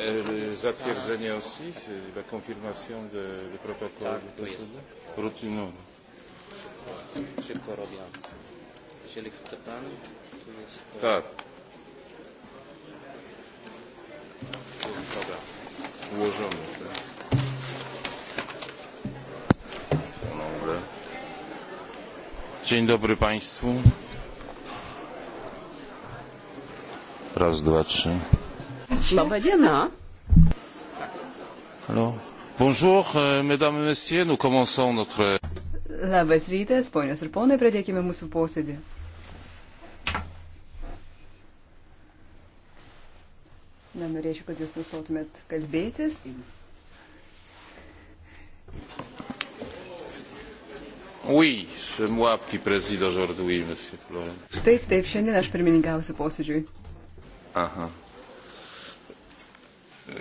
Er, e, zatwierdzenie osi, la e, confirmation de, de protocol. Tak, tu jest. Rutynowy. Szybko, szybko robiąc. Jeżeli chce pan, tu jest... E, tak. Dobra. Ułożony, tak. Panowie. Dzień dobry Państwu. Raz, dwa, trzy. Labą dieną. Alors, bonjour, euh, mesdames et messieurs, nous commençons notre. Labas rytas, ponios ir ponai, pradėkime mūsų posėdį. Na, norėčiau, kad jūs nustotumėt kalbėtis. Oui, c'est moi qui préside aujourd'hui, monsieur Florent. Taip, taip, šiandien aš pirmininkausiu posėdžiui. Aha.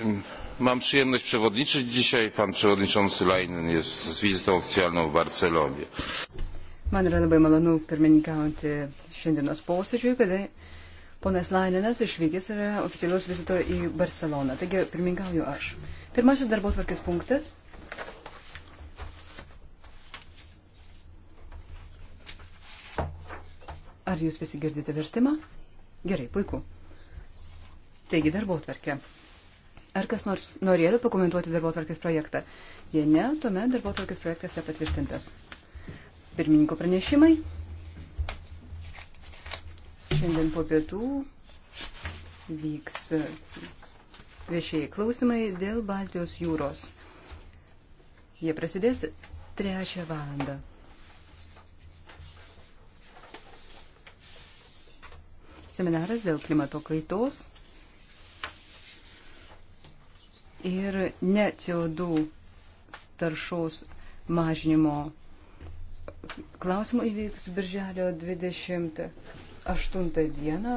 Um. Mam przyjemność przewodniczyć dzisiaj. Pan przewodniczący Leinen jest z wizytą oficjalną w Barcelonie. Man yra labai malonu pirmininkauti šiandienos posėdžiui, kada ponas Laininas išvykęs yra oficialios vizito į Barceloną. Taigi pirmininkauju aš. Pirmasis darbo tvarkės punktas. Ar jūs visi girdite vertimą? Gerai, puiku. Taigi darbo tvarkė. Ar kas nors norėtų pakomentuoti darbo tvarkės projektą? Jei ne, tuomet darbo tvarkės projektas yra patvirtintas. Pirmininko pranešimai. Šiandien po pietų vyks viešieji klausimai dėl Baltijos jūros. Jie prasidės trečią valandą. Seminaras dėl klimato kaitos ir ne CO2 taršos mažinimo klausimų įvyks birželio 28 dieną.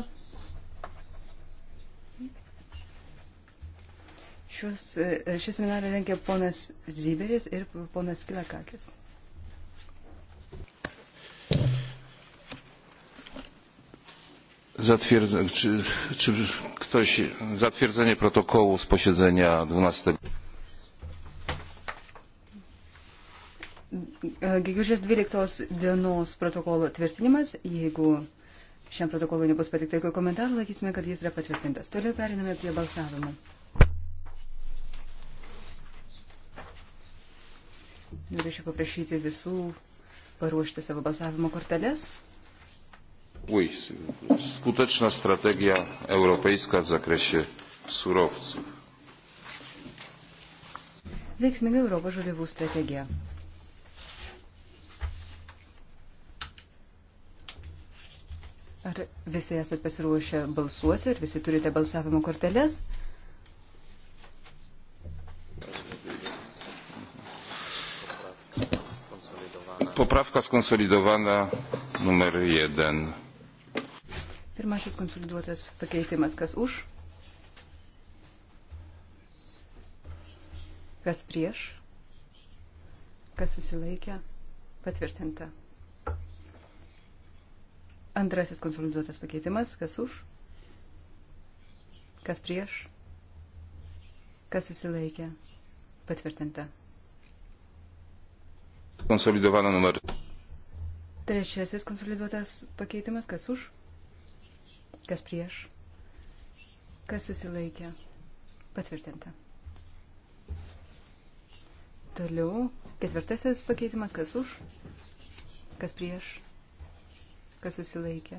Šios, šis seminarą rengia ponas Zyberis ir ponas Kilakakis. zatwierdza, czy, czy ktoś zatwierdzenie protokołu z posiedzenia 12. Gegužės 12 dienos protokolo tvirtinimas, jeigu šiam protokolui nebus patikta jokių komentarų, laikysime, kad jis yra patvirtintas. Toliau periname prie balsavimo. Norėčiau paprašyti visų paruošti savo balsavimo korteles. Uj, skuteczna strategia europejska w zakresie surowców. Veiksminga Europos žaliavų strategija. Ar visi esate pasiruošę balsuoti ir visi turite balsavimo korteles? Poprawka skonsolidowana numer jeden. Pirmasis konsoliduotas pakeitimas, kas už, kas prieš, kas susilaikė, patvirtinta. Antrasis konsoliduotas pakeitimas, kas už, kas prieš, kas susilaikė, patvirtinta. Konsolidovano numeris. Trečiasis konsoliduotas pakeitimas, kas už, Kas prieš? Kas susilaikė? Patvirtinta. Toliau ketvirtasis pakeitimas, kas už, kas prieš, kas susilaikė.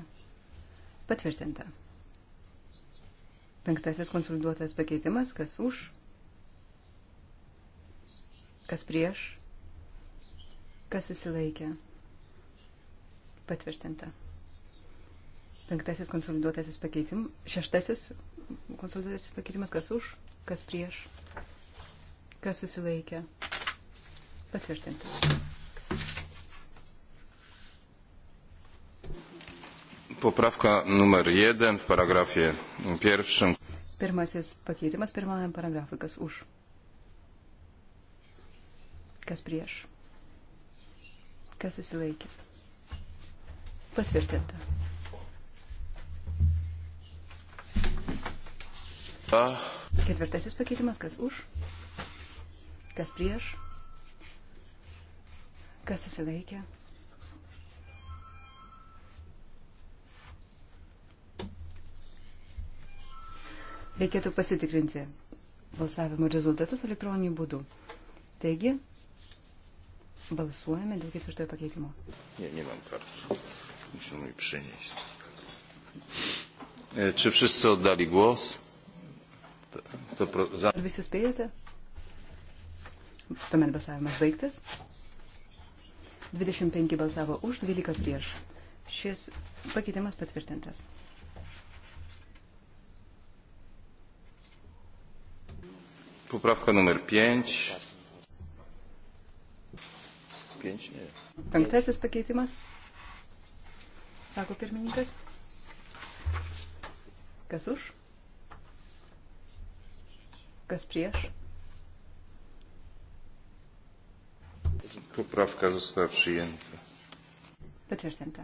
Patvirtinta. Penktasis konsoliduotas pakeitimas, kas už, kas prieš, kas susilaikė. Patvirtinta. Penktasis konsoliduotasis pakeitimas. Šeštasis konsoliduotasis pakeitimas. Kas už, kas prieš, kas susilaikė. Patvirtinta. Poprawka numer 1 w paragrafie pierwszym. Pirmasis pakeitimas pirmajam paragrafui. Kas už? Kas prieš? Kas susilaikė? Patvirtinta. Ketvirtasis pakeitimas, kas už, kas prieš, kas susilaikė. Reikėtų pasitikrinti balsavimo rezultatus elektroniniu būdu. Taigi, balsuojame dėl ketvirtojo pakeitimo. Nie, nie mam kartu. Muszę mi przynieść. E, czy wszyscy oddali głos? Ar visi spėjote? Tuomet balsavimas baigtas. 25 balsavo už, 12 prieš. Šis pakeitimas patvirtintas. Poprawka numer 5. Penktasis pakeitimas, sako pirmininkas. Kas už? Kas prieš? Poprawka została przyjęta. Potwierdzam to.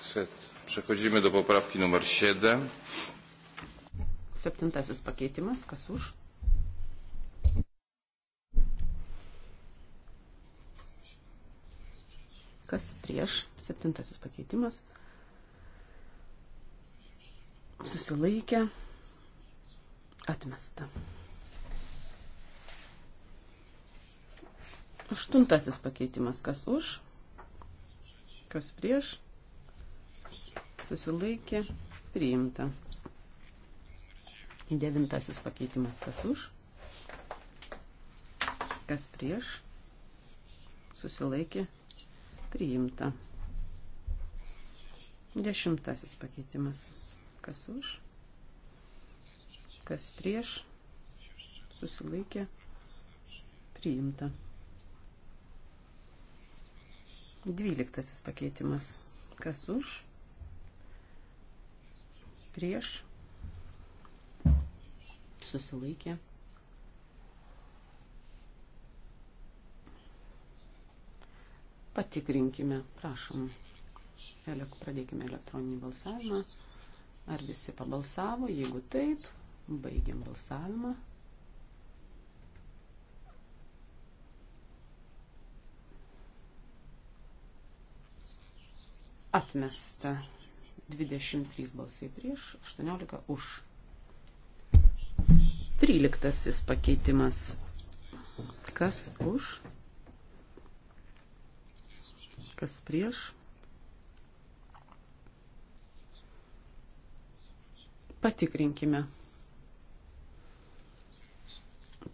Set. Przechodzimy do poprawki numer 7. Septintasis pakeitimas, kas už? Kas prieš? Septintasis pakeitimas susilaikė, atmesta. Aštuntasis pakeitimas, kas už, kas prieš, susilaikė, priimta. Devintasis pakeitimas, kas už, kas prieš, susilaikė, priimta. Dešimtasis pakeitimas. Kas už? Kas prieš? Susilaikė. Priimta. Dvyliktasis pakeitimas. Kas už? Prieš? Susilaikė. Patikrinkime, prašom. Pradėkime elektroninį balsavimą. Ar visi pabalsavo? Jeigu taip, baigiam balsavimą. Atmesta 23 balsai prieš, 18 už. 13 pakeitimas. Kas už? Kas prieš? Patikrinkime.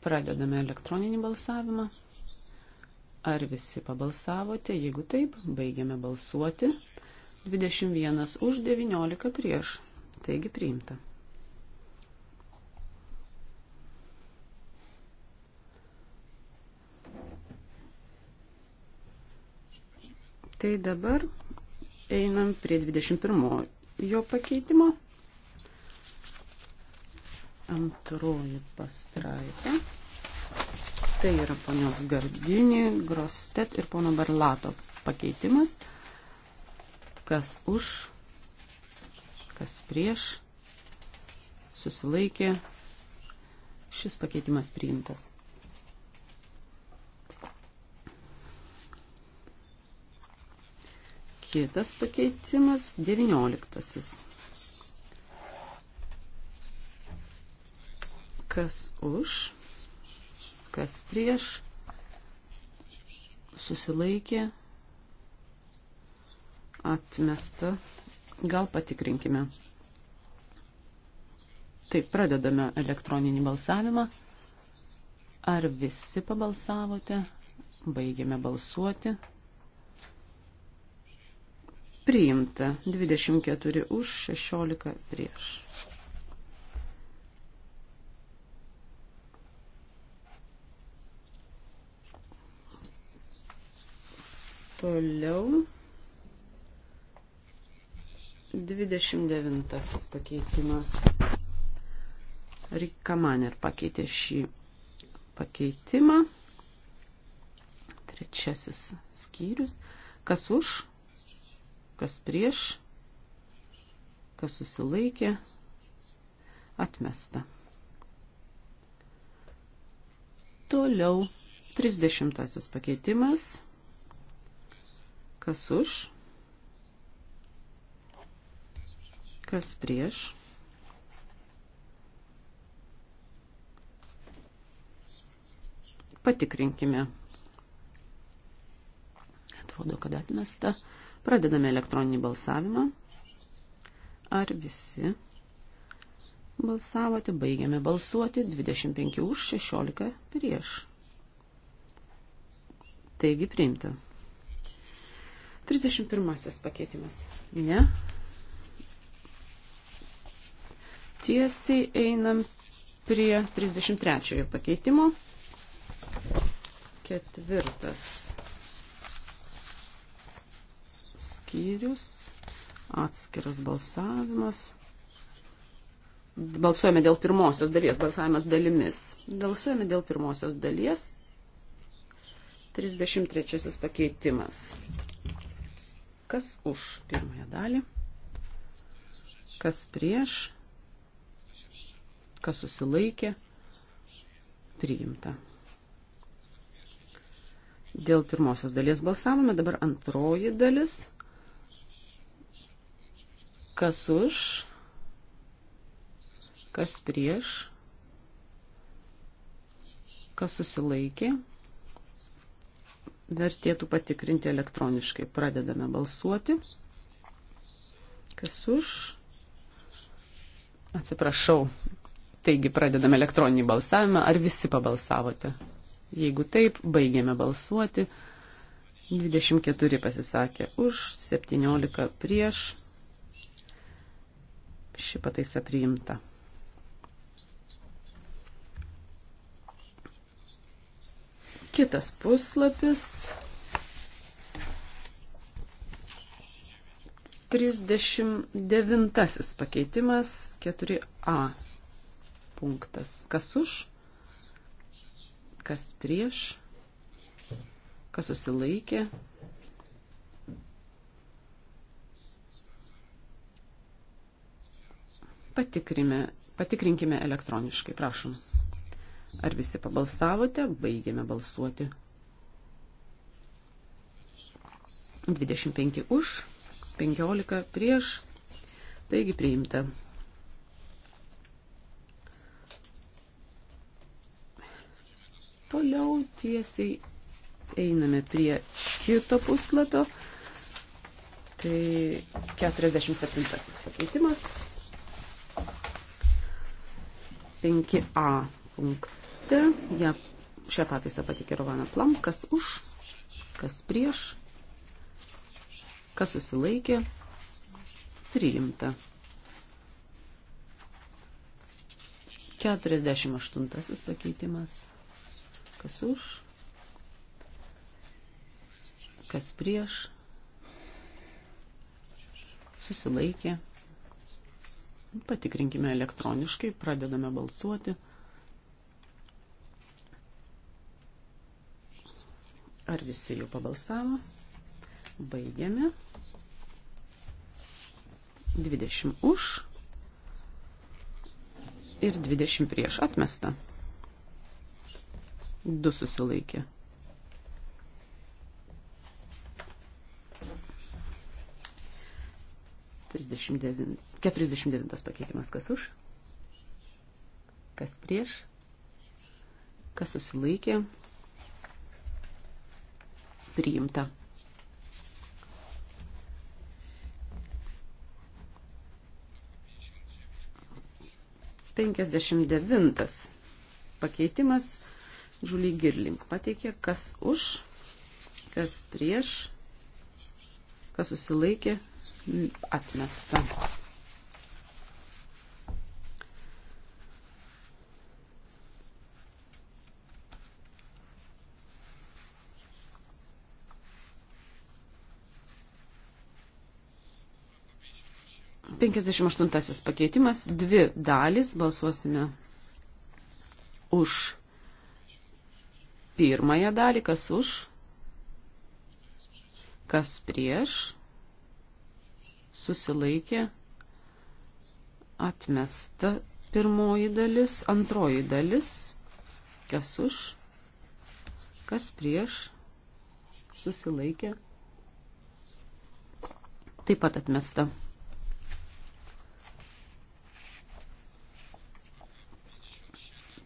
Pradedame elektroninį balsavimą. Ar visi pabalsavote? Jeigu taip, baigiame balsuoti. 21 už 19 prieš. Taigi priimta. Tai dabar einam prie 21 jo pakeitimo. Antroji pastraipė. Tai yra ponios Gardinė, Grostet ir pono Barlato pakeitimas. Kas už, kas prieš, susilaikė. Šis pakeitimas priimtas. Kitas pakeitimas, devinioliktasis. Kas už, kas prieš, susilaikė, atmesta. Gal patikrinkime. Taip, pradedame elektroninį balsavimą. Ar visi pabalsavote? Baigėme balsuoti. Priimta 24 už 16 prieš. Toliau. 29 pakeitimas. Rikamaner pakeitė šį pakeitimą. Trečiasis skyrius. Kas už, kas prieš, kas susilaikė, atmesta. Toliau 30 pakeitimas. Kas už? Kas prieš? Patikrinkime. Atrodo, kad atmesta. Pradedame elektroninį balsavimą. Ar visi balsavote? Baigiame balsuoti. 25 už, 16 prieš. Taigi priimta. 31 pakeitimas. Ne. Tiesiai einam prie 33 pakeitimo. Ketvirtas skyrius, atskiras balsavimas. Balsuojame dėl pirmosios dalies, balsavimas dalimis. Balsuojame dėl pirmosios dalies. 33 pakeitimas. Kas už pirmąją dalį? Kas prieš? Kas susilaikė? Priimta. Dėl pirmosios dalies balsavome, dabar antroji dalis. Kas už? Kas prieš? Kas susilaikė? Priimta vertėtų patikrinti elektroniškai. Pradedame balsuoti. Kas už? Atsiprašau. Taigi pradedame elektroninį balsavimą. Ar visi pabalsavote? Jeigu taip, baigėme balsuoti. 24 pasisakė už, 17 prieš. Ši pataisa priimta. Kitas puslapis. 39 pakeitimas 4a punktas. Kas už, kas prieš, kas susilaikė. Patikrime, patikrinkime elektroniškai, prašom. Ar visi pabalsavote? Baigėme balsuoti. 25 už, 15 prieš. Taigi priimta. Toliau tiesiai einame prie kito puslapio. Tai 47 pakeitimas. 5a punktas pakete. Ja, šią pataisą patikė Rovana Plam. Kas už, kas prieš, kas susilaikė, priimta. 48 pakeitimas. Kas už, kas prieš, susilaikė. Patikrinkime elektroniškai, pradedame balsuoti. Ar visi jau pabalsavo? Baigiame. 20 už ir 20 prieš atmesta. Du susilaikė. Keturiasdešimt devintas pakeitimas kas už, kas prieš, kas susilaikė, priimta. Penkiasdešimt devintas pakeitimas Žulį Girling pateikė, kas už, kas prieš, kas susilaikė, atmesta. 58 pakeitimas, dvi dalys, balsuosime už pirmąją dalį, kas už, kas prieš, susilaikė, atmesta pirmoji dalis, antroji dalis, kas už, kas prieš, susilaikė, taip pat atmesta.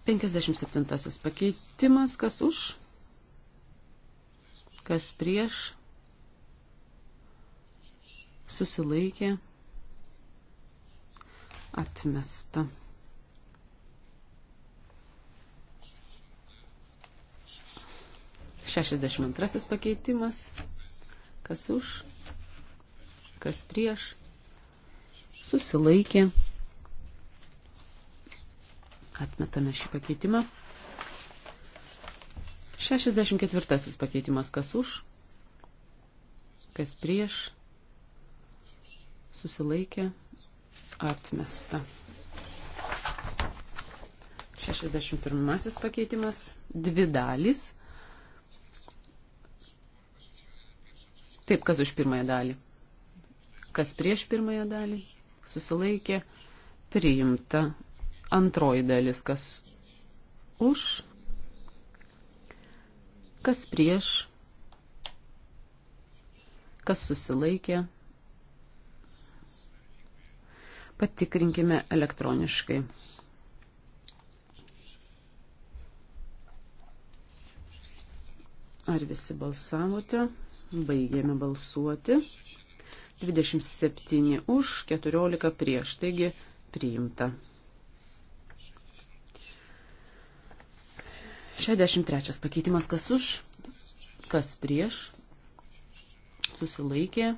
57 pakeitimas, kas už, kas prieš, susilaikė, atmesta. Šešiasdešimt antrasis pakeitimas, kas už, kas prieš, susilaikė, atmesta Atmetame šį pakeitimą. 64 pakeitimas kas už, kas prieš, susilaikė, atmesta. 61 pakeitimas, dvi dalys. Taip, kas už pirmąją dalį, kas prieš pirmąją dalį, susilaikė, priimta Antroji dalis, kas už, kas prieš, kas susilaikė. Patikrinkime elektroniškai. Ar visi balsavote? Baigėme balsuoti. 27 už, 14 prieš, taigi priimta. 63 pakeitimas kas už, kas prieš, susilaikė,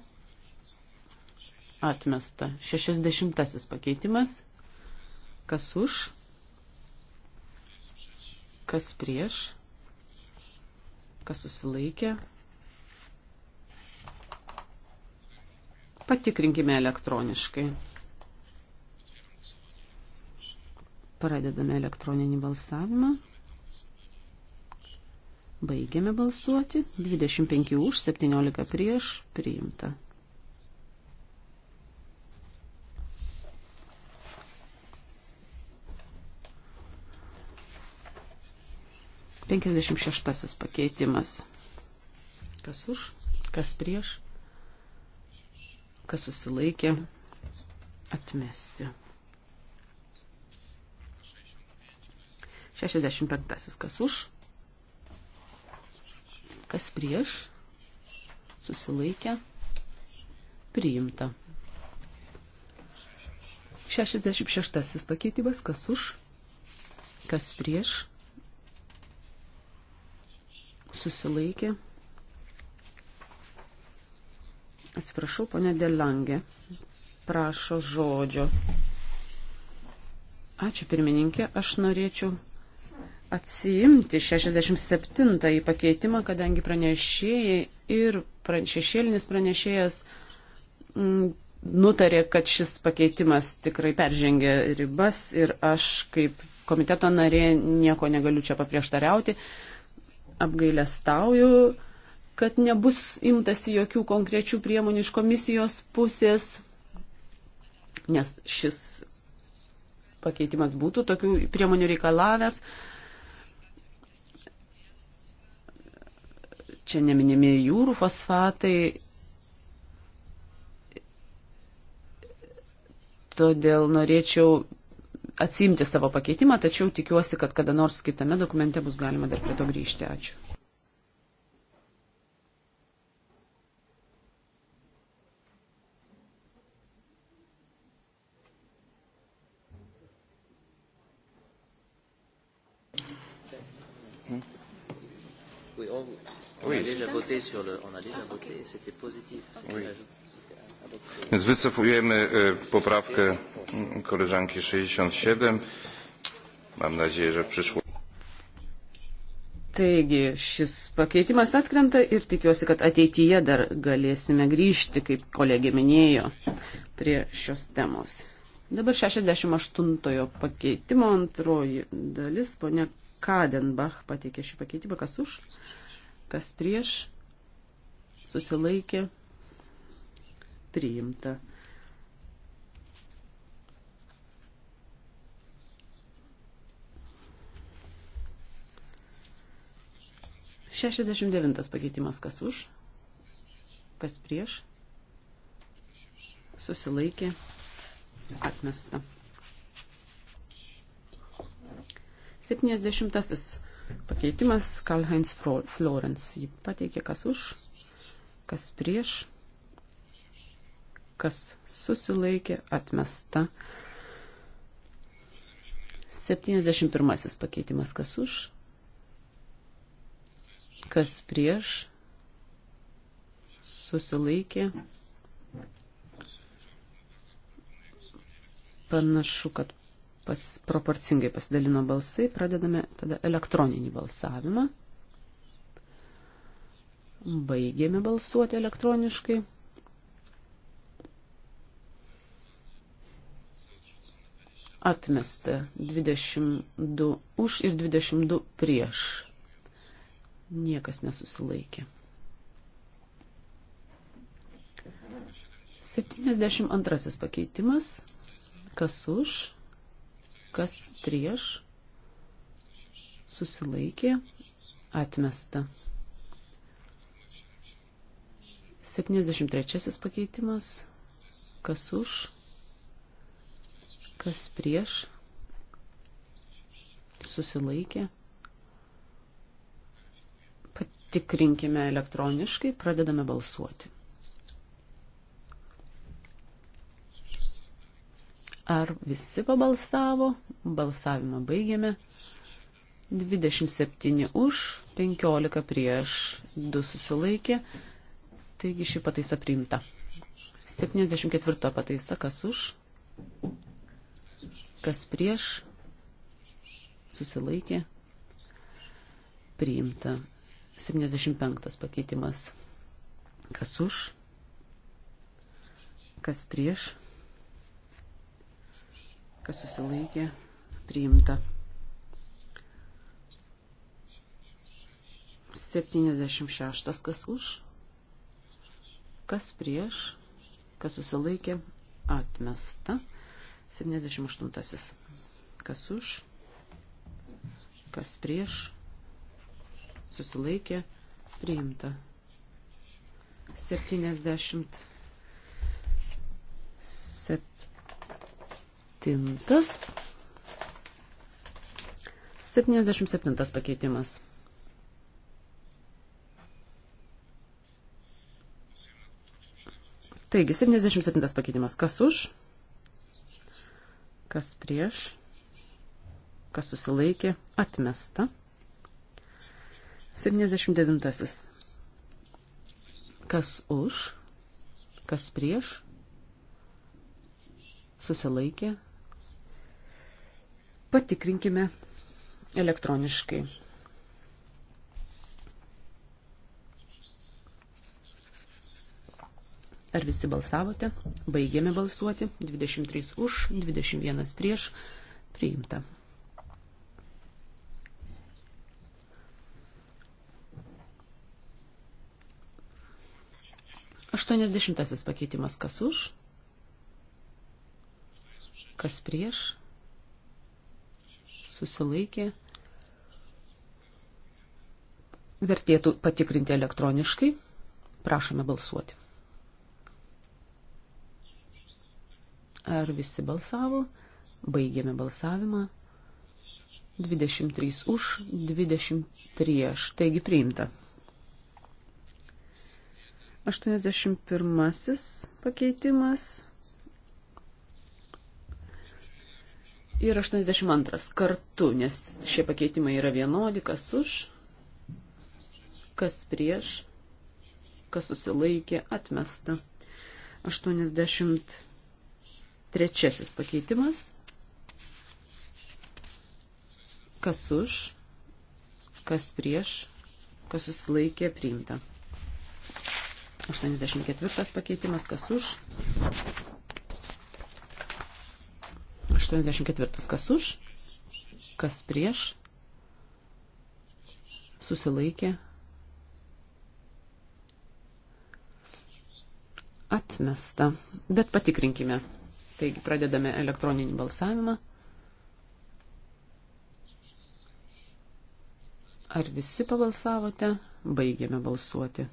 atmesta. 60 pakeitimas kas už, kas prieš, kas susilaikė. Patikrinkime elektroniškai. Pradedame elektroninį balsavimą. Baigiame balsuoti. 25 už, 17 prieš, priimta. Penkiasdešimt šeštasis pakeitimas. Kas už, kas prieš, kas susilaikė, atmesti. 65. Kas už, kas prieš, susilaikė, priimta. 66 pakeitimas, kas už, kas prieš, susilaikė. Atsiprašau, ponė Delangė, prašo žodžio. Ačiū pirmininkė, aš norėčiau atsiimti 67-ąjį pakeitimą, kadangi pranešėjai ir šešėlinis pranešėjas mm, nutarė, kad šis pakeitimas tikrai peržengė ribas ir aš kaip komiteto narė nieko negaliu čia paprieštariauti. Apgailę stauju, kad nebus imtasi jokių konkrečių priemonių iš komisijos pusės, nes šis pakeitimas būtų tokių priemonių reikalavęs. Čia neminimi jūrų fosfatai. Todėl norėčiau atsimti savo pakeitimą, tačiau tikiuosi, kad kada nors kitame dokumente bus galima dar prie to grįžti. Ačiū. Hmm? Oui, on, on oui. a déjà voté sur le, on a déjà ah, voté, okay. c'était positif. Okay. Oui. Więc wycofujemy poprawkę koleżanki 67. Mam nadzieję, że w przyszłości. Taigi šis pakeitimas atkrenta ir tikiuosi, kad ateityje dar galėsime grįžti, kaip kolegė minėjo, prie šios temos. Dabar 68 pakeitimo antroji dalis, ponia Kadenbach pateikė šį pakeitimą, kas už, kas prieš, susilaikė, priimta. Šešiasdešimt devintas pakeitimas, kas už, kas prieš, susilaikė, atmesta. 70 pakeitimas Karl-Heinz Florence. Jį pateikė kas už, kas prieš, kas susilaikė, atmesta. 71 pakeitimas kas už, kas prieš, susilaikė. Panašu, kad pas, proporcingai pasidalino balsai, pradedame tada elektroninį balsavimą. Baigėme balsuoti elektroniškai. Atmesta 22 už ir 22 prieš. Niekas nesusilaikė. 72 pakeitimas. Kas už? kas prieš, susilaikė, atmesta. 73 pakeitimas, kas už, kas prieš, susilaikė. Patikrinkime elektroniškai, pradedame balsuoti. Ar visi pabalsavo? Balsavimą baigėme. 27 už, 15 prieš, 2 susilaikė. Taigi ši pataisa priimta. 74 pataisa, kas už, kas prieš, susilaikė, priimta. 75 pakeitimas, kas už, kas prieš, kas susilaikė, priimta. 76. Kas už, kas prieš, kas susilaikė, atmesta. 78. Kas už, kas prieš, susilaikė, priimta. 79. Septintas. 77 pakeitimas. Taigi, 77 pakeitimas. Kas už? Kas prieš? Kas susilaikė? Atmesta. 79. Kas už? Kas prieš? Susilaikė? Patikrinkime elektroniškai. Ar visi balsavote? Baigėme balsuoti. 23 už, 21 prieš. Priimta. Aštuoniasdešimtasis pakeitimas. Kas už? Kas prieš? susilaikė. Vertėtų patikrinti elektroniškai. Prašome balsuoti. Ar visi balsavo? Baigėme balsavimą. 23 už, 20 prieš. Taigi priimta. 81 pakeitimas. ir 82 kartu, nes šie pakeitimai yra vienodi, kas už, kas prieš, kas susilaikė, atmesta. 83 pakeitimas, kas už, kas prieš, kas susilaikė, priimta. 84 pakeitimas, kas už, 84. Kas už, kas prieš, susilaikė, atmesta. Bet patikrinkime. Taigi pradedame elektroninį balsavimą. Ar visi pabalsavote? Baigėme balsuoti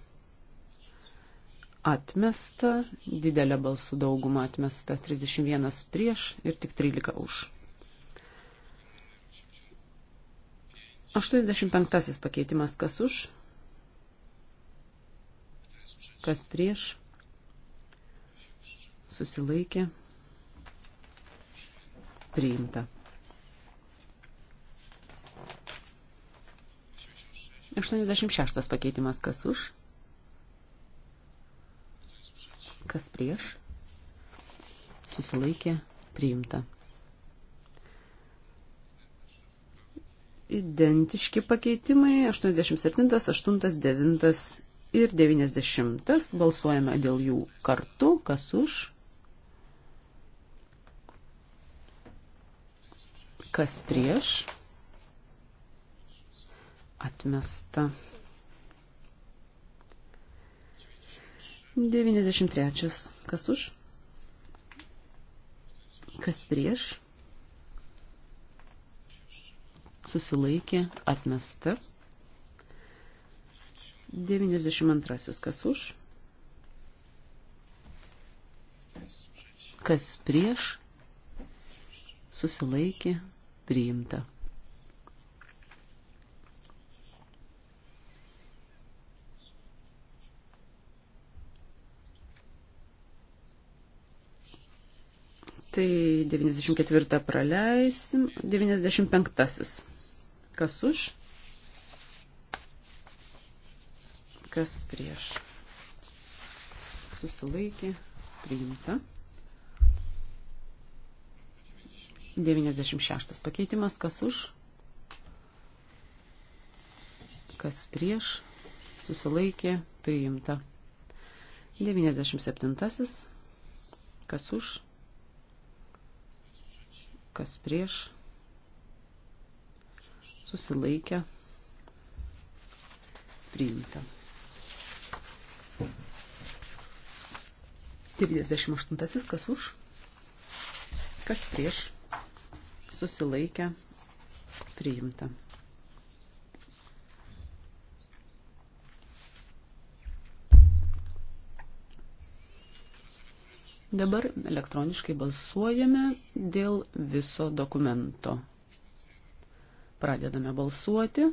atmesta, didelė balsų dauguma atmesta, 31 prieš ir tik 13 už. 85 pakeitimas kas už, kas prieš, susilaikė, priimta. 86 pakeitimas kas už Kas prieš? Susilaikė priimta. Identiški pakeitimai 87, 8, 9 ir 90. Balsuojame dėl jų kartu. Kas už? Kas prieš? Atmesta. 93. Kas už? Kas prieš? Susilaikė, atmesta. 92. Kas už? Kas prieš? Susilaikė, priimta. Tai 94 praleisim. 95. Kas už? Kas prieš? Susilaikė. Priimta. 96 pakeitimas. Kas už? Kas prieš? Susilaikė. Priimta. 97. Kas už? kas prieš, susilaikę, priimta. 98. Kas už, kas prieš, susilaikę, priimta. Dabar elektroniškai balsuojame dėl viso dokumento. Pradedame balsuoti.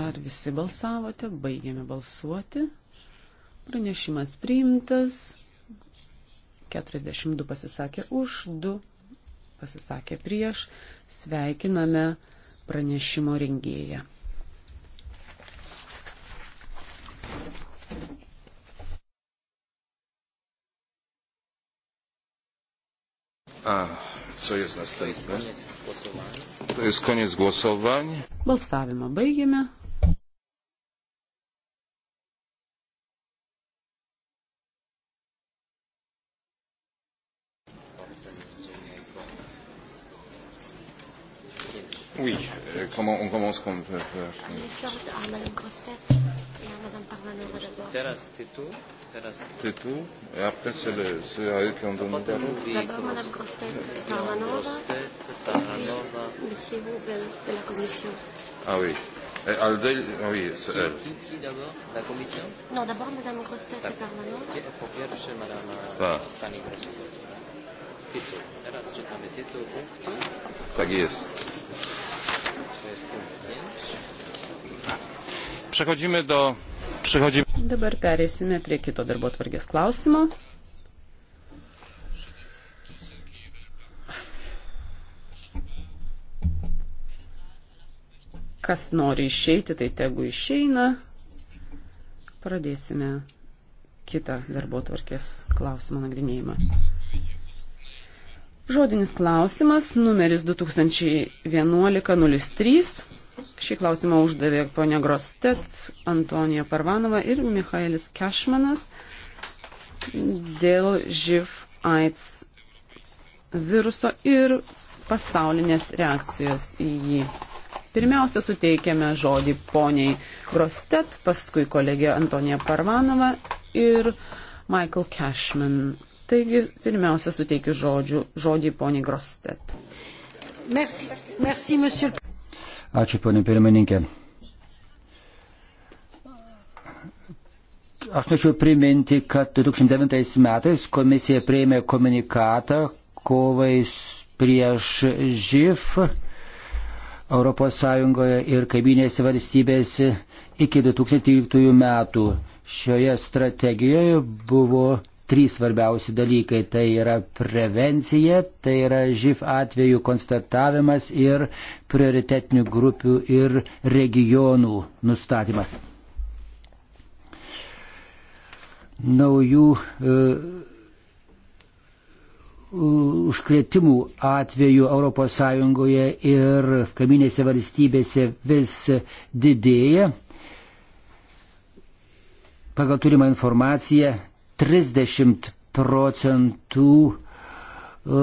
Ar visi balsavote? Baigėme balsuoti. Pranešimas priimtas. 42 pasisakė už, 2 pasisakė prieš. Sveikiname pranešimo rengėją. A, co jest następne? To jest koniec głosowań. Balsavimą baigėme. comment on commence comme peut. Teraz Tetou. Tetou. Et après, c'est à eux qui ont donné la parole. D'abord, Madame Grostet Parvanova. Monsieur Roubel de la Commission. Ah oui. Et Aldel, ah oui, c'est elle. Qui, qui d'abord La Commission Non, d'abord Madame Grostet Parvanova. Pour pierwsze, Madame euh, ah. Pani Grostet. Tetou. Teraz czytamy Tetou. Tak jest. Przechodzimy do. Przechodzimy. Dabar pereisime prie kito darbo tvarkės klausimo. Kas nori išeiti, tai tegu išeina. Pradėsime kitą darbo tvarkės klausimo nagrinėjimą. Žodinis klausimas numeris 2011-03 Šį klausimą uždavė ponia Grostet, Antonija Parvanova ir Michaelis Kešmanas dėl živ AIDS viruso ir pasaulinės reakcijos į jį. Pirmiausia, suteikėme žodį poniai Grostet, paskui kolegė Antonija Parvanova ir Michael Cashman. Taigi, pirmiausia, suteikiu žodžių, žodį poniai Grostet. Merci, merci, monsieur. Ačiū, ponė pirmininkė. Aš norėčiau priminti, kad 2009 metais komisija prieimė komunikatą kovais prieš živ ES ir kaiminėse valstybėse iki 2013 metų. Šioje strategijoje buvo trys svarbiausi dalykai - tai yra prevencija, tai yra živ atvejų konstatavimas ir prioritetinių grupių ir regionų nustatymas. Naujų e, užkretimų atvejų ES ir kaiminėse valstybėse vis didėja. Pagal turimą informaciją 30 procentų e,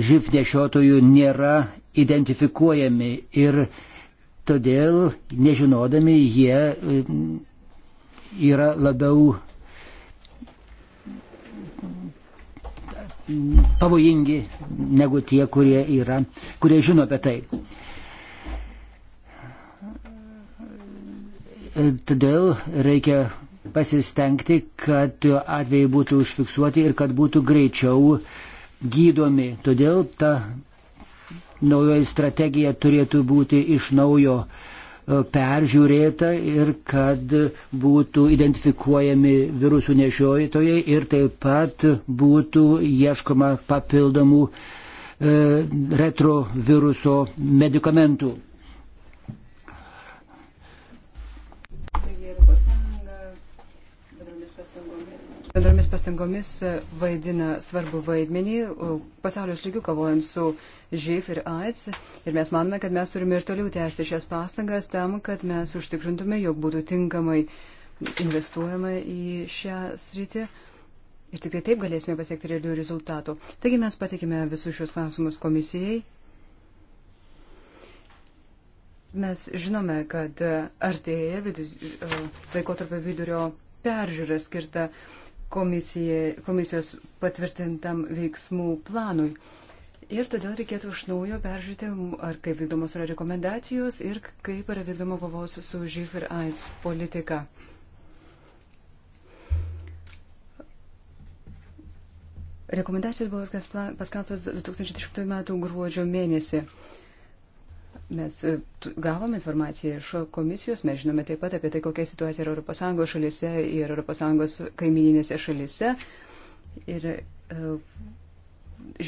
živ nešiotojų nėra identifikuojami ir todėl nežinodami jie e, yra labiau pavojingi negu tie, kurie, yra, kurie žino apie tai. Todėl reikia pasistengti, kad atvejai būtų užfiksuoti ir kad būtų greičiau gydomi. Todėl ta naujoji strategija turėtų būti iš naujo e, peržiūrėta ir kad būtų identifikuojami virusų nešiojitojai ir taip pat būtų ieškoma papildomų e, retroviruso medikamentų. bendromis pastangomis, bendromis pastangomis vaidina svarbu vaidmenį pasaulio lygių kovojant su živ ir AIDS. Ir mes manome, kad mes turime ir toliau tęsti šias pastangas tam, kad mes užtikrintume, jog būtų tinkamai investuojama į šią sritį. Ir tik tai taip galėsime pasiekti realių rezultatų. Taigi mes patikime visus šios klausimus komisijai Mes žinome, kad artėja laikotarpio vidurio peržiūrą skirtą komisijos patvirtintam veiksmų planui. Ir todėl reikėtų iš naujo peržiūrėti, ar kaip vykdomos yra rekomendacijos ir kaip yra vykdoma kovos su živ ir AIDS politika. Rekomendacijos buvo paskelbtos 2010 m. gruodžio mėnesį. Mes e, gavome informaciją iš komisijos, mes žinome taip pat apie tai, kokia situacija yra ES šalise ir ES kaimininėse šalise. Ir e,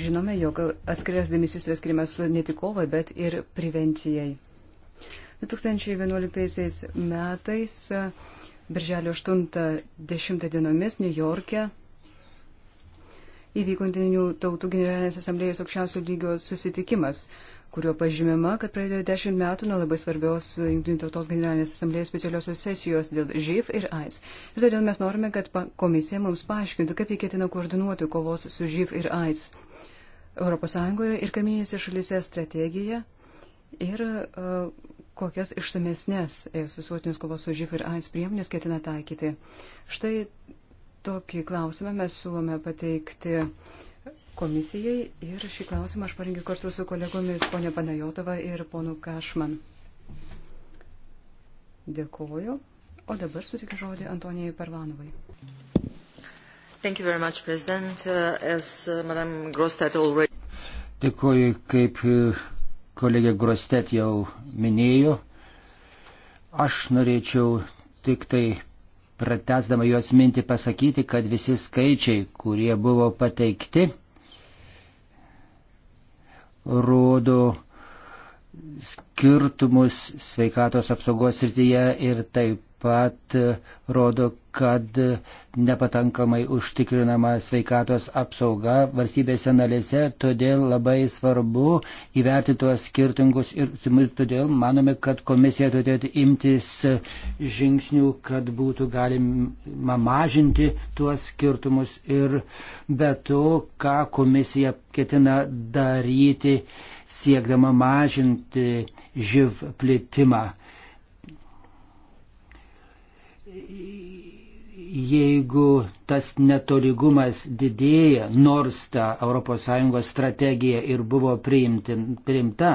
žinome, jog atskiras dėmesys yra skiriamas ne tik kovai, bet ir prevencijai. 2011 metais, e, birželio 8-10 dienomis, New York'e įvyko Jungtinių tautų generalinės asamblėjos aukščiausių lygio susitikimas, kurio pažymima, kad praėjo dešimt metų nuo labai svarbios e, Junktinių tautos generalinės asamblėjos specialiosios sesijos dėl ŽIV ir AIDS. Ir todėl mes norime, kad komisija mums paaiškintų, kaip jie ketina koordinuoti kovos su ŽIV ir AIDS ES ir kaiminėse šalyse strategiją ir uh, kokias išsamesnės visuotinės kovos su ŽIV ir AIDS priemonės ketina taikyti. Štai tokį klausimą mes siūlome pateikti uh, komisijai ir šį klausimą aš parengiu kartu su kolegomis ponė Panajotova ir ponu Kašman. Dėkoju. O dabar sutikiu žodį Antonijai Parvanovai. Thank you very much, President. Uh, as uh, Madam Grostet already... Dėkuoju, kaip uh, kolegė Grostet jau minėjo. Aš norėčiau tik tai pratesdama jos mintį pasakyti, kad visi skaičiai, kurie buvo pateikti, rodo skirtumus sveikatos apsaugos srityje ir taip pat e, rodo, kad nepatankamai užtikrinama sveikatos apsauga valstybėse narėse, todėl labai svarbu įverti tuos skirtingus ir todėl manome, kad komisija turėtų imtis žingsnių, kad būtų galima mažinti tuos skirtumus ir be to, ką komisija ketina daryti siekdama mažinti živ plitimą jeigu tas netoligumas didėja, nors ta ES strategija ir buvo priimti, priimta,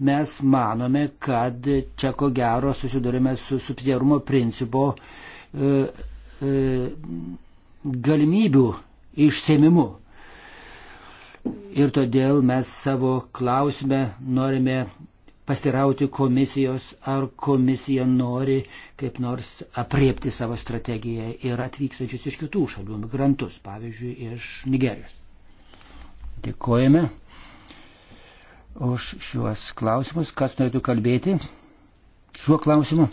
mes manome, kad čia ko gero susidurime su subsidiarumo principo e, e, galimybių išsėmimu. Ir todėl mes savo klausime norime pastirauti komisijos, ar komisija nori kaip nors apriepti savo strategiją ir atvykstančius iš kitų šalių migrantus, pavyzdžiui, iš Nigerijos. Dėkojame už šiuos klausimus. Kas norėtų kalbėti šiuo klausimu?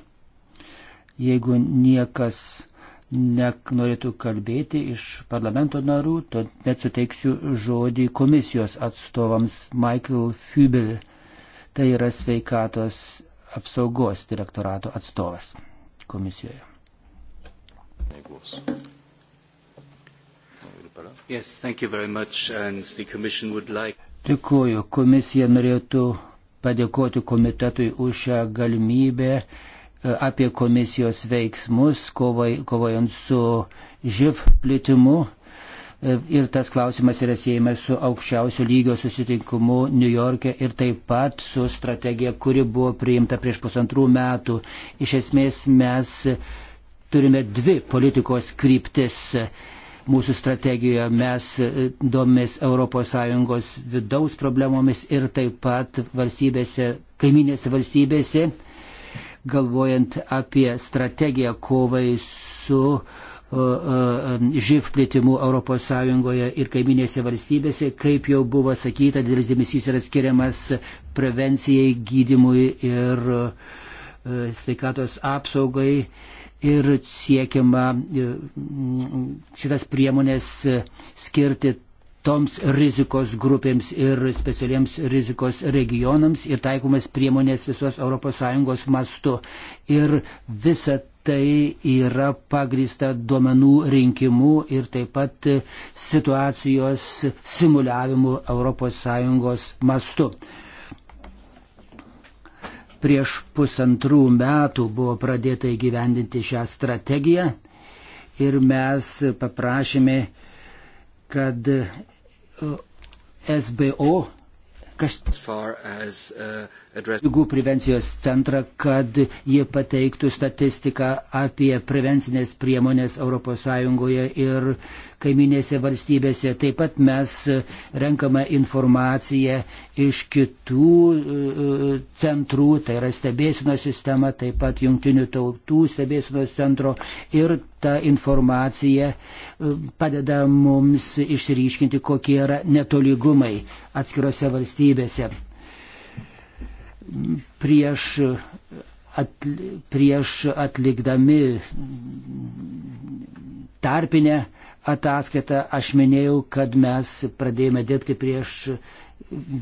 Jeigu niekas norėtų kalbėti iš parlamento narų, tuomet suteiksiu žodį komisijos atstovams Michael Fübel. Tai yra sveikatos apsaugos direktorato atstovas komisijoje. Yes, like... Dėkuoju. Komisija norėtų padėkoti komitetui už šią galimybę e, apie komisijos veiksmus kovai, kovojant su živ plitimu ir tas klausimas yra siejamas su aukščiausio lygio susitinkumu New York'e ir taip pat su strategija, kuri buvo priimta prieš pusantrų metų. Iš esmės mes turime dvi politikos kryptis. Mūsų strategijoje mes e, domės ES vidaus problemomis ir taip pat valstybėse, kaiminėse valstybėse, galvojant apie strategiją kovai su uh, živ plėtimu ES ir kaiminėse valstybėse. Kaip jau buvo sakyta, didelis dėmesys yra skiriamas prevencijai, gydimui ir sveikatos apsaugai ir siekiama e, šitas priemonės skirti toms rizikos grupėms ir specialiems rizikos regionams ir taikomas priemonės visos ES mastu. Ir visa tai yra pagrįsta duomenų rinkimu ir taip pat situacijos simuliavimu ES mastu. Prieš pusantrų metų buvo pradėta įgyvendinti šią strategiją ir mes paprašėme, kad SBO, kas. As far as, uh lygų prevencijos centrą, kad jie pateiktų statistiką apie prevencinės priemonės ES ir kaiminėse valstybėse. Taip pat mes renkame informaciją iš kitų e, e, centrų, tai yra stebėsinos sistema, taip pat jungtinių tautų stebėsinos centro ir ta informacija e, padeda mums išryškinti, kokie yra netolygumai atskirose valstybėse prieš, atli, prieš atlikdami tarpinę ataskaitą aš minėjau, kad mes pradėjome dirbti prieš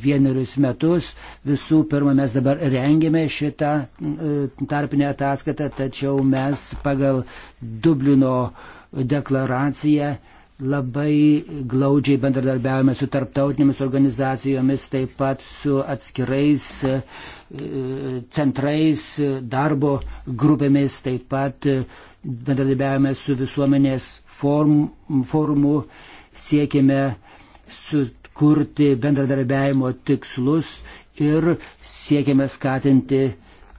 vienerius metus. Visų pirma, mes dabar rengėme šitą e, tarpinę ataskaitą, tačiau mes pagal Dublino deklaraciją labai glaudžiai bendradarbiavame su tarptautinėmis organizacijomis, taip pat su atskirais e, centrais, darbo grupėmis, taip pat bendradarbiavame su visuomenės form, forumu, siekime sukurti bendradarbiavimo tikslus ir siekime skatinti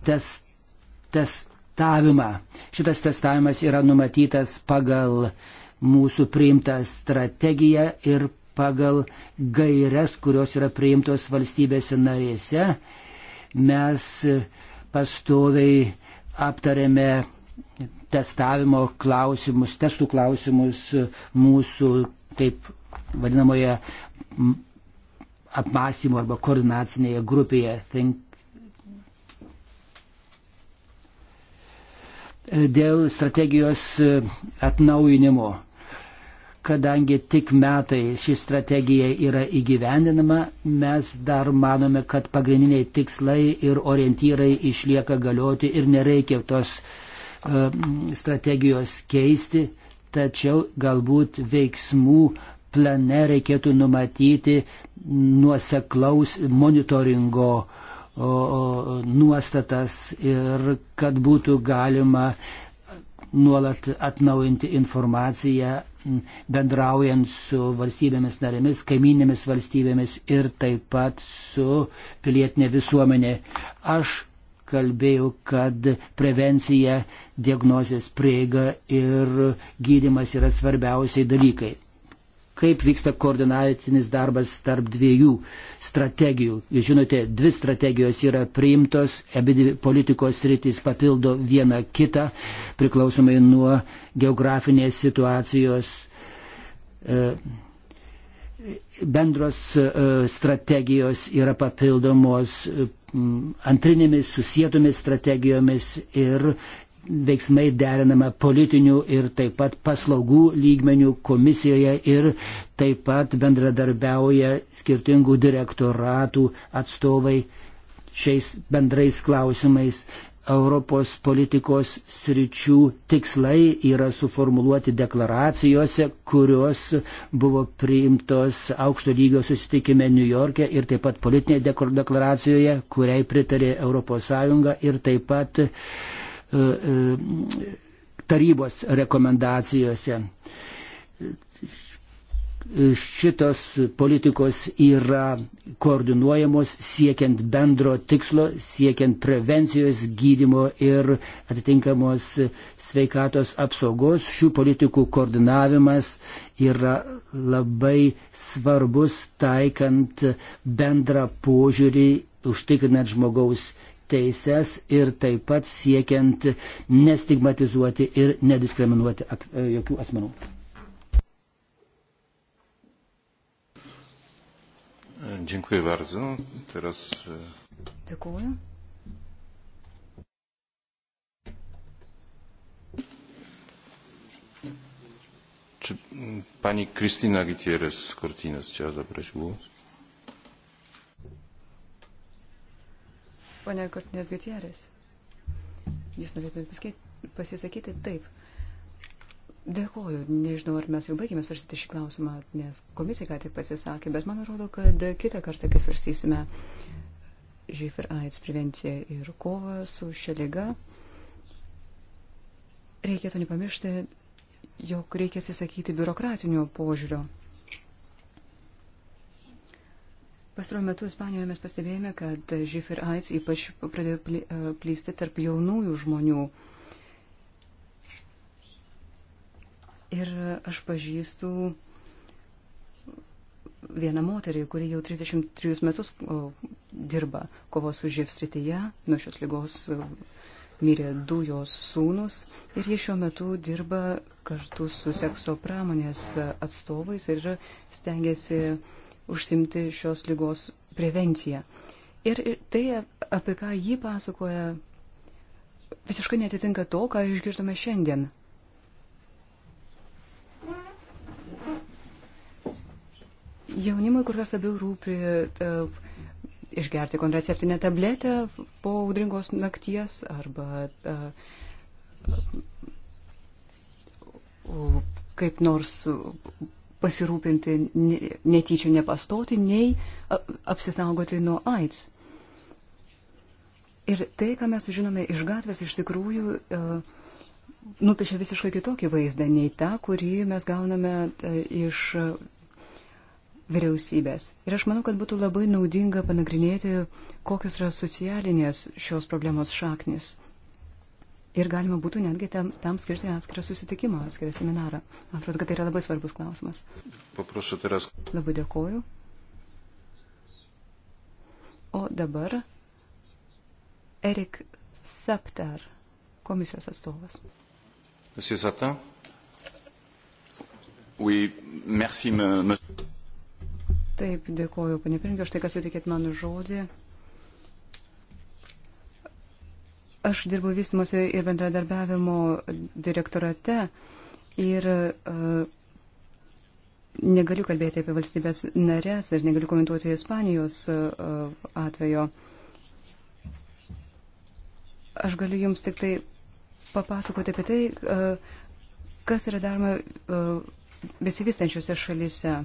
test, testavimą. Šitas testavimas yra numatytas pagal uh, mūsų priimtą strategiją ir pagal gairias, kurios yra priimtos valstybėse narėse, mes pastoviai aptarėme testavimo klausimus, testų klausimus mūsų taip vadinamoje apmąstymo arba koordinacinėje grupėje. Think. Dėl strategijos atnaujinimo kadangi tik metai ši strategija yra įgyvendinama, mes dar manome, kad pagrindiniai tikslai ir orientyrai išlieka galioti ir nereikia tos uh, strategijos keisti, tačiau galbūt veiksmų plane reikėtų numatyti nuoseklaus monitoringo o, o, nuostatas ir kad būtų galima nuolat atnaujinti informaciją bendraujant su valstybėmis narėmis, kaiminėmis valstybėmis ir taip pat su pilietinė visuomenė. Aš kalbėjau, kad prevencija, diagnozės prieiga ir gydimas yra svarbiausiai dalykai kaip vyksta koordinacinis darbas tarp dviejų strategijų. Jūs žinote, dvi strategijos yra priimtos, abi politikos rytis papildo vieną kitą, priklausomai nuo geografinės situacijos. E, bendros e, strategijos yra papildomos antrinėmis susietomis strategijomis ir veiksmai derinama politinių ir taip pat paslaugų lygmenių komisijoje ir taip pat bendradarbiauja skirtingų direktoratų atstovai šiais bendrais klausimais. Europos politikos sričių tikslai yra suformuluoti deklaracijose, kurios buvo priimtos aukšto lygio susitikime New York'e ir taip pat politinėje deklaracijoje, kuriai pritarė ES ir taip pat uh, E, e, tarybos rekomendacijose. Šitos politikos yra koordinuojamos siekiant bendro tikslo, siekiant prevencijos, gydimo ir atitinkamos sveikatos apsaugos. Šių politikų koordinavimas yra labai svarbus taikant bendrą požiūrį, užtikrinant žmogaus teises ir taip pat siekiant nestigmatizuoti ir nediskriminuoti e, jokių asmenų. Dziękuję bardzo. Teraz. E, Dziękuję. Czy pani Krystyna Gutierrez-Cortines chciała zabrać głos? Pane Kortinės Gutierės, jūs norėtumėte pasisakyti taip. Dėkoju, nežinau, ar mes jau baigėme svarstyti šį klausimą, nes komisija ką tik pasisakė, bet man atrodo, kad kitą kartą, kai svarstysime živ ir AIDS prevenciją ir kovą su šia lyga, reikėtų nepamiršti, jog reikia atsisakyti biurokratinio požiūrio Pastaruoju metu Ispanijoje mes pastebėjome, kad živ ir AIDS ypač pradėjo plysti e, tarp jaunųjų žmonių. Ir aš pažįstu vieną moterį, kuri jau 33 metus dirba kovos su živ srityje, nuo šios lygos e, mirė du jos sūnus ir jie šiuo metu dirba kartu su sekso pramonės e, atstovais ir stengiasi uh, užsimti šios lygos prevenciją. Ir tai, apie ką jį pasakoja, visiškai netitinka to, ką išgirdome šiandien. Jaunimui kur kas labiau rūpi uh, išgerti kontraceptinę tabletę po audringos nakties arba uh, uh, kaip nors pasirūpinti netyčia nepastoti, nei apsisaugoti nuo AIDS. Ir tai, ką mes sužinome iš gatvės, iš tikrųjų e, nupiešia visiškai kitokį vaizdą nei tą, kurį mes gauname e, iš e, vyriausybės. Ir aš manau, kad būtų labai naudinga panagrinėti, kokios yra socialinės šios problemos šaknis. Ir galima būtų netgi tam, tam skirti atskirą susitikimą, atskirą seminarą. Man atrodo, kad tai yra labai svarbus klausimas. Paprašau, Teres. Labai dėkoju. O dabar Erik Saptar, komisijos atstovas. Monsieur Saptar? Oui, merci, me... Taip, dėkoju, panė Pirinkė, už tai, kad sutikėt man žodį. Aš dirbu vystimuose ir bendradarbiavimo direktorate ir uh, negaliu kalbėti apie valstybės narės ir negaliu komentuoti Ispanijos uh, atvejo. Aš galiu jums tik tai papasakoti apie tai, uh, kas yra daroma besivystančiose šalise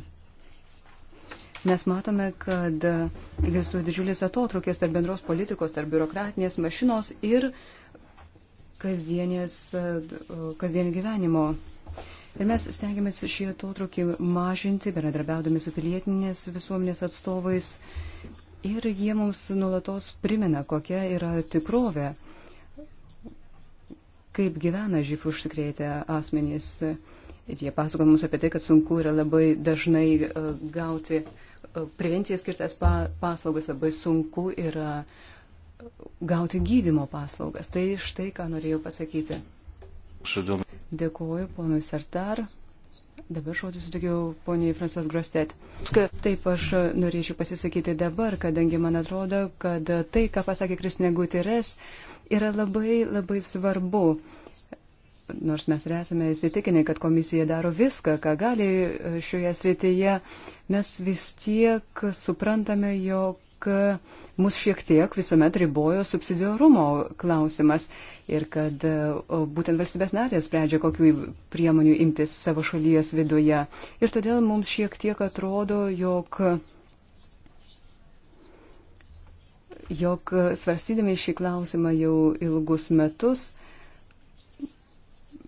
mes matome, kad egzistuoja didžiulis atotrukis tarp bendros politikos, tarp biurokratinės mašinos ir kasdienio gyvenimo. Ir mes stengiamės šį atotrukį mažinti, bendradarbiaudami su pilietinės visuomenės atstovais. Ir jie mums nulatos primena, kokia yra tikrovė, kaip gyvena živ užsikrėtę asmenys. Ir jie pasako mums apie tai, kad sunku yra labai dažnai e, gauti uh, E, prevencijai skirtas pa, paslaugas, labai sunku yra gauti gydimo paslaugas. Tai štai ką norėjau pasakyti. Dėkuoju ponui Sartar. Dabar žodžiu sutikiu poniai Francijos Grostet. Taip aš norėčiau pasisakyti dabar, kadangi man atrodo, kad tai, ką pasakė Kristinė Gutires, yra labai labai svarbu nors mes ir esame įsitikinę, kad komisija daro viską, ką gali e, šioje srityje, mes vis tiek suprantame, jog mus šiek tiek visuomet ribojo subsidiarumo klausimas ir kad e, būtent valstybės narės sprendžia, kokiu priemonių imtis savo šalies viduje. Ir todėl mums šiek tiek atrodo, jog jog svarstydami šį klausimą jau ilgus metus,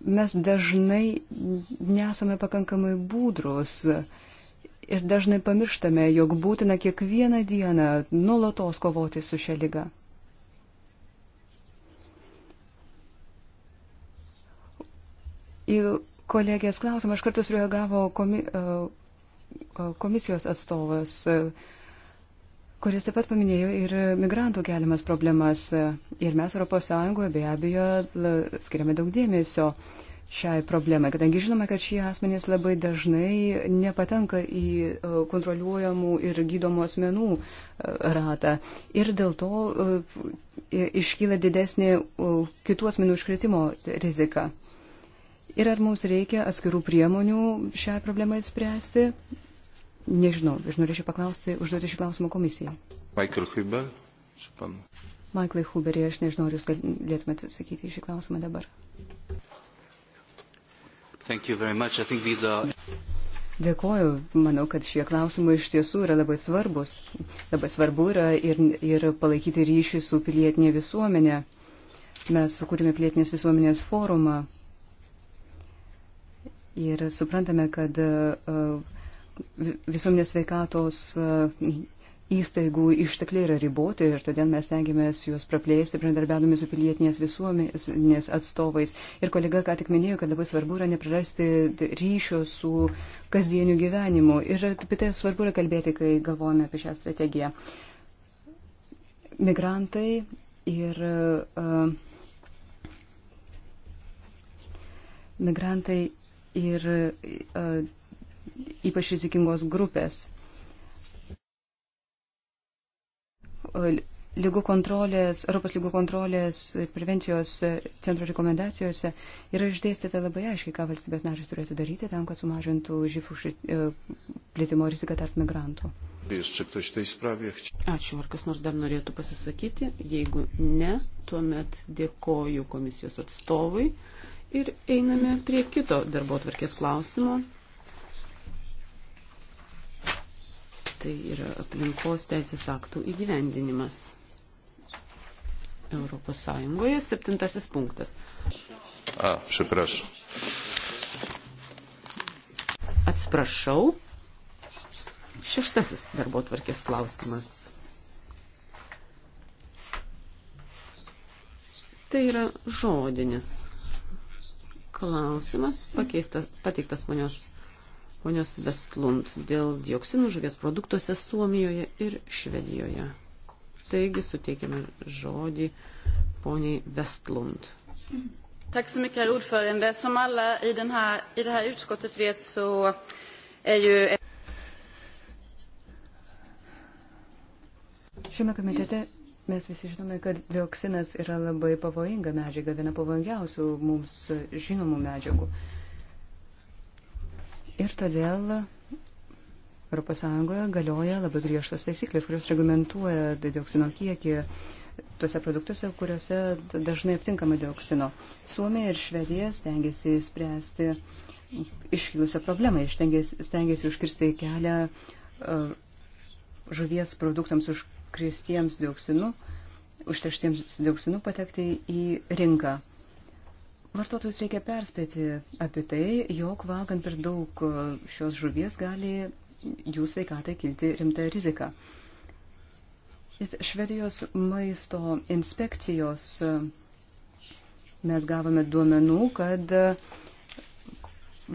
mes dažnai nesame pakankamai būdrus ir dažnai pamirštame, jog būtina kiekvieną dieną nulatos kovoti su šia lyga. Į kolegės klausimą aš kartu sureagavo komi, e, e, komisijos atstovas. Uh, kuris taip pat paminėjo ir migrantų keliamas problemas. Ir mes ES be abejo skiriame daug dėmesio šiai problemai, kadangi žinome, kad šie asmenys labai dažnai nepatenka į e, kontroliuojamų ir gydomų asmenų e, ratą. Ir dėl to e, iškyla didesnė kitų asmenų iškritimo rizika. Ir ar mums reikia atskirų priemonių šią problemą spręsti? Nežinau, aš norėčiau paklausti, užduoti šį klausimą komisijai. Michael Huber, supan. Michaelai Huberį, aš nežinau, ar jūs galėtumėte atsakyti šį klausimą dabar. Are... Dėkoju, manau, kad šie klausimai iš tiesų yra labai svarbus. Labai svarbu yra ir, ir palaikyti ryšį su pilietinė visuomenė. Mes sukūrėme pilietinės visuomenės forumą ir suprantame, kad uh, visuomenės veikatos e, įstaigų ištekliai yra riboti ir todėl mes tengiamės juos praplėsti, bendarbiaudami su pilietinės visuomenės atstovais. Ir kolega ką tik minėjo, kad labai svarbu yra neprarasti ryšio su kasdieniu gyvenimu. Ir apie tai svarbu yra kalbėti, kai galvojame apie šią strategiją. Migrantai ir. Uh, Migrantai ir uh, ypač rizikingos grupės. Lygų kontrolės, Europos lygų kontrolės ir prevencijos centro rekomendacijose yra išdėstyta labai aiškiai, ką valstybės narės turėtų daryti tam, kad sumažintų živ e, plėtimo riziką tarp migrantų. Ačiū, ar kas nors dar norėtų pasisakyti? Jeigu ne, tuomet dėkoju komisijos atstovui. Ir einame prie kito darbo tvarkės klausimo. tai yra aplinkos teisės aktų įgyvendinimas. Europos Sąjungoje septintasis punktas. A, przepraszam. Atsiprašau. Šeštasis darbo tvarkės klausimas. Tai yra žodinis klausimas, pakeista, pateiktas manios ponios Vestlund dėl dioksinų žuvies produktuose Suomijoje ir Švedijoje. Taigi suteikiame žodį poniai Vestlund. Tack så mycket, herr ordförande. Som alla i, den här, i det här utskottet vet så är ju... Šiame komitete mes visi žinome, kad dioksinas yra labai pavojinga medžiaga, viena pavojingiausių mums žinomų medžiagų. Uh, Ir todėl ES galioja labai griežtos taisyklės, kurios reglamentuoja dioksino kiekį tuose produktuose, kuriuose dažnai aptinkama dioksino. Suomija ir Švedija stengiasi spręsti iškilusią problemą, stengiasi, stengiasi užkirsti kelią uh, žuvies produktams užkristiems dioksinu, užteštiems dioksinu patekti į rinką. Vartotojus reikia perspėti apie tai, jog valgant per daug e, šios žuvies gali jų sveikatai kilti rimta rizika. Švedijos maisto inspekcijos e, mes gavome duomenų, kad e,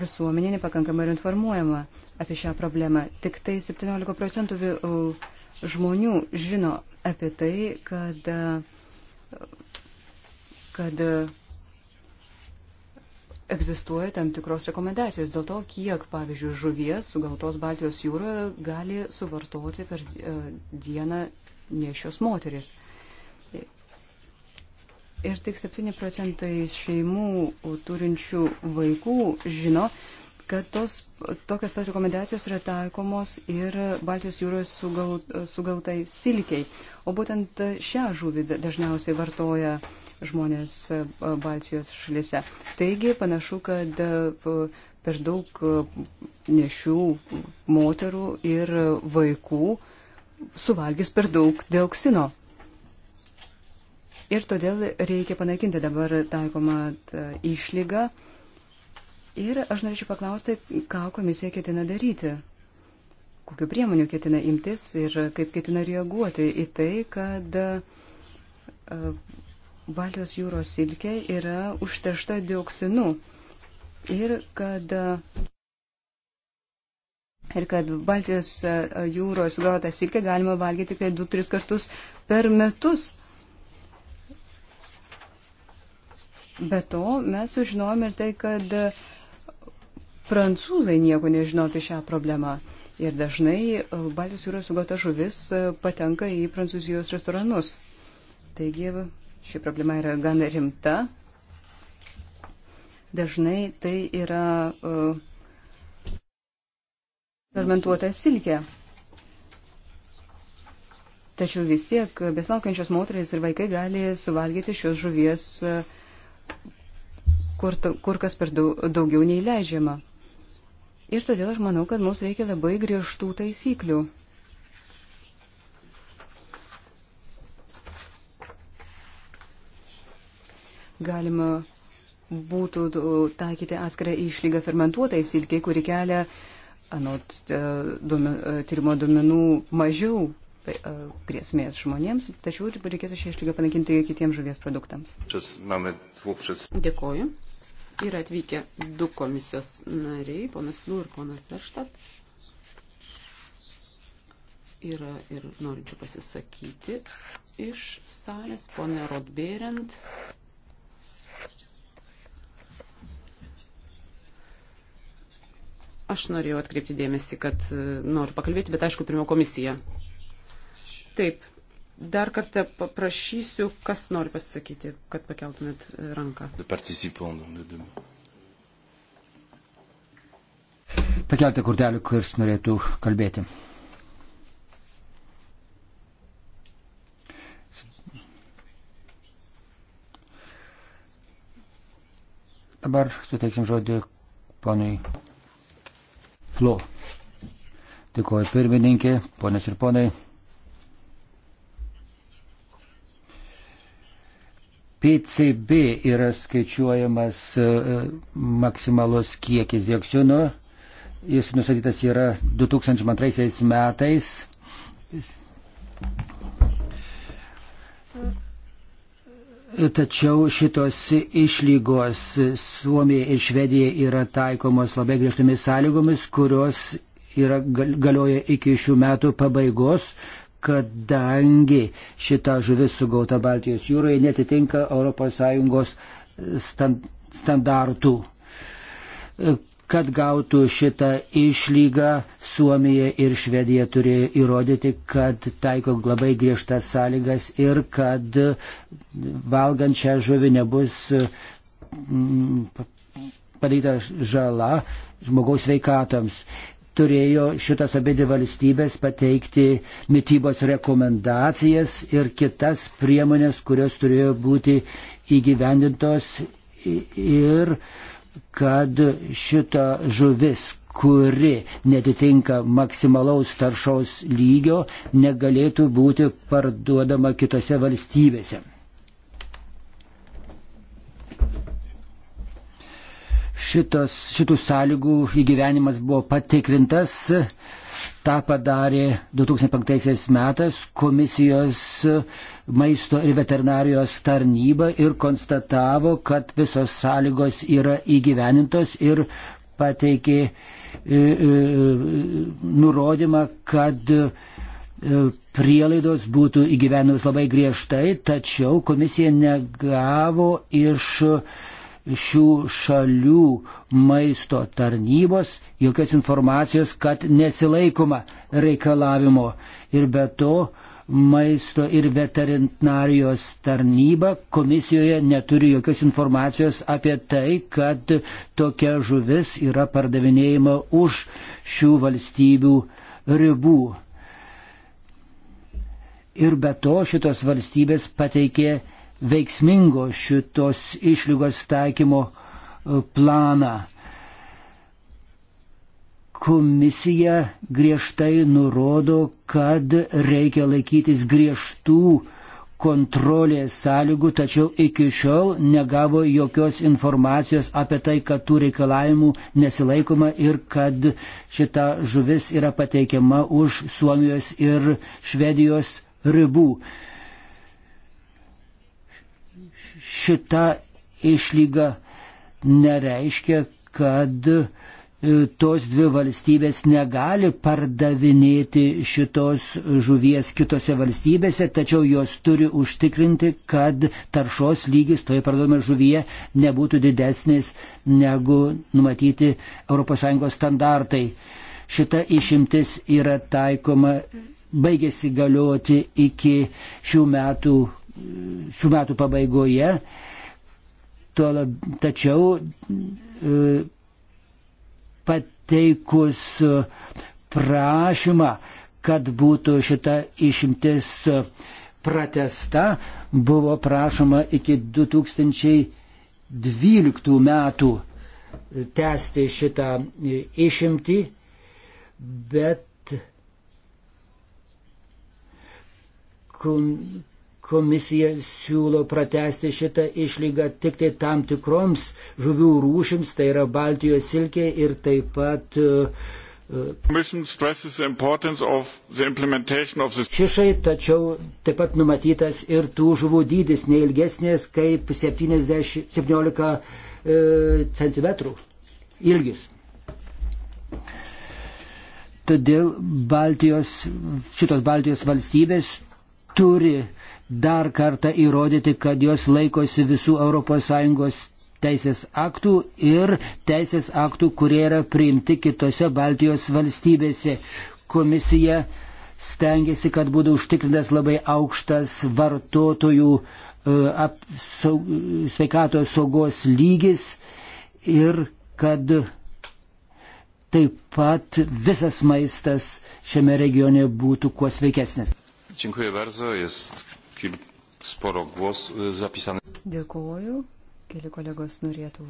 visuomenė nepakankamai yra informuojama apie šią problemą. Tik tai 17 procentų žmonių žino apie tai, kad, kad egzistuoja tam tikros rekomendacijos dėl to, kiek, pavyzdžiui, žuvies sugautos Baltijos jūroje gali suvartoti per e, dieną nešios moteris. Ir tik 7 procentai šeimų turinčių vaikų žino, kad tos, tokios pat rekomendacijos yra taikomos ir Baltijos jūroje sugaut, sugautai silkiai. O būtent šią žuvį dažniausiai vartoja uh, žmonės e, e, Baltijos šalyse. Taigi panašu, kad e, per daug nešių moterų ir vaikų suvalgys per daug dioksino. Ir todėl reikia panaikinti dabar taikomą išlygą. Ir aš norėčiau paklausti, ką komisija ketina daryti kokiu priemoniu ketina imtis ir kaip ketina reaguoti į tai, kad Baltijos jūros silkė yra užteršta dioksinu ir kad, ir kad Baltijos e, jūros gautą silkę galima valgyti tik 2-3 kartus per metus. Be to, mes sužinojome ir tai, kad prancūzai nieko nežino apie šią problemą. Ir dažnai e, Baltijos jūros sugauta žuvis e, patenka į prancūzijos restoranus. Taigi Ši problema yra gan rimta. Dažnai tai yra uh, fermentuota silkė. Tačiau vis tiek beslaukiančios moteris ir vaikai gali suvalgyti šios žuvies uh, kur, kur kas per daugiau nei leidžiama. Ir todėl aš manau, kad mums reikia labai griežtų taisyklių. galima būtų taikyti atskirą išlygą fermentuotai silkiai, kuri kelia, anot e, tyrimo duomenų, mažiau e, e, grėsmės žmonėms, tačiau reikėtų šią išlygą panaikinti kitiems žuvies produktams. Dėkoju. Yra atvykę du komisijos nariai, ponas Liu ir ponas Verštat. Yra ir norinčių pasisakyti iš salės, ponė Rodbėrent Aš norėjau atkreipti dėmesį, kad e, noriu pakalbėti, bet aišku, pirmiau komisija. Taip, dar kartą paprašysiu, kas nori pasisakyti, kad pakeltumėt e, ranką. Pakelti kurdelį, kuris norėtų kalbėti. Dabar suteiksim žodį ponui Flo. Dėkuoju pirmininkė, ponės ir ponai. PCB yra skaičiuojamas e, maksimalus kiekis dioksino. Jis nusatytas yra 2002 metais. Tačiau šitos išlygos Suomija ir Švedija yra taikomos labai griežtomis sąlygomis, kurios yra, galioja iki šių metų pabaigos, kadangi šita žuvis sugauta Baltijos jūroje netitinka ES stand, standartų. Kad gautų šitą išlygą, Suomija ir Švedija turėjo įrodyti, kad taiko labai griežtas sąlygas ir kad valgančią žuvį nebus mm, padaryta žala žmogaus veikatams turėjo šitas abidvi valstybės pateikti mytybos rekomendacijas ir kitas priemonės, kurios turėjo būti įgyvendintos ir kad šita žuvis, kuri netitinka maksimalaus taršaus lygio, negalėtų būti parduodama kitose valstybėse. Šitos, šitų sąlygų įgyvenimas buvo patikrintas Ta padarė 2005 metais komisijos maisto ir veterinarijos tarnyba ir konstatavo, kad visos sąlygos yra įgyvenintos ir pateikė e, e, nurodymą, kad e, prielaidos būtų įgyvenimas labai griežtai, tačiau komisija negavo iš e, šių šalių maisto tarnybos jokios informacijos, kad nesilaikoma reikalavimo. Ir be to maisto ir veterinarijos tarnyba komisijoje neturi jokios informacijos apie tai, kad tokia žuvis yra pardavinėjama už šių valstybių ribų. Ir be to šitos valstybės pateikė veiksmingo šitos išlygos taikymo e, planą. Komisija griežtai nurodo, kad reikia laikytis griežtų kontrolės sąlygų, tačiau iki šiol negavo jokios informacijos apie tai, kad tų reikalavimų nesilaikoma ir kad šita žuvis yra pateikiama už Suomijos ir Švedijos ribų šita išlyga nereiškia, kad e, tos dvi valstybės negali pardavinėti šitos žuvies kitose valstybėse, tačiau jos turi užtikrinti, kad taršos lygis toje parduodama žuvyje nebūtų didesnis negu numatyti ES standartai. Šita išimtis yra taikoma, baigėsi galioti iki šių metų šių metų pabaigoje. Lab, tačiau e, pateikus prašymą, kad būtų šita išimtis pratesta, buvo prašoma iki 2012 metų tęsti šitą išimtį, bet Komisija siūlo pratesti šitą išlygą tik tai tam tikroms žuvių rūšims, tai yra Baltijos silkė ir taip pat uh, e, e, Šešai tačiau taip pat numatytas ir tų žuvų dydis neilgesnės kaip 70, 17 cm ilgis. Todėl Baltijos, šitos Baltijos valstybės turi dar kartą įrodyti, kad jos laikosi visų ES teisės aktų ir teisės aktų, kurie yra priimti kitose Baltijos valstybėse. Komisija stengiasi, kad būtų užtikrintas labai aukštas vartotojų e, apsaug, sveikatos saugos lygis ir kad taip pat visas maistas šiame regione būtų kuo sveikesnis. Dziękuję bardzo. Jest kil, sporo głos zapisane. Dėkuoju, keli kolegos norėtų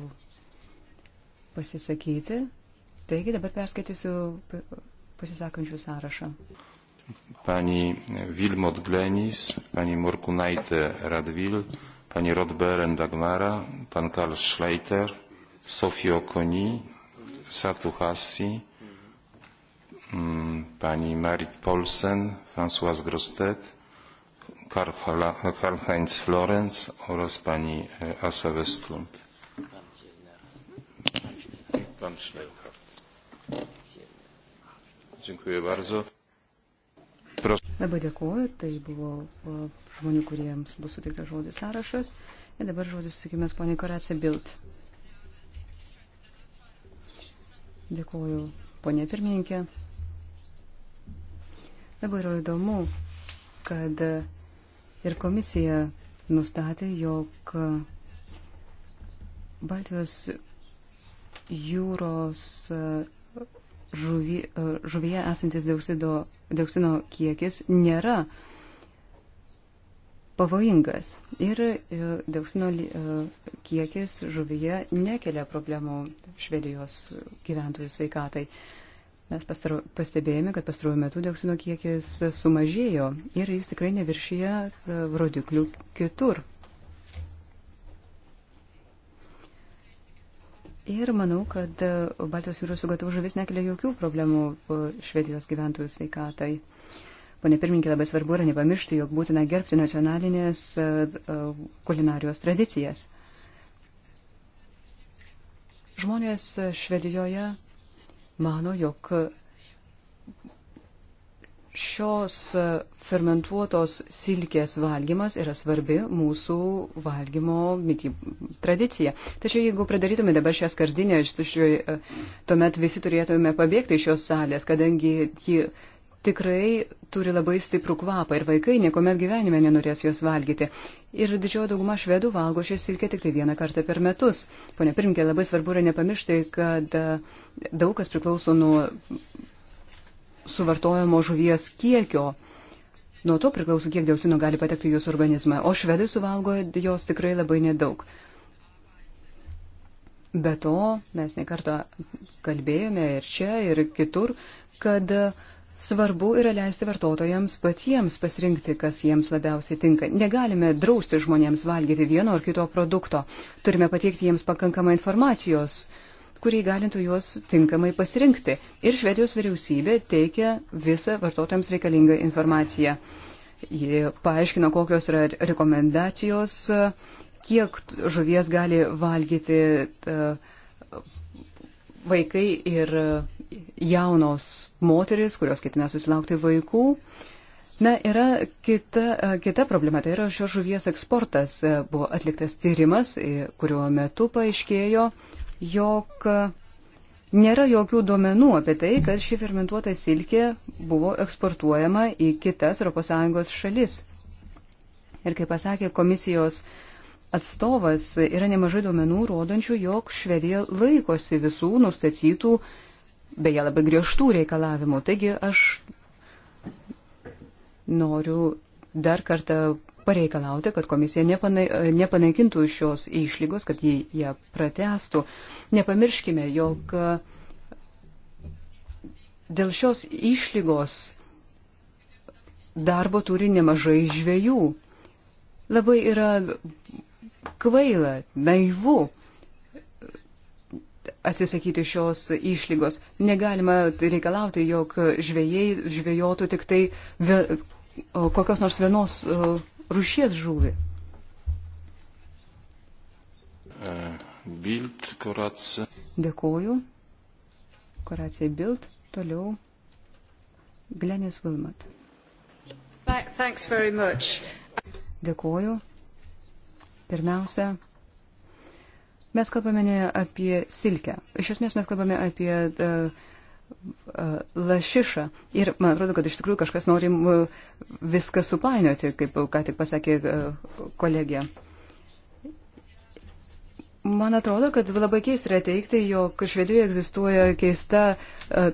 pasisakyti. Taigi dabar perskaitysiu pasisakančių sąrašą. Pani Wilmot Glenis, pani Morkunaitė Radvil, pani Rodberen Dagmara, pan Karl Schleiter, Sofio Okoni, Satu Hassi, mm, pani Marit Polsen, François Grostet, Karl-Heinz Florenz oraz pani e, Asa Westlund. Pan Dziękuję bardzo. Proszę. Labai dėkuoju, tai buvo e, žmonių, kuriems bus suteiktas žodis sąrašas. Ir dabar žodis sutikimės poniai Koracija Bild. Dėkuoju, ponė pirmininkė. Labai yra įdomu, kad Ir komisija nustatė, jog Baltijos jūros žuvy, e, žuvyje e, esantis dioksido, dioksino kiekis nėra pavojingas ir e, dioksino kiekis žuvyje nekelia problemų Švedijos gyventojų sveikatai. Mes pastaru, pastebėjome, kad pastaruoju metu dioksino kiekis sumažėjo ir jis tikrai neviršyje rodiklių kitur. Ir manau, kad e, Baltijos jūros sugatavų žuvis nekelia jokių problemų e, Švedijos gyventojų sveikatai. Pone pirmininkė, labai svarbu yra nepamiršti, jog būtina gerbti nacionalinės e, kulinarijos tradicijas. Žmonės Švedijoje mano, jog šios fermentuotos silkės valgymas yra svarbi mūsų valgymo tradicija. Tačiau jeigu pradarytume dabar šią skardinę, tuomet visi turėtume pabėgti iš šios salės, kadangi ji tikrai turi labai stiprų kvapą ir vaikai niekuomet gyvenime nenorės jos valgyti. Ir didžioji dauguma švedų valgo šią silkę tik tai vieną kartą per metus. Pone pirmkė, labai svarbu yra nepamiršti, kad e, daug kas priklauso nuo suvartojamo žuvies kiekio. Nuo to priklauso, kiek dioksino gali patekti jūsų organizmą. O švedai suvalgo jos tikrai labai nedaug. Be to, mes nekartą kalbėjome ir čia, ir kitur, kad uh, Svarbu yra leisti vartotojams patiems pasirinkti, kas jiems labiausiai tinka. Negalime drausti žmonėms valgyti vieno ar kito produkto. Turime pateikti jiems pakankamą informacijos, kurį galintų juos tinkamai pasirinkti. Ir Švedijos vyriausybė teikia visą vartotojams reikalingą informaciją. Ji paaiškino, kokios yra rekomendacijos, kiek žuvies gali valgyti vaikai ir jaunos moteris, kurios ketina susilaukti vaikų. Na, yra kita, e, kita problema, tai yra šios žuvies eksportas. E, buvo atliktas tyrimas, e, kuriuo metu paaiškėjo, jog nėra jokių duomenų apie tai, kad ši fermentuota silkė buvo eksportuojama į kitas ES šalis. Ir kaip pasakė komisijos atstovas, yra nemažai duomenų rodančių, jog Švedija laikosi visų nustatytų beje, labai griežtų reikalavimų. Taigi aš noriu dar kartą pareikalauti, kad komisija nepanai, nepanaikintų šios išlygos, kad jį ją pratestų. Nepamirškime, jog dėl šios išlygos darbo turi nemažai žvėjų. Labai yra kvaila, naivu atsisakyti šios išlygos. Negalima reikalauti, jog žvėjai žvėjotų tik tai kokios nors vienos rušies žuvį. E, Bild, Koracija. Dėkoju. Koracija Bild. Toliau. Glenis Wilmot. Thanks very much. Dėkoju. Pirmiausia, Mes kalbame ne apie silkę. Iš esmės mes kalbame apie uh, lašišą. Ir man atrodo, kad iš tikrųjų kažkas nori viską supainioti, kaip ką tik pasakė e, kolegė. Man atrodo, kad labai keista yra teikti, jog Švedijoje egzistuoja keista uh, uh,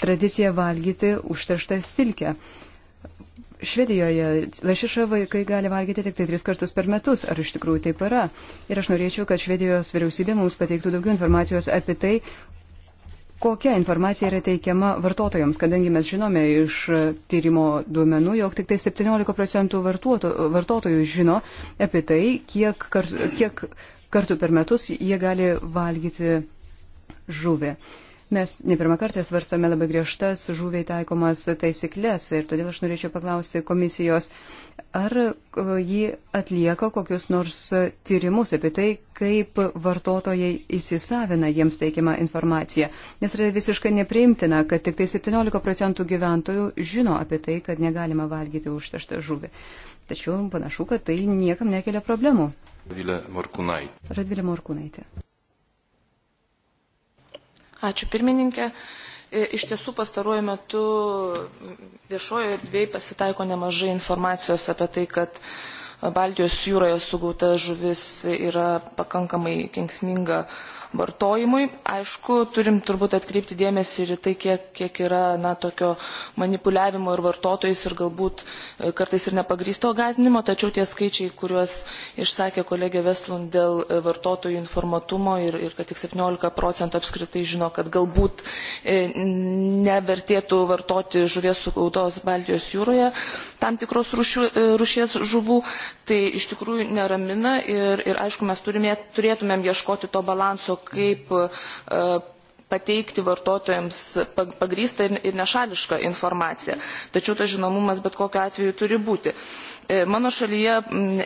tradicija valgyti užterštą silkę. Uh, Švedijoje lašišą vaikai gali valgyti tik tai tris kartus per metus. Ar iš tikrųjų taip yra? Ir aš norėčiau, kad Švedijos vyriausybė mums pateiktų daugiau informacijos apie tai, kokia informacija yra teikiama vartotojams, kadangi mes žinome iš tyrimo duomenų, jog tik tai 17 procentų vartotojų žino apie tai, kiek, kart, kiek kartų per metus jie gali valgyti žuvį. Mes ne pirmą kartą svarstome labai griežtas žuviai taikomas taisyklės ir todėl aš norėčiau paklausti komisijos, ar ji atlieka kokius nors tyrimus apie tai, kaip vartotojai įsisavina jiems teikiamą informaciją. Nes yra visiškai nepriimtina, kad tik tai 17 procentų gyventojų žino apie tai, kad negalima valgyti užteštą žuvį. Tačiau panašu, kad tai niekam nekelia problemų. Radvilė Morkūnaitė. Radvilė Morkūnaitė. Ačiū pirmininkė. E, iš tiesų pastaruoju metu viešojo dviejai pasitaiko nemažai informacijos apie tai, kad Baltijos jūroje sugauta žuvis yra pakankamai kengsminga vartojimui. Aišku, turim turbūt atkreipti dėmesį ir į tai, kiek, kiek yra na, tokio manipuliavimo ir vartotojais ir galbūt e, kartais ir nepagrysto gazdinimo, tačiau tie skaičiai, kuriuos išsakė kolegė Veslund dėl e, vartotojų informatumo ir, ir kad tik 17 procentų apskritai žino, kad galbūt e, nevertėtų vartoti žuvies sugautos Baltijos jūroje tam tikros rūšių, rūšies žuvų, tai iš tikrųjų neramina ir, ir aišku, mes turime, turėtumėm ieškoti to balanso, kaip e, pateikti vartotojams pagrįstą ir nešališką informaciją. Tačiau tas žinomumas bet kokiu atveju turi būti. E, mano šalyje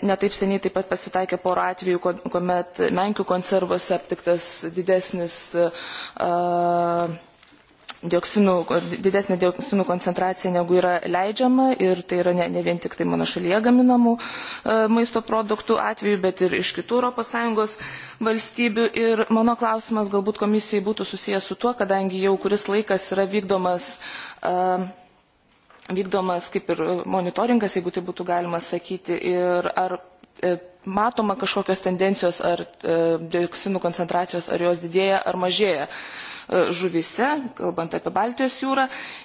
netaip seniai taip pat pasitaikė porą atvejų, kuomet menkių konservose aptiktas didesnis uh, dioksinų, didesnė dioksinų koncentracija negu yra leidžiama ir tai yra ne, ne vien tik tai mano šalyje gaminamų e, maisto produktų atveju, bet ir iš kitų ES valstybių. Ir mano klausimas galbūt komisijai būtų susijęs su tuo, kadangi jau kuris laikas yra vykdomas. Uh, vykdomas kaip ir monitoringas, jeigu tai būtų galima sakyti, ir ar e, matoma kažkokios tendencijos ar e, dioksinų koncentracijos, ar jos didėja ar mažėja. E, žuvise, kalbant apie Baltijos jūrą.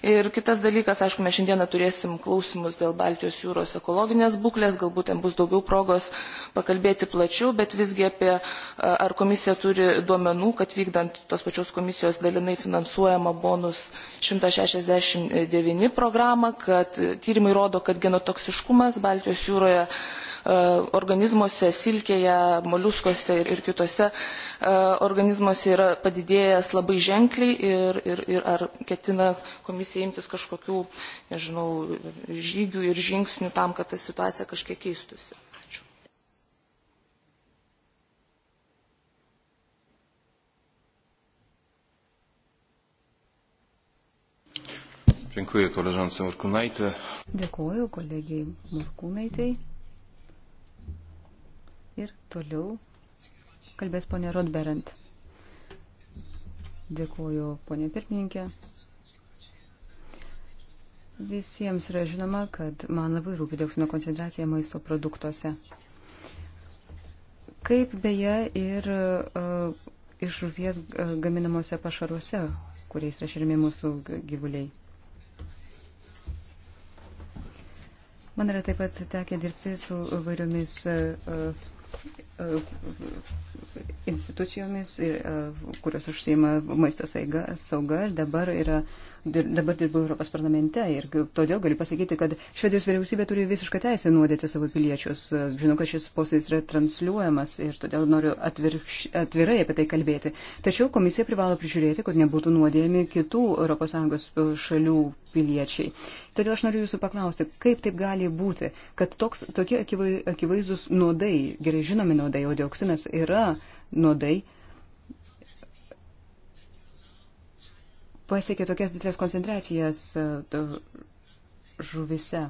Ir kitas dalykas, aišku, mes šiandieną turėsim klausimus dėl Baltijos jūros ekologinės būklės, galbūt ten bus daugiau progos pakalbėti plačiau, bet visgi apie e, ar komisija turi duomenų, kad vykdant tos pačios komisijos dalinai finansuojama bonus 169 programą, kad tyrimai rodo, kad genotoksiškumas Baltijos jūroje E, organizmuose, silkėje, moliuskose ir, ir kitose e, organizmuose yra padidėjęs labai ženkliai ir, ir, ir ar ketina komisija imtis kažkokių, nežinau, žygių ir žingsnių tam, kad ta situacija kažkiek keistusi. Ačiū. Dziękuję koleżance Murkunajte. Dziękuję kolegi Murkunajtej. Ir toliau kalbės ponė Rodberant. Dėkuoju, ponė pirmininkė. Visiems yra žinoma, kad man labai rūpi dioksino koncentracija maisto produktuose. Kaip beje ir uh, iš žuvies uh, e, gaminamuose pašaruose, kuriais yra šermi mūsų gyvuliai. Man yra taip pat tekę dirbti su vairiomis uh, e, institucijomis, e, kurios užsieima maisto sauga ir dabar yra uh, dabar dirbu Europos parlamente ir todėl galiu pasakyti, kad Švedijos vyriausybė turi visišką teisę nuodėti savo piliečius. Žinau, kad šis posėdis yra transliuojamas ir todėl noriu atvirkš, atvirai apie tai kalbėti. Tačiau komisija privalo prižiūrėti, kad nebūtų nuodėjami kitų ES e, šalių piliečiai. Todėl aš noriu jūsų paklausti, kaip taip gali būti, kad toks, tokie akivaizdus nuodai, gerai žinomi nuodai, o dioksinas yra nuodai, pasiekė tokias didelės koncentracijas e, žuvise.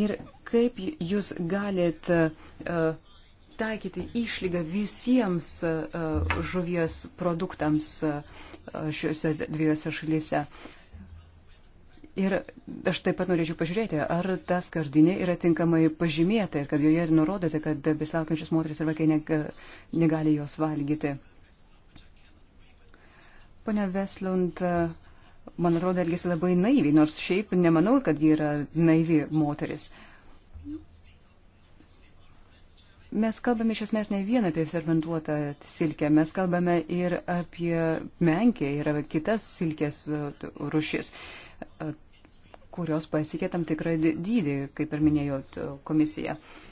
Ir kaip jūs galit e, taikyti išlygą visiems e, žuvies produktams šiuose dviejose šalyse? Ir aš taip pat norėčiau pažiūrėti, ar ta skardinė yra tinkamai pažymėta ir kad joje ir nurodote, kad besaukiančios moteris ir vaikai negali jos valgyti. Pone Veslund, man atrodo, elgesi labai naiviai, nors šiaip nemanau, kad ji yra naivi moteris. Mes kalbame iš esmės ne vien apie fermentuotą silkę, mes kalbame ir apie menkę ir apie kitas silkės e, rušis, e, kurios pasiekė tam tikrą dydį, kaip ir minėjo e, komisija. Uh,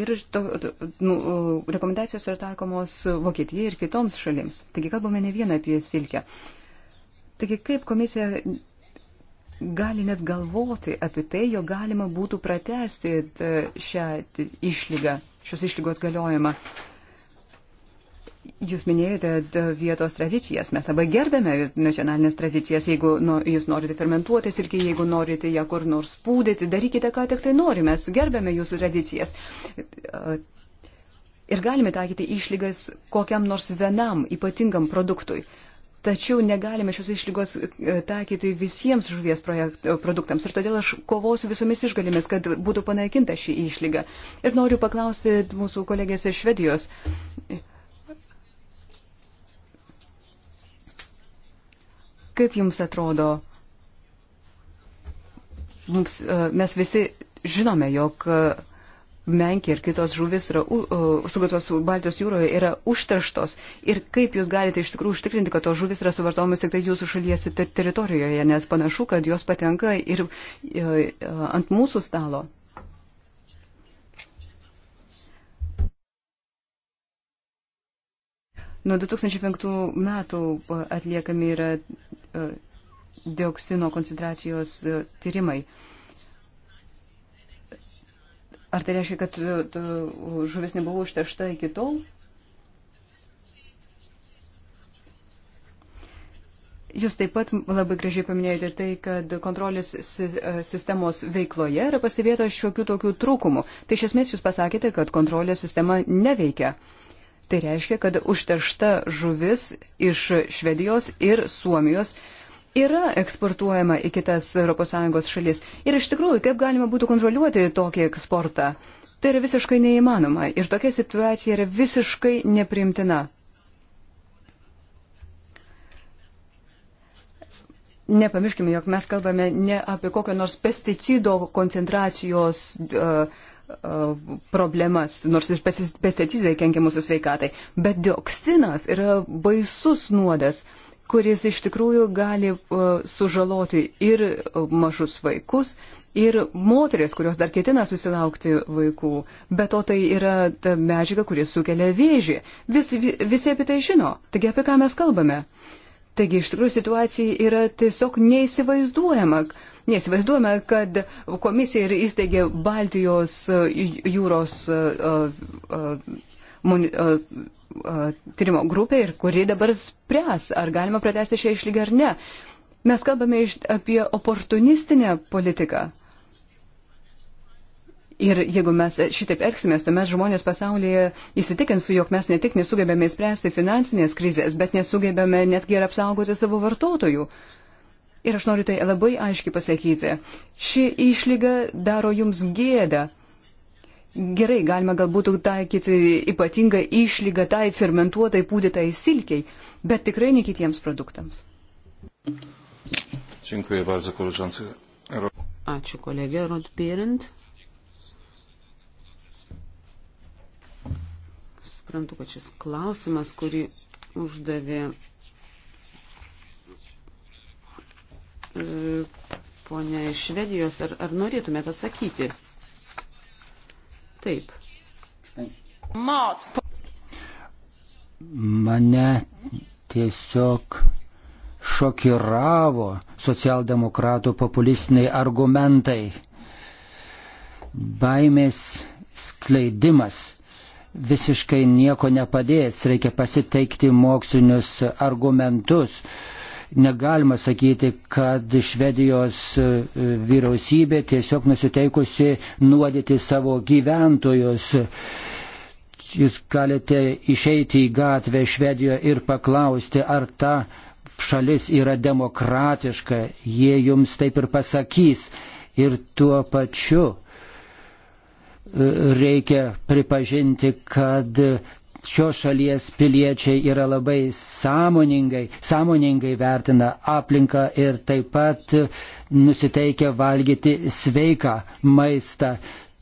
Ir to, nu, rekomendacijos yra taikomos Vokietijai ir kitoms šalims. Taigi kalbame ne vieną apie silkę. Taigi kaip komisija gali net galvoti apie tai, jo galima būtų pratesti šią išlygą, šios išlygos galiojimą. Jūs minėjote vietos tradicijas. Mes labai gerbėme nacionalinės tradicijas. Jeigu nu, jūs norite fermentuoti sirkį, jeigu norite ją kur nors spūdyti, darykite, ką tik tai norime. Mes gerbėme jūsų tradicijas. Ir galime taikyti išlygas kokiam nors vienam ypatingam produktui. Tačiau negalime šios išlygos e, taikyti visiems žuvies projekt, e, produktams. Ir todėl aš kovosiu visomis išgalimis, kad būtų panaikinta ši išlyga. Ir noriu paklausti mūsų kolegės iš Švedijos. Kaip jums atrodo, mums, e, mes visi žinome, jog e, menkė ir kitos žuvis yra e, sugatos Baltijos jūroje yra užterštos. Ir kaip jūs galite iš tikrųjų užtikrinti, kad tos žuvis yra suvartojamas tik tai jūsų šalies ter teritorijoje, nes panašu, kad jos patenka ir ant mūsų stalo. Nuo 2005 metų atliekami yra E, dioksino koncentracijos e, tyrimai. Ar tai reiškia, kad e, žuvis nebuvo užteršta iki tol? Jūs taip pat labai gražiai paminėjote tai, kad kontrolės sistemos veikloje yra pastebėta šiokių tokių trūkumų. Tai iš esmės jūs pasakėte, kad kontrolės sistema neveikia. Uh, Tai reiškia, kad užteršta žuvis iš Švedijos ir Suomijos yra eksportuojama į kitas ES šalis. Ir iš tikrųjų, kaip galima būtų kontroliuoti tokį eksportą? Tai yra visiškai neįmanoma ir tokia situacija yra visiškai neprimtina. Nepamirškime, jog mes kalbame ne apie kokią nors pesticido koncentracijos uh, problemas, nors ir pesticidai kenkia mūsų sveikatai. Bet dioksinas yra baisus nuodas, kuris iš tikrųjų gali e, sužaloti ir e, mažus vaikus, ir moteris, kurios dar ketina susilaukti vaikų. Bet o tai yra ta medžiaga, kuris sukelia vėžį. Vis, vis, visi apie tai žino. Taigi apie ką mes kalbame? Taigi iš tikrųjų situacija yra tiesiog neįsivaizduojama. Neįsivaizduojama, kad komisija ir įsteigė Baltijos e, jūros uh, uh, uh, tyrimo grupę ir kuri dabar spręs, ar galima pratesti šią išlygą ar ne. Mes kalbame iš, apie oportunistinę politiką. Ir jeigu mes šitaip elgsimės, tuomet žmonės pasaulyje įsitikinsų, jog mes ne tik nesugebėme įspręsti finansinės krizės, bet nesugebėme netgi ir apsaugoti savo vartotojų. Ir aš noriu tai labai aiškiai pasakyti. Ši išlyga daro jums gėdą. Gerai, galima galbūt taikyti ypatingą išlygą tai fermentuotai pūdytai silkiai, bet tikrai ne kitiems produktams. Dziękuję bardzo, koleżance. Ačiū kolegė Rodpirint. Suprantu, kad šis klausimas, kurį uždavė e, ponia iš Švedijos, ar, ar norėtumėt atsakyti? Taip. Mane tiesiog šokiravo socialdemokratų populistiniai argumentai. Baimės skleidimas visiškai nieko nepadės, reikia pasiteikti mokslinius argumentus. Negalima sakyti, kad Švedijos e, vyriausybė tiesiog nusiteikusi nuodyti savo gyventojus jūs galite išeiti į gatvę Švedijoje ir paklausti, ar ta šalis yra demokratiška, jie jums taip ir pasakys. Ir tuo pačiu reikia pripažinti, kad šios šalies piliečiai yra labai sąmoningai, sąmoningai vertina aplinką ir taip pat nusiteikia valgyti sveiką maistą.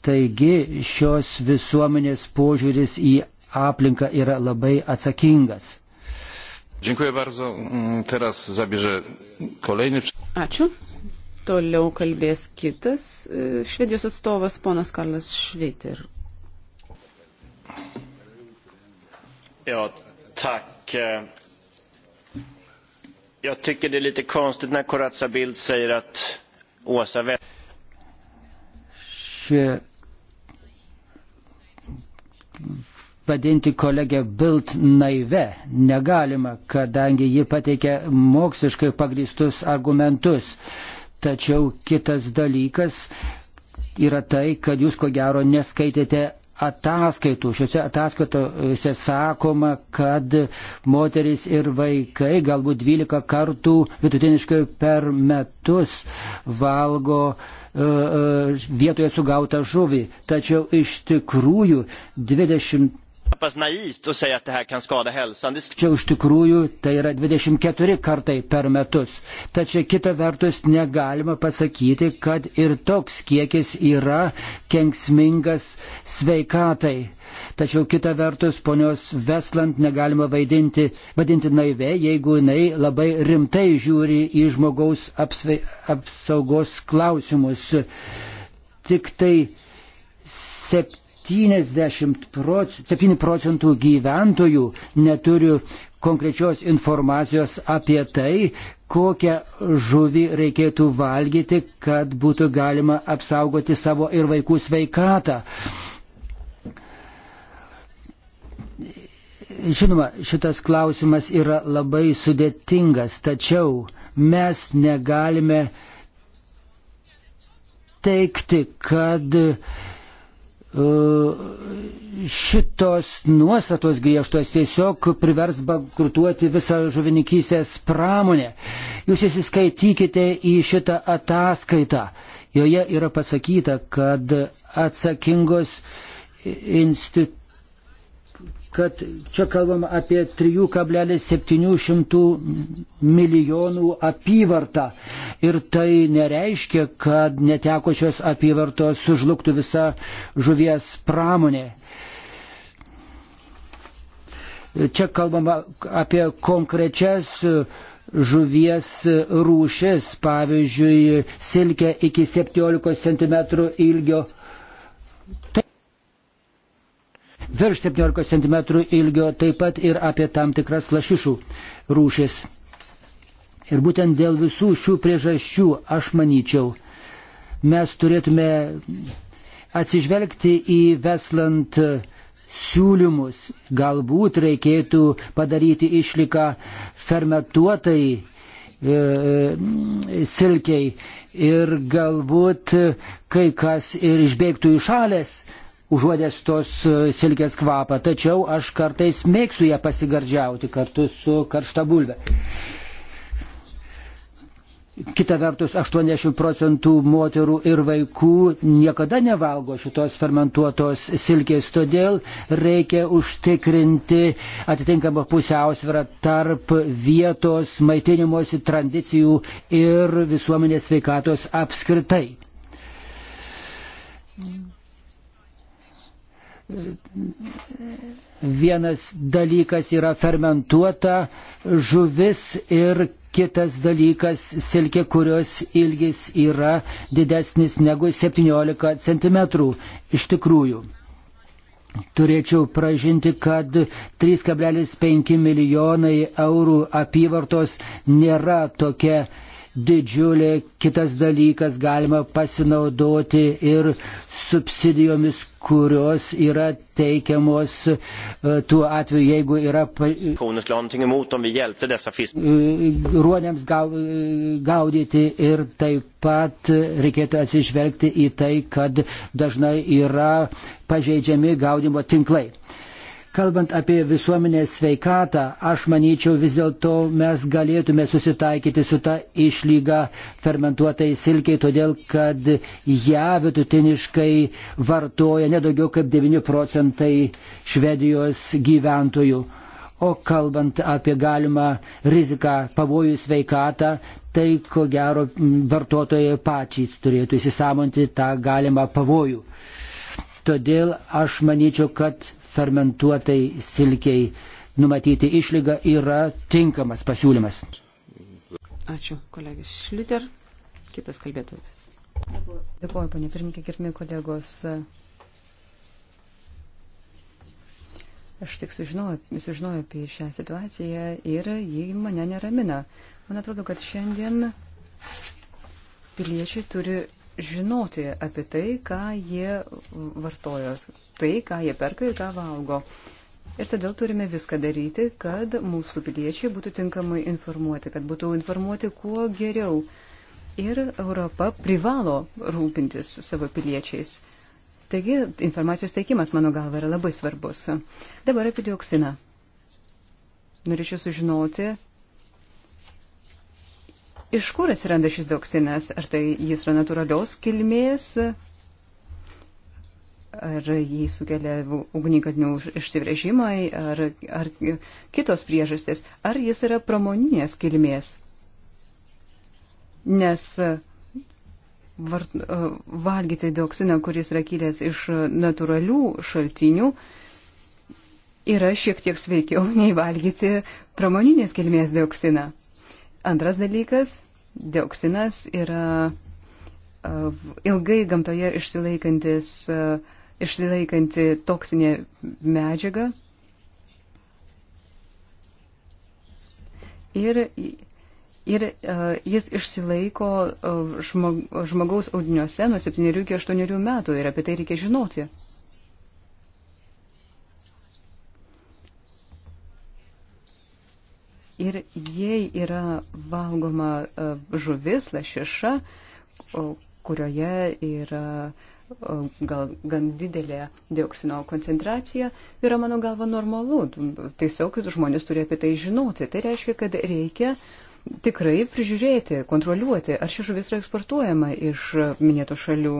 Taigi šios visuomenės požiūris į aplinką yra labai atsakingas. Dziękuję bardzo. Teraz zabierze kolejny. Ačiū. Toliau kalbės kitas e, švedijos atstovas, ponas Karlas Šveiter. Ja, tack. Eh, jag tycker det är lite konstigt när Corazza Bildt säger att Åsa West... Šie... Vadinti kolegę Bilt naive negalima, kadangi ji pateikia moksliškai pagristus argumentus. Uh, Tačiau kitas dalykas yra tai, kad jūs ko gero neskaitėte ataskaitų. Šiuose ataskaitose sakoma, kad moteris ir vaikai galbūt 12 kartų vidutiniškai per metus valgo uh, vietoje sugautą žuvį. Tačiau iš tikrųjų 20 Čia iš tikrųjų tai yra 24 kartai per metus. Tačiau kita vertus negalima pasakyti, kad ir toks kiekis yra kenksmingas sveikatai. Tačiau kita vertus ponios Veslant negalima vaidinti, vadinti naive, jeigu jinai labai rimtai žiūri į žmogaus apsve, apsaugos klausimus. Tik tai septyni 70 procentų, 7 procentų gyventojų neturi konkrečios informacijos apie tai, kokią žuvį reikėtų valgyti, kad būtų galima apsaugoti savo ir vaikų sveikatą. Žinoma, šitas klausimas yra labai sudėtingas, tačiau mes negalime teikti, kad uh, E, šitos nuostatos griežtos tiesiog privers bankrutuoti visą žuvininkysės pramonę. Jūs įsiskaitykite į šitą ataskaitą. Joje yra pasakyta, kad atsakingos institucijos kad čia kalbam apie 3,700 milijonų apyvartą. Ir tai nereiškia, kad neteko šios apyvartos sužlugtų visa žuvies pramonė. Čia kalbama apie konkrečias žuvies rūšis, pavyzdžiui, silkę iki 17 cm ilgio virš 17 cm ilgio, taip pat ir apie tam tikras lašišų rūšis. Ir būtent dėl visų šių priežasčių, aš manyčiau, mes turėtume atsižvelgti į Veslant siūlymus. Galbūt reikėtų padaryti išliką fermentuotai e, e, silkiai ir galbūt kai kas ir išbėgtų į šalės užuodęs tos e, silkės kvapą, tačiau aš kartais mėgstu ją pasigardžiauti kartu su karšta bulve. Kita vertus, 80 procentų moterų ir vaikų niekada nevalgo šitos fermentuotos silkės, todėl reikia užtikrinti atitinkamą pusiausvyrą tarp vietos maitinimosi tradicijų ir visuomenės sveikatos apskritai vienas dalykas yra fermentuota žuvis ir kitas dalykas silkė, kurios ilgis yra didesnis negu 17 cm. Iš tikrųjų, turėčiau pražinti, kad 3,5 milijonai eurų apyvartos nėra tokia didžiulė. Kitas dalykas galima pasinaudoti ir subsidijomis, kurios yra teikiamos e, tuo atveju, jeigu yra. E, Ruonėms e, gaudyti ir taip pat reikėtų atsižvelgti į tai, kad dažnai yra pažeidžiami gaudimo tinklai. Kalbant apie visuomenės sveikatą, aš manyčiau vis dėlto mes galėtume susitaikyti su ta išlyga fermentuotai silkiai, todėl kad ją vidutiniškai vartoja nedaugiau kaip 9 procentai Švedijos gyventojų. O kalbant apie galimą riziką pavojų sveikatą, tai ko gero mm, vartotojai pačiais turėtų įsisamonti tą galimą pavojų. Todėl aš manyčiau, kad fermentuotai silkiai numatyti išlygą yra tinkamas pasiūlymas. Ačiū, kolegis Šliter. Kitas kalbėtojas. Dėkuoju, panė pirmininkė, gerbimi kolegos. Aš tik sužinojau, sužinojau apie šią situaciją ir ji mane neramina. Man atrodo, kad šiandien piliečiai turi žinoti apie tai, ką jie vartojo, tai, ką jie perka ir ką valgo. Ir todėl turime viską daryti, kad mūsų piliečiai būtų tinkamai informuoti, kad būtų informuoti kuo geriau. Ir Europa privalo rūpintis savo piliečiais. Taigi informacijos teikimas, mano galva, yra labai svarbus. Dabar apie dioksiną. Norėčiau sužinoti, Iš kur atsiranda šis toksinas? Ar tai jis yra natūralios kilmės? Ar jį sukelia ugnikalnių išsivežimai, ar, ar kitos priežastys? Ar jis yra pramoninės kilmės? Nes e, vart, e, valgyti dioksiną, kuris yra kilęs iš natūralių šaltinių, yra šiek tiek sveikiau nei valgyti pramoninės kilmės dioksiną. Antras dalykas, dioksinas yra ilgai gamtoje išsilaikantis, išsilaikanti toksinė medžiaga. Ir, ir jis išsilaiko žmogaus audiniuose nuo 7 iki 8 metų ir apie tai reikia žinoti. Ir jei yra valgoma e, žuvis, lašiša, kurioje yra gal gan didelė dioksino koncentracija, yra mano galva normalu. Tiesiog žmonės turi apie tai žinoti. Tai reiškia, kad reikia tikrai prižiūrėti, kontroliuoti, ar ši žuvis yra eksportuojama iš minėtų šalių.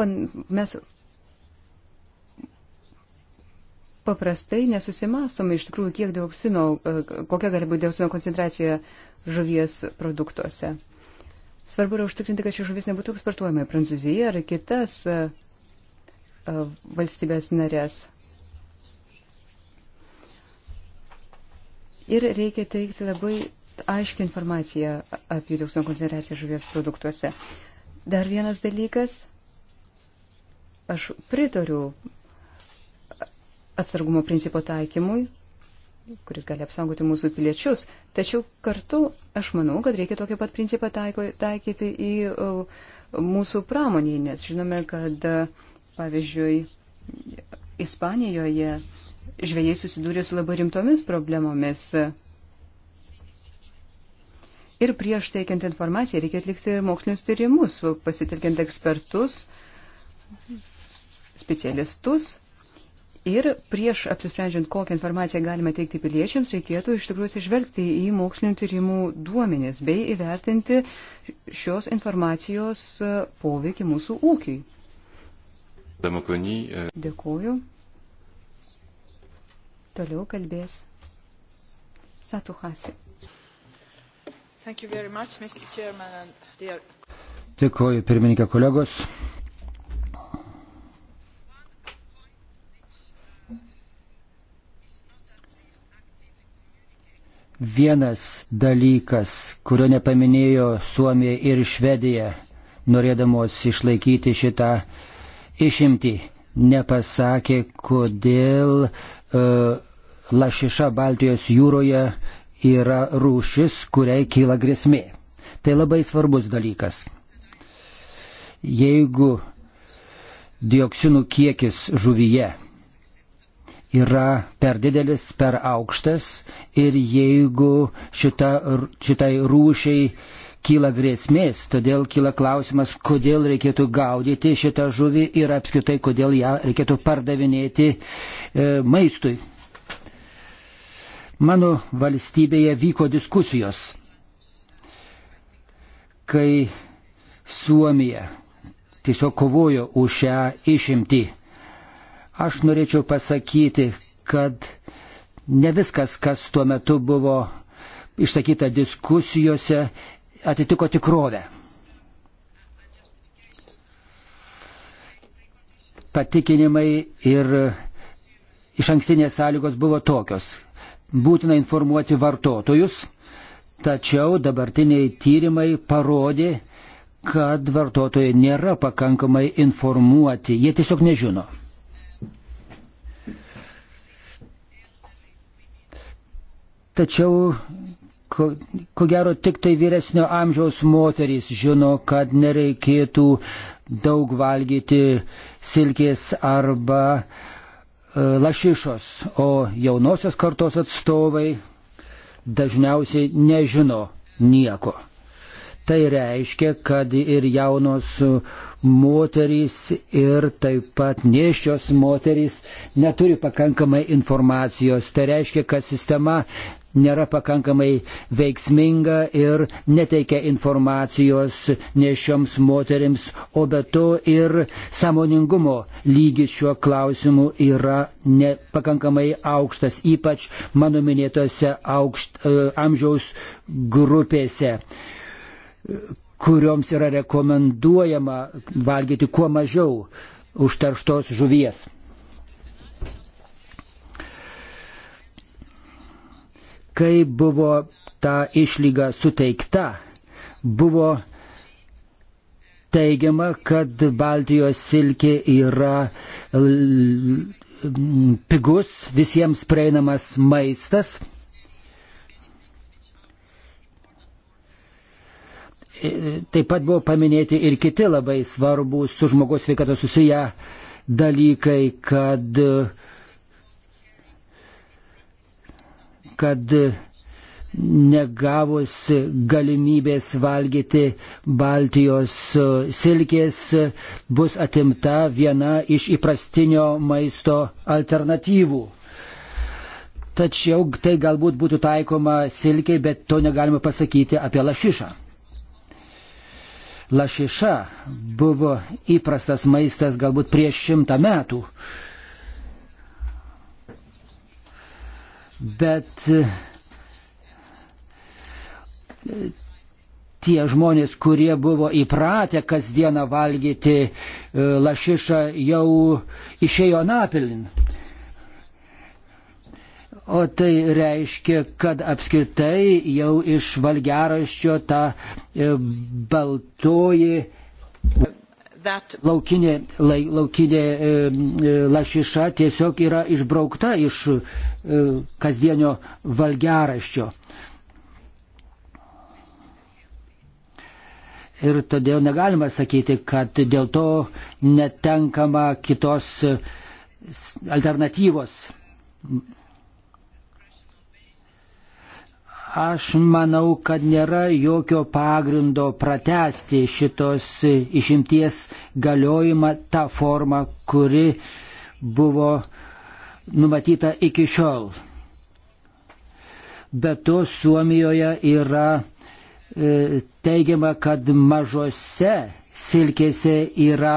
Pan, mes paprastai nesusimastome iš tikrųjų, kiek dioksino, e, kokia gali būti dioksino koncentracija žuvies produktuose. Svarbu yra užtikrinti, kad ši žuvis nebūtų eksportuojama į Prancūziją ar kitas e, e, valstybės narės. Ir reikia teikti labai aiškia informacija apie dioksino koncentraciją žuvies produktuose. Dar vienas dalykas, aš pritariu atsargumo principo taikymui, kuris gali apsaugoti mūsų piliečius. Tačiau kartu aš manau, kad reikia tokį pat principą taiko, taikyti į mūsų pramonį, nes žinome, kad pavyzdžiui Ispanijoje žvėjai susidūrė su labai rimtomis problemomis. Ir prieš teikiant informaciją reikia atlikti mokslinius tyrimus, pasitelkiant ekspertus, specialistus, Ir prieš apsisprendžiant, kokią informaciją galime teikti piliečiams, reikėtų iš tikrųjų atsižvelgti į mokslinio tyrimų duomenis bei įvertinti šios informacijos e, poveikį mūsų ūkiai. E, Dėkuoju. Toliau kalbės Satuhasi. Much, Dėkuoju, pirmininkė kolegos. Vienas dalykas, kurio nepaminėjo Suomija ir Švedija, norėdamos išlaikyti šitą išimtį, nepasakė, kodėl uh, lašiša Baltijos jūroje yra rūšis, kuriai kyla grėsmė. Tai labai svarbus dalykas. Jeigu dioksinų kiekis žuvyje yra per didelis, per aukštas ir jeigu šita, šitai rūšiai kyla grėsmės, todėl kyla klausimas, kodėl reikėtų gaudyti šitą žuvį ir apskritai, kodėl ją reikėtų pardavinėti e, maistui. Mano valstybėje vyko diskusijos, kai Suomija tiesiog kovojo už šią išimtį Aš norėčiau pasakyti, kad ne viskas, kas tuo metu buvo išsakyta diskusijose, atitiko tikrovę. Patikinimai ir iš ankstinės sąlygos buvo tokios. Būtina informuoti vartotojus, tačiau dabartiniai tyrimai parodė, kad vartotojai nėra pakankamai informuoti, jie tiesiog nežino. Tačiau ko, ko gero tik tai vyresnio amžiaus moterys žino, kad nereikėtų daug valgyti silkės arba e, lašišos, o jaunosios kartos atstovai dažniausiai nežino nieko. Tai reiškia, kad ir jaunos moterys ir taip pat nėščios moterys neturi pakankamai informacijos. Tai reiškia, kad sistema nėra pakankamai veiksminga ir neteikia informacijos nešioms moteriams, o be to ir samoningumo lygis šiuo klausimu yra nepakankamai aukštas, ypač mano minėtose aukšt, e, amžiaus grupėse kurioms yra rekomenduojama valgyti kuo mažiau užterštos žuvies. kai buvo ta išlyga suteikta, buvo teigiama, kad Baltijos silkė yra pigus, visiems prieinamas maistas. Taip pat buvo paminėti ir kiti labai svarbus su žmogaus sveikata susiję dalykai, kad uh, kad negavus galimybės valgyti Baltijos silkės, bus atimta viena iš įprastinio maisto alternatyvų. Tačiau tai galbūt būtų taikoma silkiai, bet to negalima pasakyti apie lašišą. Lašiša buvo įprastas maistas galbūt prieš šimtą metų. bet e, tie žmonės, kurie buvo įpratę kasdieną valgyti e, lašišą, jau išėjo napilin. O tai reiškia, kad apskritai jau iš valgyraščio ta e, baltoji that... Laukinė, lai, laukinė e, lašiša tiesiog yra išbraukta iš e, kasdienio valgyraščio. Ir todėl negalima sakyti, kad dėl to netenkama kitos alternatyvos Aš manau, kad nėra jokio pagrindo pratesti šitos išimties galiojimą tą formą, kuri buvo numatyta iki šiol. Be to, Suomijoje yra e, teigiama, kad mažose silkėse yra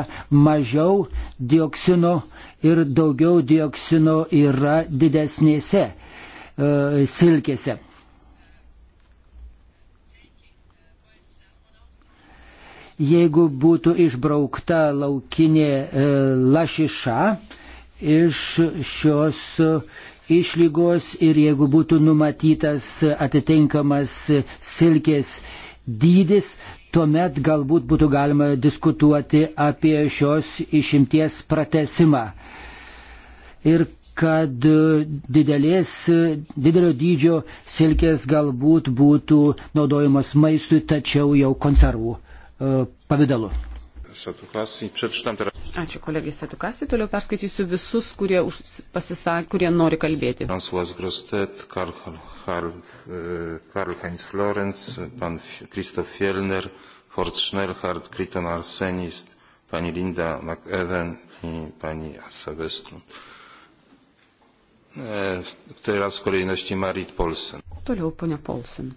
mažiau dioksino ir daugiau dioksino yra didesnėse e, silkėse. jeigu būtų išbraukta laukinė e, lašiša iš šios e, išlygos ir jeigu būtų numatytas atitinkamas silkės dydis, tuomet galbūt būtų galima diskutuoti apie šios išimties pratesimą. Ir kad e, didelės, didelio dydžio silkės galbūt būtų naudojamos maistui, tačiau jau konservų E, pavydalu. Ačiū kolegai Satukasi, toliau perskaitysiu visus, kurie, už, pasisakė, kurie nori kalbėti. François Grostet, Karl, Karl, e, Karl Heinz Florence, pan Kristof Fielner, Hort Schnellhardt, Kriton Arsenist, pani Linda McEwen i pani Asa Westlund. E, teraz w kolejności Marit Polsen. Toliau ponia Polsen.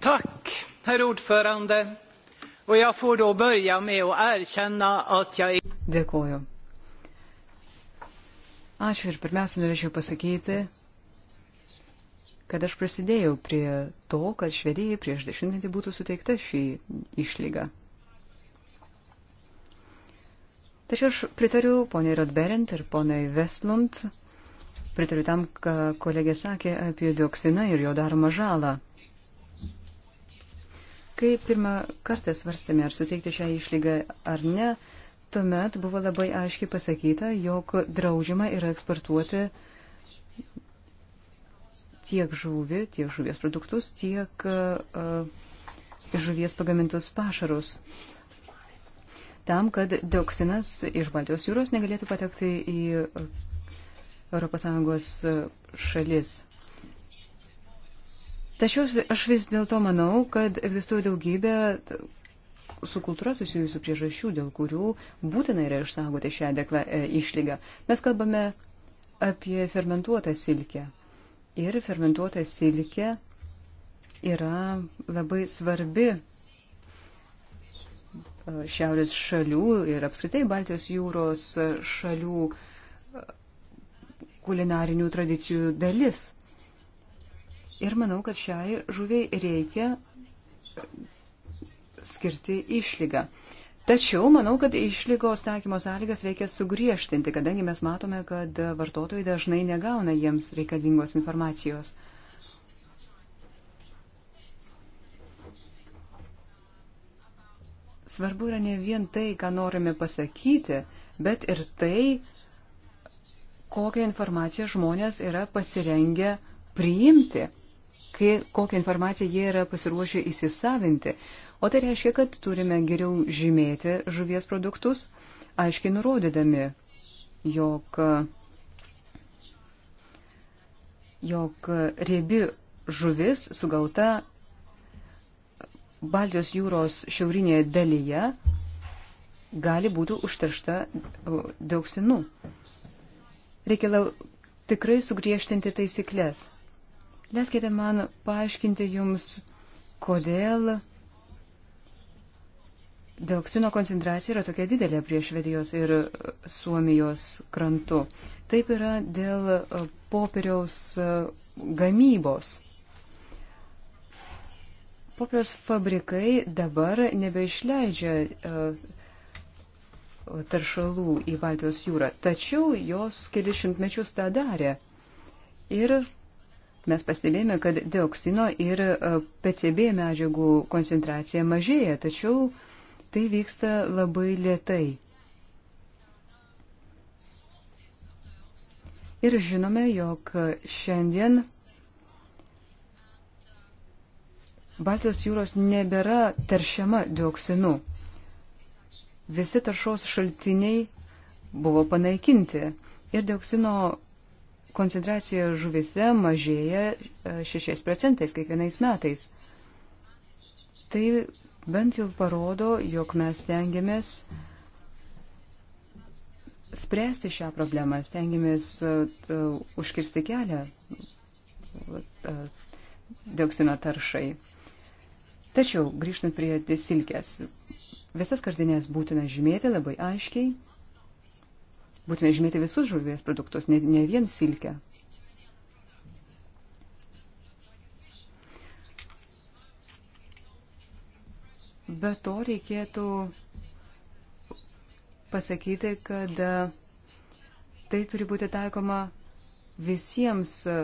Tak herr ordförande. Och jag får då börja med att erkänna att jag är... Dėkuoju. Ačiū ir pirmiausia norėčiau pasakyti, kad aš prisidėjau prie to, kad Švedijai prieš dešimtmetį būtų suteikta šį išlygą. Tačiau aš pritariu poniai Rodberent ir poniai Vestlund, pritariu tam, ką kolegė sakė apie dioksiną ir jo daromą žalą. Kai pirmą kartą svarstėme, ar suteikti šią išlygą ar ne, tuomet buvo labai aiškiai pasakyta, jog draudžiama yra eksportuoti tiek žuvį, tiek žuvies produktus, tiek uh, žuvies pagamintus pašarus. Tam, kad dioksinas iš Baltijos jūros negalėtų patekti į ES šalis. Tačiau aš vis dėlto manau, kad egzistuoja daugybė su kultūra susijusių priežasčių, dėl kurių būtina yra išsaugoti šią dekla, e, išlygą. Mes kalbame apie fermentuotą silkę. Ir fermentuota silkė yra labai svarbi e, šiaurės šalių ir apskritai Baltijos jūros šalių e, kulinarinių tradicijų dalis. Ir manau, kad šiai žuviai reikia skirti išlygą. Tačiau manau, kad išlygos taikymo sąlygas reikia sugriežtinti, kadangi mes matome, kad vartotojai dažnai negauna jiems reikalingos informacijos. Svarbu yra ne vien tai, ką norime pasakyti, bet ir tai, kokią informaciją žmonės yra pasirengę priimti kai, kokią informaciją jie yra pasiruošę įsisavinti. O tai reiškia, kad turime geriau žymėti žuvies produktus, aiškiai nurodydami, jog, jog riebi žuvis sugauta Baltijos jūros šiaurinėje dalyje gali būti užteršta dioksinų. Reikia tikrai sugriežtinti taisyklės. Leiskite man paaiškinti Jums, kodėl dioksino koncentracija yra tokia didelė prie Švedijos ir Suomijos krantų. Taip yra dėl e, popieriaus e, gamybos. Popieriaus fabrikai dabar nebeišleidžia e, taršalų į Baltijos jūrą, tačiau jos kelišimtmečius tą darė. Ir mes pastebėjome, kad dioksino ir e, PCB medžiagų koncentracija mažėja, tačiau tai vyksta labai lietai. Ir žinome, jog šiandien Baltijos jūros nebėra teršiama dioksinu. Visi taršos šaltiniai buvo panaikinti ir dioksino koncentracija žuvise mažėja 6 e, procentais kiekvienais metais. Tai bent jau parodo, jog mes tengiamės spręsti šią problemą, stengiamės uh, užkirsti kelią uh, dioksino taršai. Tačiau, grįžtant prie silkės, visas kardinės būtina žymėti labai aiškiai Būtina žymėti visus žuvies produktus, ne, ne vien silkę. Be to reikėtų pasakyti, kad e, tai turi būti taikoma visiems e,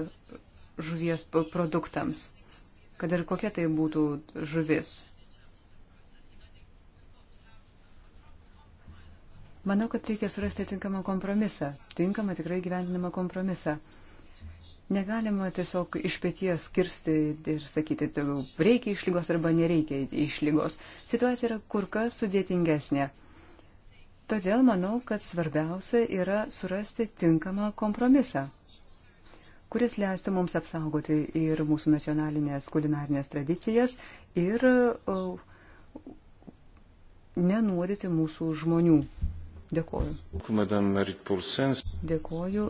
žuvies produktams, kad ir kokia tai būtų žuvis. Manau, kad reikia surasti tinkamą kompromisą, tinkamą tikrai gyvendinamą kompromisą. Negalima tiesiog iš pėties kirsti ir sakyti, reikia išlygos arba nereikia išlygos. Situacija yra kur kas sudėtingesnė. Todėl manau, kad svarbiausia yra surasti tinkamą kompromisą, kuris leistų mums apsaugoti ir mūsų nacionalinės kulinarinės tradicijas ir o, uh, nenuodyti mūsų žmonių. Dėkuoju. Dėkuoju,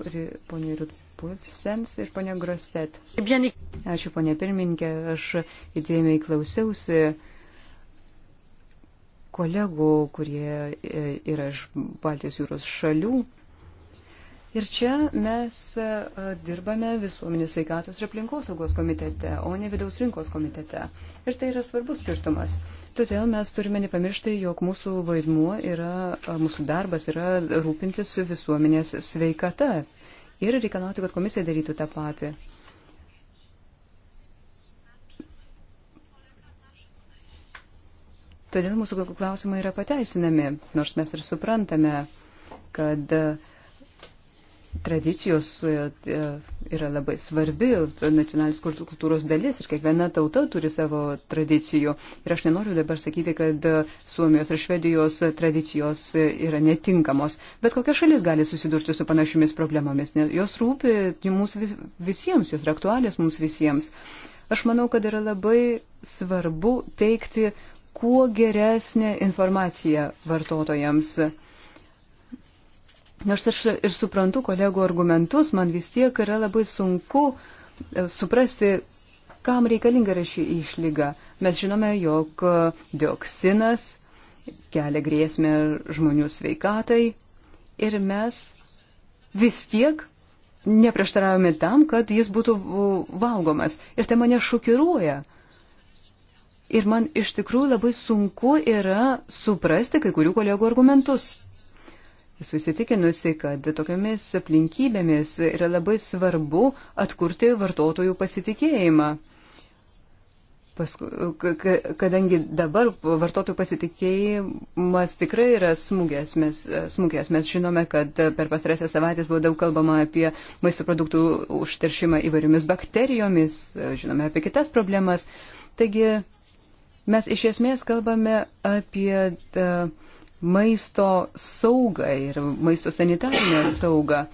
ponė Rutpulsens ir ponė Grostet. Eh Ačiū, ponė pirmininkė, aš įdėmiai klausiausi kolegų, kurie e, yra iš Baltijos jūros šalių. Ir čia mes e, dirbame visuomenės sveikatos ir aplinkosaugos komitete, o ne vidaus rinkos komitete. Ir tai yra svarbus skirtumas. Todėl mes turime nepamiršti, jog mūsų vaidmuo yra, e, mūsų darbas yra rūpintis visuomenės sveikata ir reikalauti, kad komisija darytų tą patį. Todėl mūsų klausimai yra pateisinami, nors mes ir suprantame, kad uh, tradicijos e, e, yra labai svarbi nacionalinės kultūros dalis ir kiekviena tauta turi savo tradicijų. Ir aš nenoriu dabar sakyti, kad Suomijos ir Švedijos tradicijos yra netinkamos, bet kokia šalis gali susidurti su panašiomis problemomis, nes jos rūpi mums visiems, jos yra aktualės mums visiems. Aš manau, kad yra labai svarbu teikti kuo geresnę informaciją vartotojams. Nors aš ir suprantu kolegų argumentus, man vis tiek yra labai sunku e, suprasti, kam reikalinga yra ši išlyga. Mes žinome, jog e, dioksinas kelia grėsmę žmonių sveikatai ir mes vis tiek neprieštaravome tam, kad jis būtų valgomas. Ir tai mane šokiruoja. Ir man iš tikrųjų labai sunku yra suprasti kai kurių kolegų argumentus. Esu įsitikinusi, kad tokiamis aplinkybėmis yra labai svarbu atkurti vartotojų pasitikėjimą. Pasku, kadangi dabar vartotojų pasitikėjimas tikrai yra smūgės mes, smūgės, mes žinome, kad per pastarėsią savaitės buvo daug kalbama apie maisto produktų užteršimą įvairiomis bakterijomis, žinome apie kitas problemas. Taigi mes iš esmės kalbame apie... Uh, maisto saugą ir maisto sanitarinę saugą.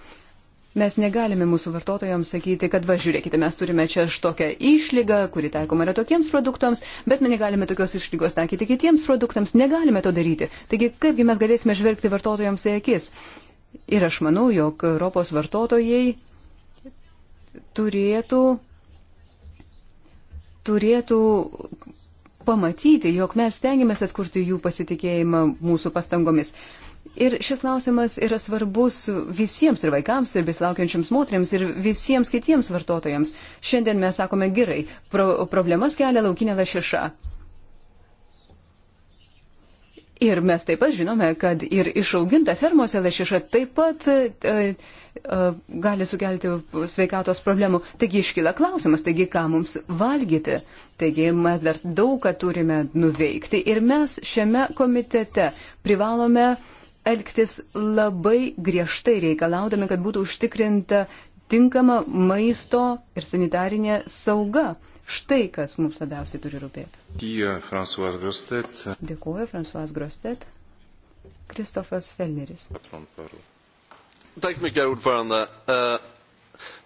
Mes negalime mūsų vartotojams sakyti, kad va žiūrėkite, mes turime čia tokią išlygą, kuri taikoma yra tokiems produktams, bet mes negalime tokios išlygos taikyti kitiems produktams, negalime to daryti. Taigi, kaipgi mes galėsime žvelgti vartotojams į akis? Ir aš manau, jog Europos vartotojai turėtų, turėtų pamatyti, jog mes stengiamės atkurti jų pasitikėjimą mūsų pastangomis. Ir šis klausimas yra svarbus visiems ir vaikams, ir besilaukiančiams moteriams, ir visiems kitiems vartotojams. Šiandien mes sakome gerai, pro problemas kelia laukinė lašiša. Ir mes taip pat žinome, kad ir išauginta fermose lašiša taip pat e, e, e, gali sukelti sveikatos problemų. Taigi iškyla klausimas, taigi ką mums valgyti. Taigi mes dar daug ką turime nuveikti ir mes šiame komitete privalome elgtis labai griežtai reikalaudami, kad būtų užtikrinta tinkama maisto ir sanitarinė sauga. Štai kas mums labiausiai turi rūpėti. Dėkuoju, Fransuas Grostet. Kristofas Felneris. Tack så mycket, ordförande. Eh,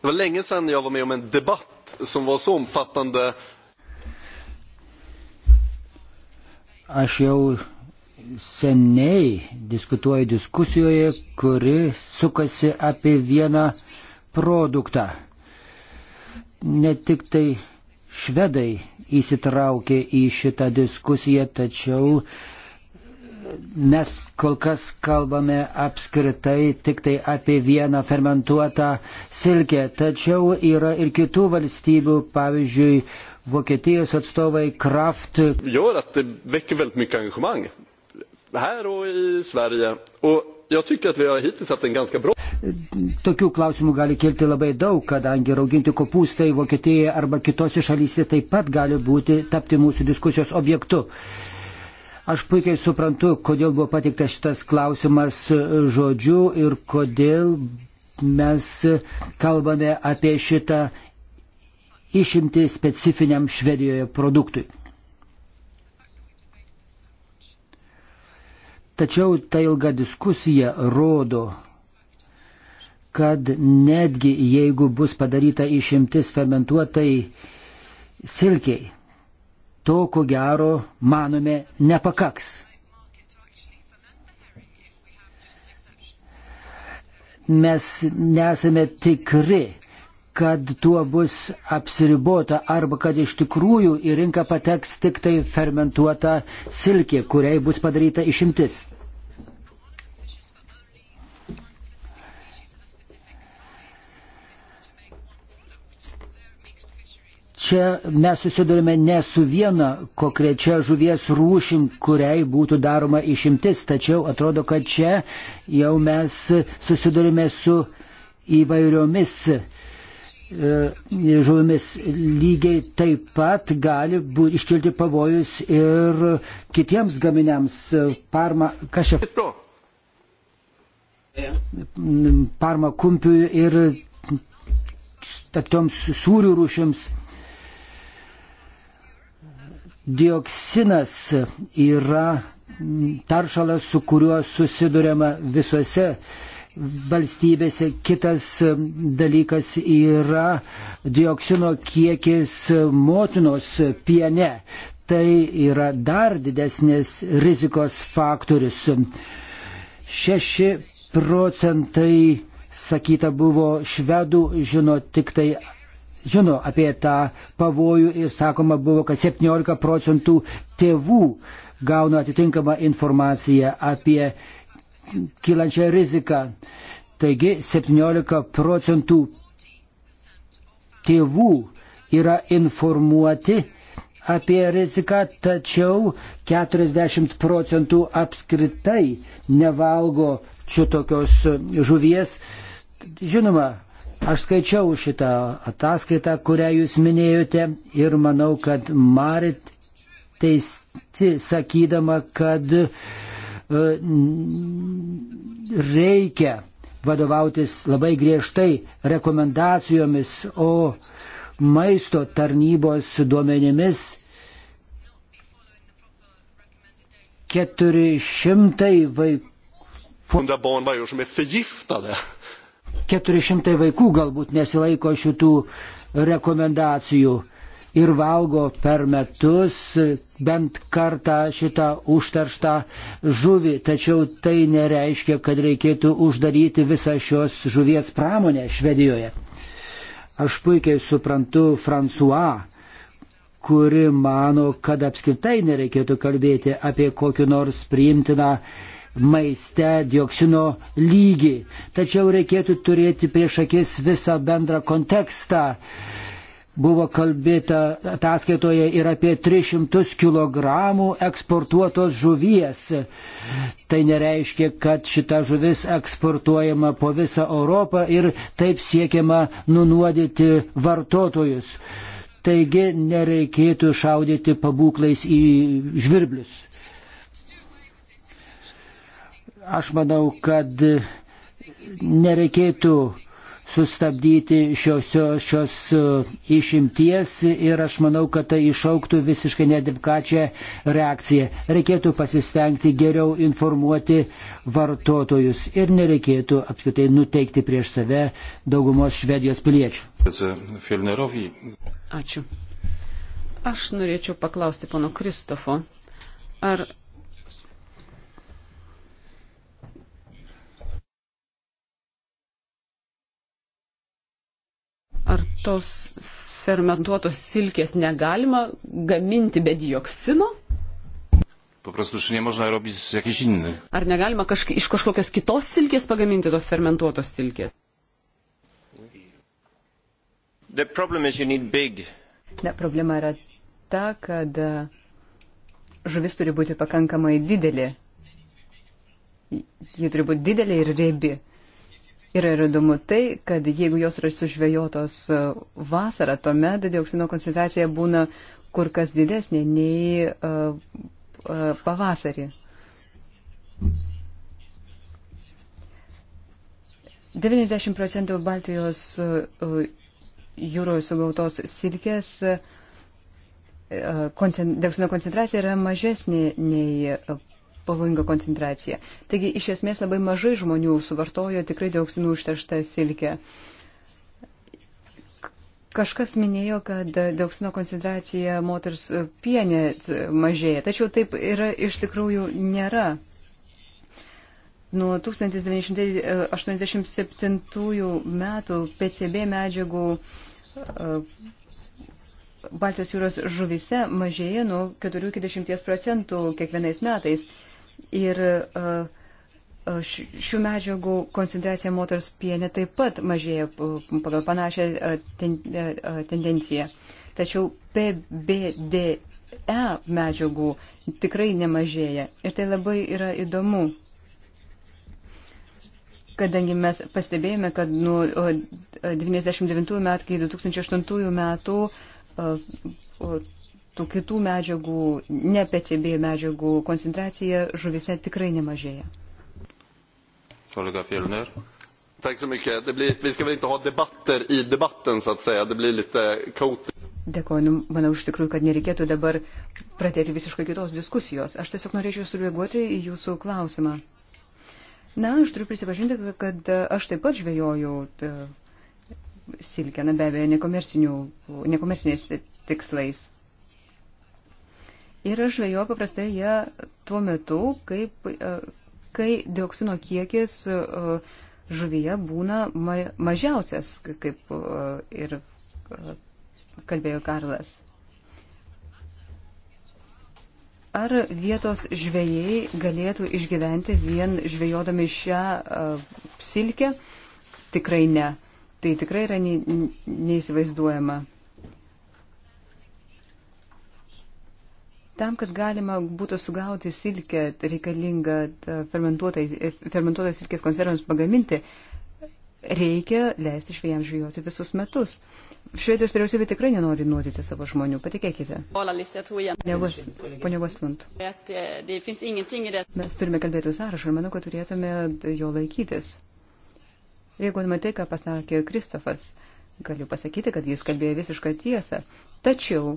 det var länge sedan jag var med om en debatt som var så omfattande. Aš jau seniai diskutuoju diskusijoje, kuri sukasi apie vieną produktą. Ne tik tai švedai įsitraukė į šitą diskusiją, tačiau mes kol kas kalbame apskritai tik tai apie vieną fermentuotą silkę, tačiau yra ir kitų valstybių, pavyzdžiui, Vokietijos atstovai Kraft. Gör att det väcker väldigt mycket engagemang här och i Sverige. Och Jag tycker att vi har hittills haft en ganska bra. Tokių klausimų gali kilti labai daug, kadangi rauginti kopūstai Vokietijoje arba kitose šalyse taip pat gali būti tapti mūsų diskusijos objektu. Aš puikiai suprantu, kodėl buvo patiktas šitas klausimas e, žodžiu ir kodėl mes kalbame apie šitą išimti specifiniam Švedijoje produktui. Tačiau ta ilga diskusija rodo, kad netgi jeigu bus padaryta išimtis fermentuotai silkiai, to ko gero, manome, nepakaks. Mes nesame tikri, kad tuo bus apsiribota arba kad iš tikrųjų į rinką pateks tik tai fermentuota silkė, kuriai bus padaryta išimtis. Čia mes susidurime ne su viena konkrečia žuvies rūšim, kuriai būtų daroma išimtis, tačiau atrodo, kad čia jau mes susidurime su įvairiomis E, žuvimis lygiai taip pat gali būti iškilti pavojus ir kitiems gaminiams. Parma, kas čia? Parma kumpiui ir taptoms sūrių rūšiams. Dioksinas yra taršalas, su kuriuo susidurėma visuose uh, valstybėse. Kitas dalykas yra dioksino kiekis motinos piene. Tai yra dar didesnės rizikos faktorius. 6 procentai, sakyta, buvo švedų, žino tik tai žino apie tą pavojų ir sakoma buvo, kad 17 procentų tėvų gauna atitinkamą informaciją apie kylančią riziką. Taigi 17 procentų tėvų yra informuoti apie riziką, tačiau 40 procentų apskritai nevalgo šitokios žuvies. Žinoma, aš skaičiau šitą ataskaitą, kurią jūs minėjote ir manau, kad Marit teisti sakydama, kad E, reikia vadovautis labai griežtai rekomendacijomis, o maisto tarnybos duomenimis 400 vaikų. 400 vaikų galbūt nesilaiko šitų rekomendacijų ir valgo per metus bent kartą šitą užterštą žuvį, tačiau tai nereiškia, kad reikėtų uždaryti visą šios žuvies pramonę Švedijoje. Aš puikiai suprantu François, kuri mano, kad apskritai nereikėtų kalbėti apie kokį nors priimtiną maiste dioksino lygį. Tačiau reikėtų turėti prieš akis visą bendrą kontekstą. Buvo kalbėta ataskaitoje ir apie 300 kg eksportuotos žuvies. Tai nereiškia, kad šita žuvis eksportuojama po visą Europą ir taip siekiama nunuodyti vartotojus. Taigi nereikėtų šaudyti pabūklais į žvirblius. Aš manau, kad nereikėtų sustabdyti šios, šios e, išimties ir aš manau, kad tai išauktų visiškai nedivkačią reakciją. Reikėtų pasistengti geriau informuoti vartotojus ir nereikėtų apskritai nuteikti prieš save daugumos Švedijos piliečių. Ačiū. Aš norėčiau paklausti pono Kristofo, ar ar tos fermentuotos silkės negalima gaminti be dioksino? Po prostu, czy nie można robić z jakiejś innej. Ar negalima kažk iš kažkokios kitos silkės pagaminti tos fermentuotos silkės? Ne, problema yra ta, kad e, žuvis turi būti pakankamai didelė. Ji turi būti didelė ir riebi. Ir yra įdomu tai, kad jeigu jos yra sužvėjotos e, vasarą, tuomet dioksino koncentracija būna kur kas didesnė nei uh, uh, pavasarį. 90 procentų Baltijos jūroje sugautos silkės koncent, dioksino koncentracija yra mažesnė nei pavojinga koncentracija. Taigi, iš esmės, labai mažai žmonių suvartojo tikrai dioksinų užterštą silkę. Kažkas minėjo, kad dioksino koncentracija moters pienė mažėja, tačiau taip yra iš tikrųjų nėra. Nuo 1987 metų PCB medžiagų e, Baltijos jūros žuvise mažėja nuo 4 iki 10 procentų kiekvienais metais. Ir šių medžiagų koncentracija moters piene taip pat mažėja pagal panašią tendenciją. Tačiau PBDE medžiagų tikrai nemažėja. Ir tai labai yra įdomu, kadangi mes pastebėjome, kad nuo 1999 metų iki 2008 metų tų kitų medžiagų, ne PCB medžiagų koncentracija žuvise tikrai nemažėja. Kolega Fjellner. Tack så mycket. Det blir, vi ska väl inte ha debatter i debatten så att säga. Det blir lite kaotiskt. Dėkoju, nu, manau iš tikrųjų, kad nereikėtų dabar pradėti visiškai kitos diskusijos. Aš tiesiog norėčiau sureaguoti į jūsų klausimą. Na, aš turiu prisipažinti, kad aš taip pat žvėjojau silkę, na be abejo, nekomerciniais tikslais. Ir aš žvejoju paprastai ją tuo metu, kaip, e, kai dioksino kiekis e, žuvyje būna mažiausias, kaip e, ir kalbėjo Karlas. Ar vietos žvėjai galėtų išgyventi vien žvėjodami šią uh, silkę? Tikrai ne. Tai tikrai yra neįsivaizduojama. Tam, kad galima būtų sugauti silkę tai reikalingą e, e, fermentuotos silkės konservams pagaminti, reikia leisti žvėjams žvėjoti visus metus. Švedijos vyriausybė tikrai nenori nuodyti savo žmonių, patikėkite. Pone Vastlund. Mes turime kalbėti sąrašą ir manau, kad turėtume jo laikytis. Reaguodama tai, ką pasakė Kristofas, galiu pasakyti, kad jis kalbėjo visišką tiesą. Tačiau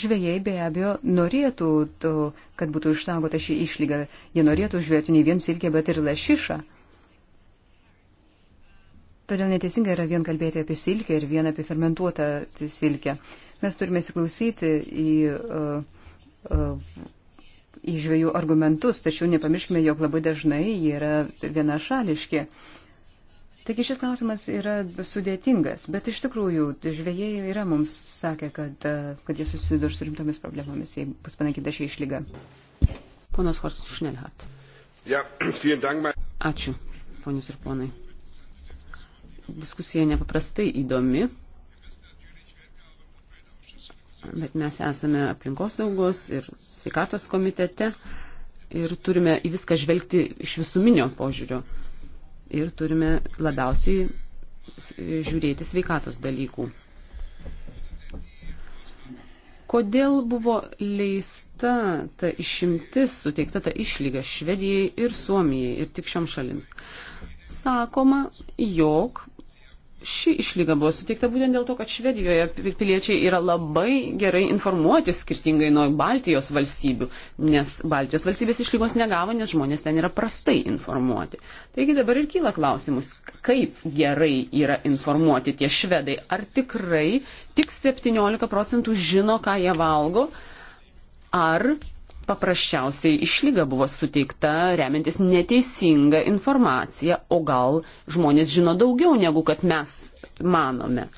žvėjai be abejo norėtų, to, kad būtų išsaugota šį išlygą. Jie norėtų žvėjoti ne vien silkę, bet ir lašišą. Todėl neteisinga yra vien kalbėti apie silkę ir vien apie fermentuotą silkę. Mes turime įsiklausyti į, uh, uh, į žvėjų argumentus, tačiau nepamirškime, jog labai dažnai jie yra vienašališki. Taigi šis klausimas yra sudėtingas, bet iš tikrųjų žvėjai yra mums sakę, kad, e, kad jie susidurs su rimtomis problemomis, jei bus panaikyta ši išlyga. Ponas Horst Šnelhat. Ja, Ačiū, ponius ir ponai. Diskusija nepaprastai įdomi, bet mes esame aplinkosaugos ir sveikatos komitete ir turime į viską žvelgti iš visuminio požiūrio ir turime labiausiai žiūrėti sveikatos dalykų. Kodėl buvo leista ta išimtis, suteikta ta išlyga Švedijai ir Suomijai ir tik šiom šalims? Sakoma, jog ši išlyga buvo suteikta būtent dėl to, kad Švedijoje piliečiai yra labai gerai informuoti skirtingai nuo Baltijos valstybių, nes Baltijos valstybės išlygos negavo, nes žmonės ten yra prastai informuoti. Taigi dabar ir kyla klausimus, kaip gerai yra informuoti tie švedai, ar tikrai tik 17 procentų žino, ką jie valgo, ar paprasčiausiai išlyga buvo suteikta remiantis neteisinga informacija, o gal žmonės žino daugiau negu kad mes manome.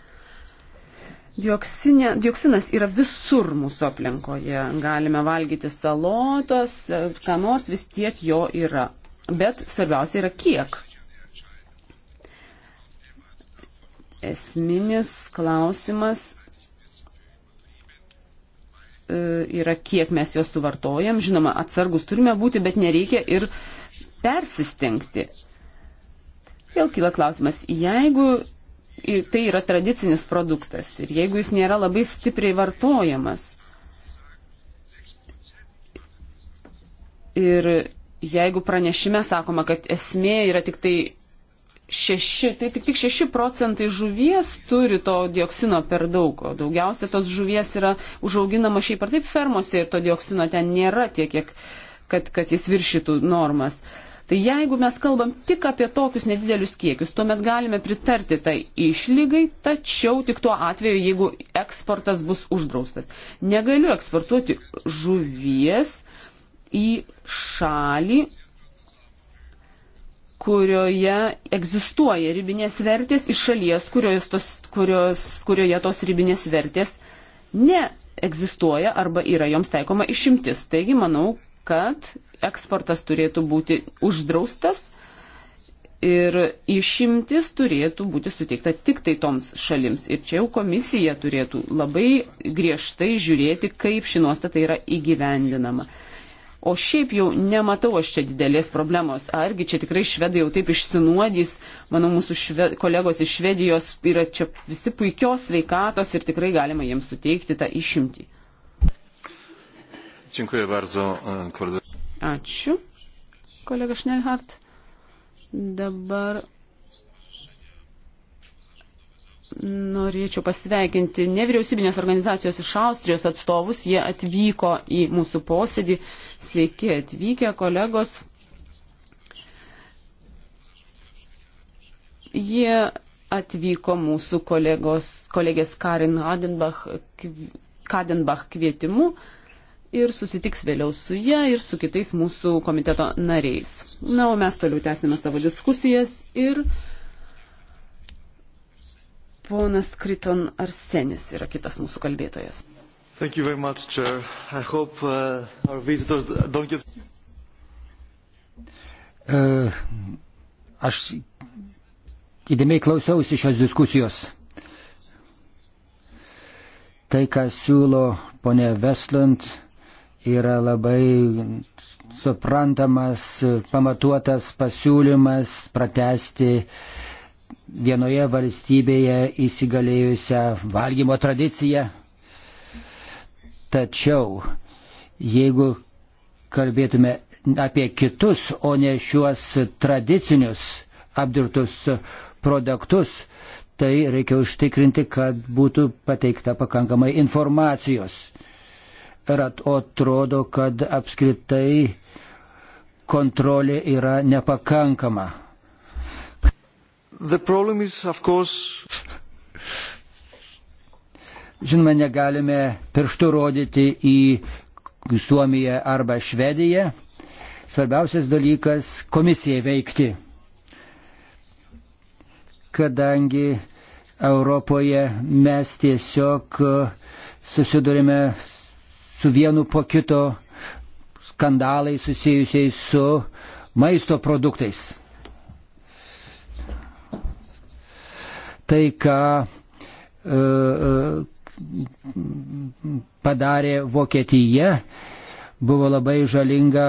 Dioksinė, dioksinas yra visur mūsų aplinkoje. Galime valgyti salotos, ką nors vis tiek jo yra. Bet svarbiausia yra kiek. Esminis klausimas E, yra, kiek mes jos suvartojam. Žinoma, atsargus turime būti, bet nereikia ir persistengti. Vėl kyla klausimas, jeigu tai yra tradicinis produktas ir jeigu jis nėra labai stipriai vartojamas ir jeigu pranešime sakoma, kad esmė yra tik tai šeši, tai tik, tik 6 procentai žuvies turi to dioksino per daug, o daugiausia tos žuvies yra užauginama šiaip ar taip fermose ir to dioksino ten nėra tiek, kiek, kad, kad jis viršytų normas. Tai jeigu mes kalbam tik apie tokius nedidelius kiekius, tuomet galime pritarti tai išlygai, tačiau tik tuo atveju, jeigu eksportas bus uždraustas. Negaliu eksportuoti žuvies į šalį, kurioje egzistuoja ribinės vertės iš šalies, kurios tos, kurios, kurioje tos ribinės vertės neegzistuoja arba yra joms taikoma išimtis. Taigi manau, kad eksportas turėtų būti uždraustas ir išimtis turėtų būti suteikta tik tai toms šalims. Ir čia jau komisija turėtų labai griežtai žiūrėti, kaip ši nuostata yra įgyvendinama. O šiaip jau nematau aš čia didelės problemos. Argi čia tikrai švedai jau taip išsinuodys, manau, mūsų šve, kolegos iš Švedijos yra čia visi puikios sveikatos ir tikrai galima jiems suteikti tą išimtį. Bardzo, e, Ačiū, kolega Šnelhart. Dabar norėčiau pasveikinti nevyriausybinės organizacijos iš Austrijos atstovus. Jie atvyko į mūsų posėdį. Sveiki atvykę, kolegos. Jie atvyko mūsų kolegos, kolegės Karin Adenbach, Kadenbach kvietimu ir susitiks vėliau su ją ir su kitais mūsų komiteto nariais. Na, o mes toliau tęsime savo diskusijas ir Ponas Kriton Arsenis yra kitas mūsų kalbėtojas. Much, hope, uh, get... uh, aš įdėmiai klausiausi šios diskusijos. Tai, ką siūlo ponė Vestland, yra labai suprantamas, pamatuotas pasiūlymas pratesti uh, vienoje valstybėje įsigalėjusią valgymo tradiciją. Tačiau jeigu kalbėtume apie kitus, o ne šiuos tradicinius apdirtus produktus, tai reikia užtikrinti, kad būtų pateikta pakankamai informacijos. Ir atrodo, kad apskritai kontrolė yra nepakankama. The problem is, of course, Žinoma, negalime pirštų rodyti į Suomiją arba Švediją. Svarbiausias dalykas - komisijai veikti. Kadangi Europoje mes tiesiog e, susidurime su vienu po kito skandalai susijusiais su maisto produktais. tai, ką e, e, padarė Vokietija, buvo labai žalinga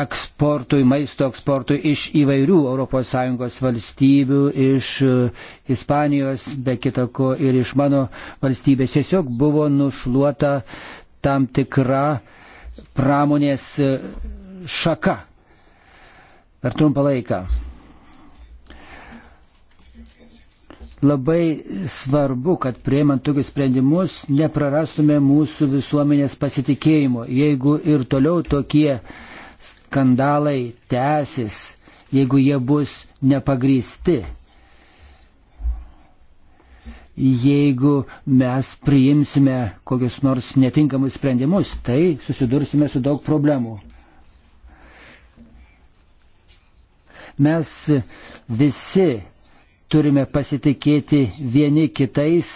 eksportui, maisto eksportui iš įvairių ES valstybių, iš e, Ispanijos, be kitako ir iš mano valstybės. Tiesiog buvo nušluota tam tikra pramonės šaka per trumpą laiką. Labai svarbu, kad prieimant tokius sprendimus neprarastume mūsų visuomenės pasitikėjimo. Jeigu ir toliau tokie skandalai tęsis, jeigu jie bus nepagrysti, jeigu mes priimsime kokius nors netinkamus sprendimus, tai susidursime su daug problemų. Mes visi turime pasitikėti vieni kitais.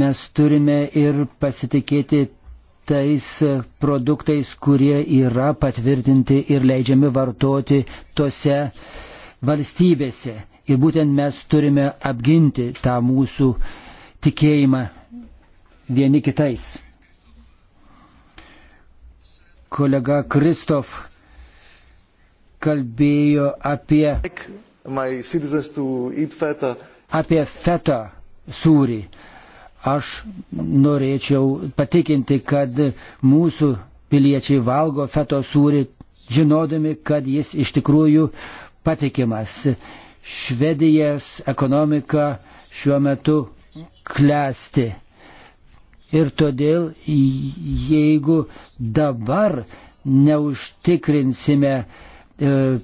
Mes turime ir pasitikėti tais produktais, kurie yra patvirtinti ir leidžiami vartoti tose valstybėse. Ir būtent mes turime apginti tą mūsų tikėjimą vieni kitais. Kolega Kristof kalbėjo apie, feta. apie feta sūrį. Aš norėčiau patikinti, kad mūsų piliečiai valgo feto sūrį, žinodami, kad jis iš tikrųjų patikimas. Švedijos ekonomika šiuo metu klesti. Ir todėl, jeigu dabar neužtikrinsime E,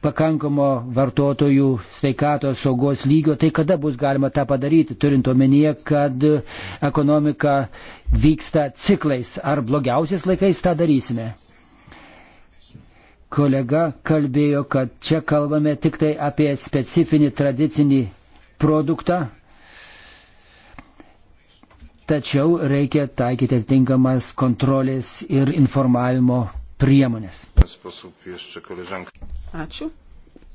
pakankamo vartotojų sveikatos saugos lygio, tai kada bus galima tą padaryti, turint omenyje, kad ekonomika vyksta ciklais ar blogiausiais laikais tą darysime. Kolega kalbėjo, kad čia kalbame tik tai apie specifinį tradicinį produktą, tačiau reikia taikyti atitinkamas kontrolės ir informavimo priemonės. Ačiū.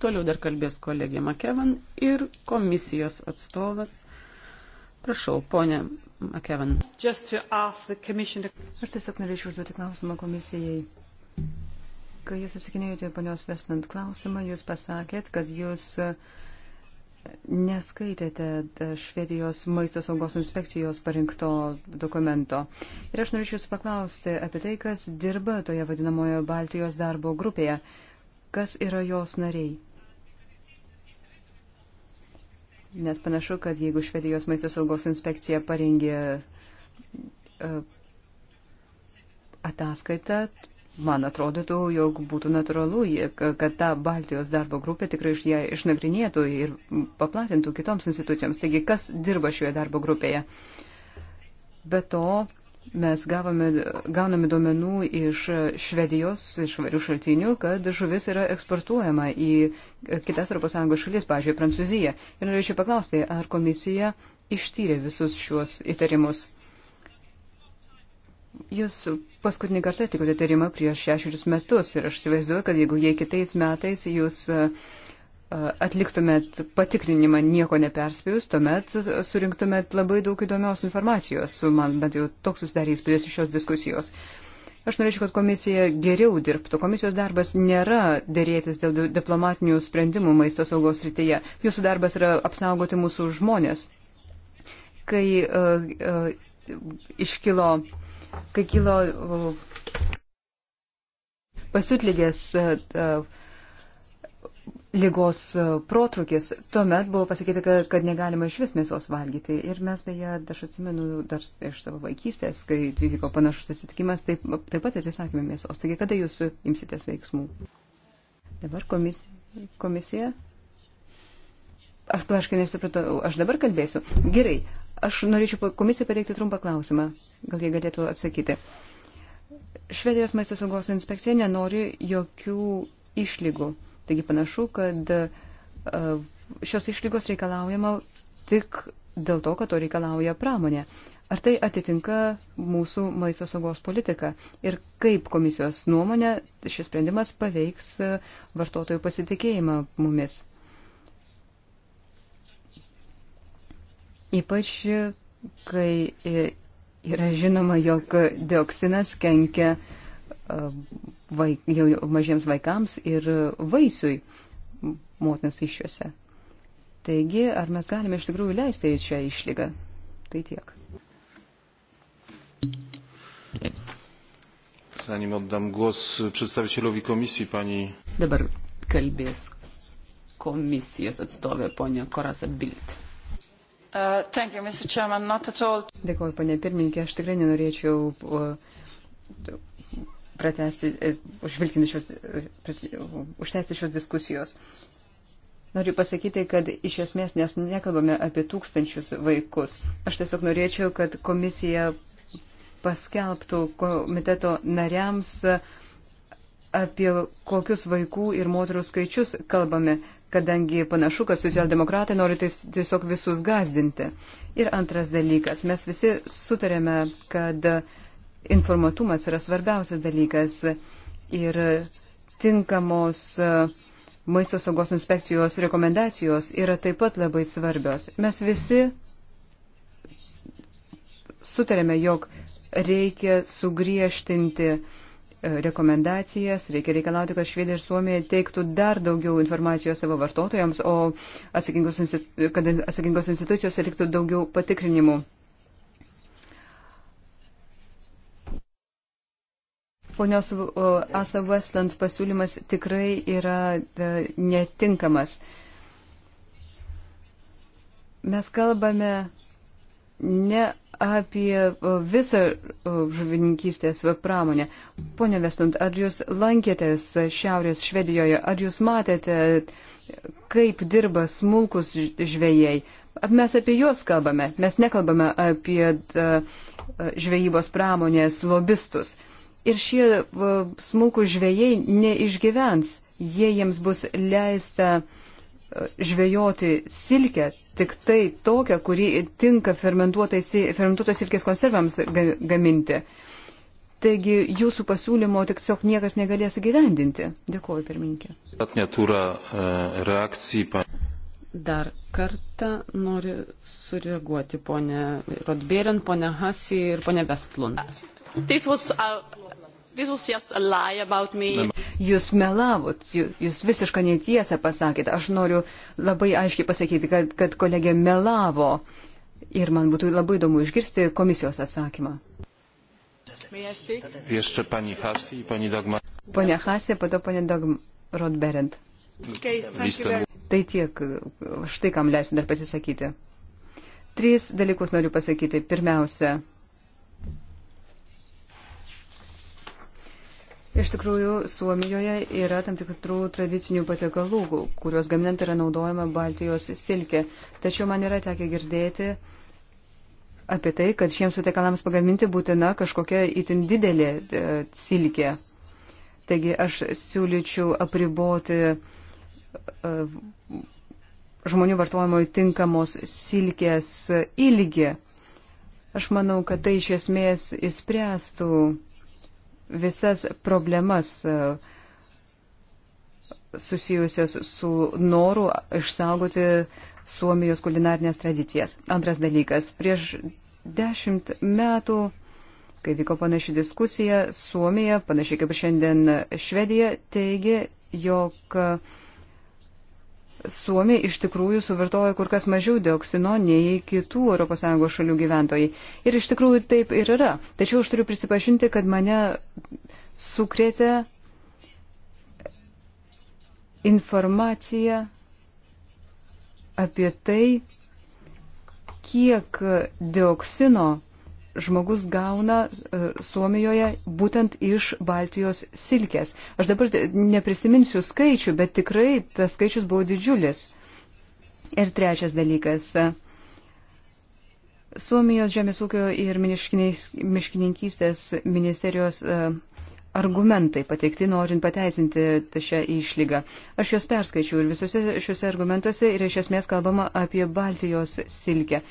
Toliau dar kalbės kolegė Makevan ir komisijos atstovas. Prašau, ponė Makevan. Aš tiesiog norėčiau užduoti klausimą komisijai. Kai jūs atsakinėjote ponios Vestant klausimą, jūs pasakėt, kad jūs uh, neskaitėte Švedijos maisto saugos inspekcijos parinkto dokumento. Ir aš norėčiau jūsų paklausti apie tai, kas dirba toje vadinamojo Baltijos darbo grupėje, kas yra jos nariai. Nes panašu, kad jeigu Švedijos maisto saugos inspekcija parengė e, ataskaitą, Man atrodytų, jog būtų natūralu, kad ta Baltijos darbo grupė tikrai iš ją išnagrinėtų ir paplatintų kitoms institucijoms. Taigi, kas dirba šioje darbo grupėje? Be to, mes gavome, gauname duomenų iš Švedijos, iš varių šaltinių, kad žuvis yra eksportuojama į kitas ES šalis, pažiūrėjau, Prancūziją. Ir norėčiau paklausti, ar komisija ištyrė visus šiuos įtarimus? Jūs paskutinį kartą atlikote tyrimą prieš šešerius metus ir aš įsivaizduoju, kad jeigu jie kitais metais jūs atliktumėt patikrinimą nieko neperspėjus, tuomet surinktumėt labai daug įdomios informacijos. Man bent jau toks susidarė įspūdis iš šios diskusijos. Aš norėčiau, kad komisija geriau dirbtų. Komisijos darbas nėra dėrėtis dėl diplomatinių sprendimų maisto saugos rytyje. Jūsų darbas yra apsaugoti mūsų žmonės. Kai uh, uh, iškilo uh, kai kilo pasiutlygės lygos protrukis, tuomet buvo pasakyta, kad, kad negalima iš vis mėsos valgyti. Ir mes beje, aš atsimenu dar iš savo vaikystės, kai vyko panašus atsitikimas, taip, taip pat atsisakėme mėsos. Taigi, kada jūs imsitės veiksmų? Dabar komisija. komisija? Aš plaškai nesupratau, aš dabar kalbėsiu. Gerai, Aš norėčiau komisijai pateikti trumpą klausimą. Gal jie galėtų atsakyti. Švedijos maisto saugos inspekcija nenori jokių išlygų. Taigi panašu, kad šios išlygos reikalaujama tik dėl to, kad to reikalauja pramonė. Ar tai atitinka mūsų maisto saugos politiką? Ir kaip komisijos nuomonė šis sprendimas paveiks vartotojų pasitikėjimą mumis? Ypač, kai e, yra žinoma, jog dioksinas kenkia e, vaik, jau mažiems vaikams ir vaisiui motinos iššiuose. Taigi, ar mes galime iš tikrųjų leisti į šią išlygą? Tai tiek. Zanim oddam głos przedstawicielowi komisji, pani. Dabar kalbės komisijos atstovė ponia Korasa Bilt. Uh, you, Chairman, Dėkuoju, ponė pirmininkė, aš tikrai nenorėčiau uh, pratesti, uh, užvilkinti uh, šios, uh, užtesti šios diskusijos. Noriu pasakyti, kad iš esmės mes nekalbame apie tūkstančius vaikus. Aš tiesiog norėčiau, kad komisija paskelbtų komiteto nariams uh, apie kokius vaikų ir moterų skaičius kalbame, kadangi panašu, kad socialdemokratai nori tiesiog visus gazdinti. Ir antras dalykas, mes visi sutarėme, kad informatumas yra svarbiausias dalykas ir tinkamos e, maisto saugos inspekcijos rekomendacijos yra taip pat labai svarbios. Mes visi sutarėme, jog reikia sugriežtinti uh, rekomendacijas, reikia reikalauti, kad Švedija ir Suomija teiktų dar daugiau informacijos savo vartotojams, o atsakingos, kad atsakingos institucijos atliktų daugiau patikrinimų. Ponios Asa Westland pasiūlymas tikrai yra netinkamas. Mes kalbame ne apie e, visą e, žuvininkystės pramonę. Pone Vestund, ar jūs lankėtės Šiaurės Švedijoje, ar jūs matėte, kaip dirba smulkus žvėjai? Mes apie juos kalbame, mes nekalbame apie e, žvejybos pramonės lobistus. Ir šie smulkus žvėjai neišgyvens, jei jiems bus leista uh, žvejoti silkę tik tai tokią, kuri tinka fermentuotos silkės konservams gaminti. Taigi jūsų pasiūlymo tiesiog niekas negalės įgyvendinti. Dėkuoju, pirmininkė. E, Dar kartą noriu sureaguoti ponę Rodbėrin, ponę Hasį ir ponę Vestlun. This was, uh, Jūs melavot, jūs visišką netiesą pasakėt. Aš noriu labai aiškiai pasakyti, kad, kad kolegė melavo. Ir man būtų labai įdomu išgirsti komisijos atsakymą. Jeszcze pani Hasi i pani Dagmar. Pone Hasi, po to pone Dagmar Rodberent. Tai tiek, štai kam leisiu dar pasisakyti. Tris dalykus noriu pasakyti. Pirmiausia, Iš tikrųjų, Suomijoje yra tam tikrų tradicinių patiekalų, kuriuos gaminant yra naudojama Baltijos silkė. Tačiau man yra tekę girdėti apie tai, kad šiems patiekalams pagaminti būtina kažkokia itin didelė e, silkė. Taigi aš siūlyčiau apriboti e, žmonių vartojimo tinkamos silkės ilgį. Aš manau, kad tai iš esmės įspręstų visas problemas e, susijusias su noru išsaugoti Suomijos kulinarnės tradicijas. Antras dalykas. Prieš dešimt metų, kai vyko panaši diskusija, Suomija, panašiai kaip šiandien Švedija, teigė, jog uh, Suomija iš tikrųjų suvartoja kur kas mažiau dioksino nei kitų ES šalių gyventojai. Ir iš tikrųjų taip ir yra. Tačiau aš turiu prisipažinti, kad mane sukrėtė informacija apie tai, kiek dioksino žmogus gauna e, Suomijoje būtent iš Baltijos silkės. Aš dabar neprisiminsiu skaičių, bet tikrai tas skaičius buvo didžiulis. Ir trečias dalykas. E, Suomijos žemės ūkio ir miškininkystės ministerijos e, argumentai pateikti, norint pateisinti šią išlygą. Aš juos perskaičiau ir visose šiuose argumentuose yra iš esmės kalbama apie Baltijos silkę.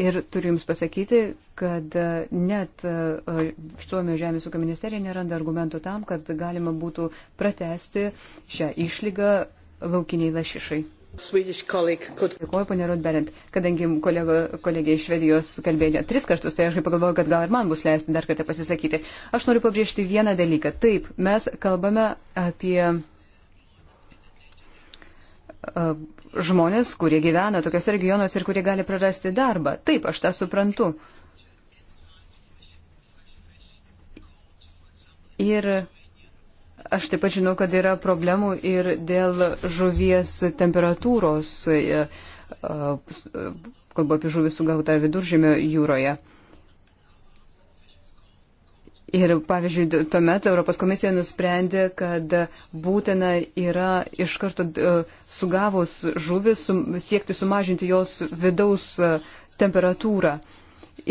Ir turiu Jums pasakyti, kad e, net e, e, Suomijos žemės ūkio ministerija neranda argumentų tam, kad galima būtų pratesti šią išlygą laukiniai lašišai. Could... Dėkuoju, ponė Rodberent, kadangi kolego, kolegė iš Švedijos kalbėjo tris kartus, tai aš pagalvojau, kad gal ir man bus leisti dar kartą pasisakyti. Aš noriu pabrėžti vieną dalyką. Taip, mes kalbame apie E, žmonės, kurie gyvena tokiuose regionuose ir kurie gali prarasti darbą. Taip, aš tą suprantu. Ir aš taip pat žinau, kad yra problemų ir dėl žuvies temperatūros, e, e, kalbu apie žuvį sugautą viduržėmio jūroje. Ir pavyzdžiui, tuomet Europos komisija nusprendė, kad būtina yra iš karto sugavus žuvį sum, siekti sumažinti jos vidaus e, temperatūrą.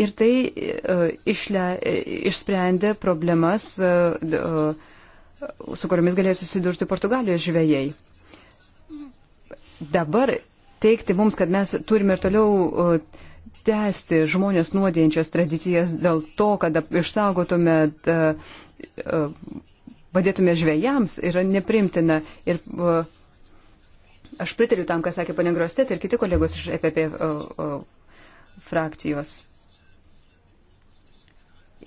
Ir tai e, išle, išsprendė problemas, e, su kuriomis galėjo susidurti Portugalijos žvėjai. Dabar teikti mums, kad mes turime ir toliau uh, tęsti žmonės nuodėjančias tradicijas dėl to, kad išsaugotume, e, padėtume žvėjams, yra neprimtina. Ir e, aš pritariu tam, ką sakė ponė Grostet ir kiti kolegos iš EPP e, frakcijos.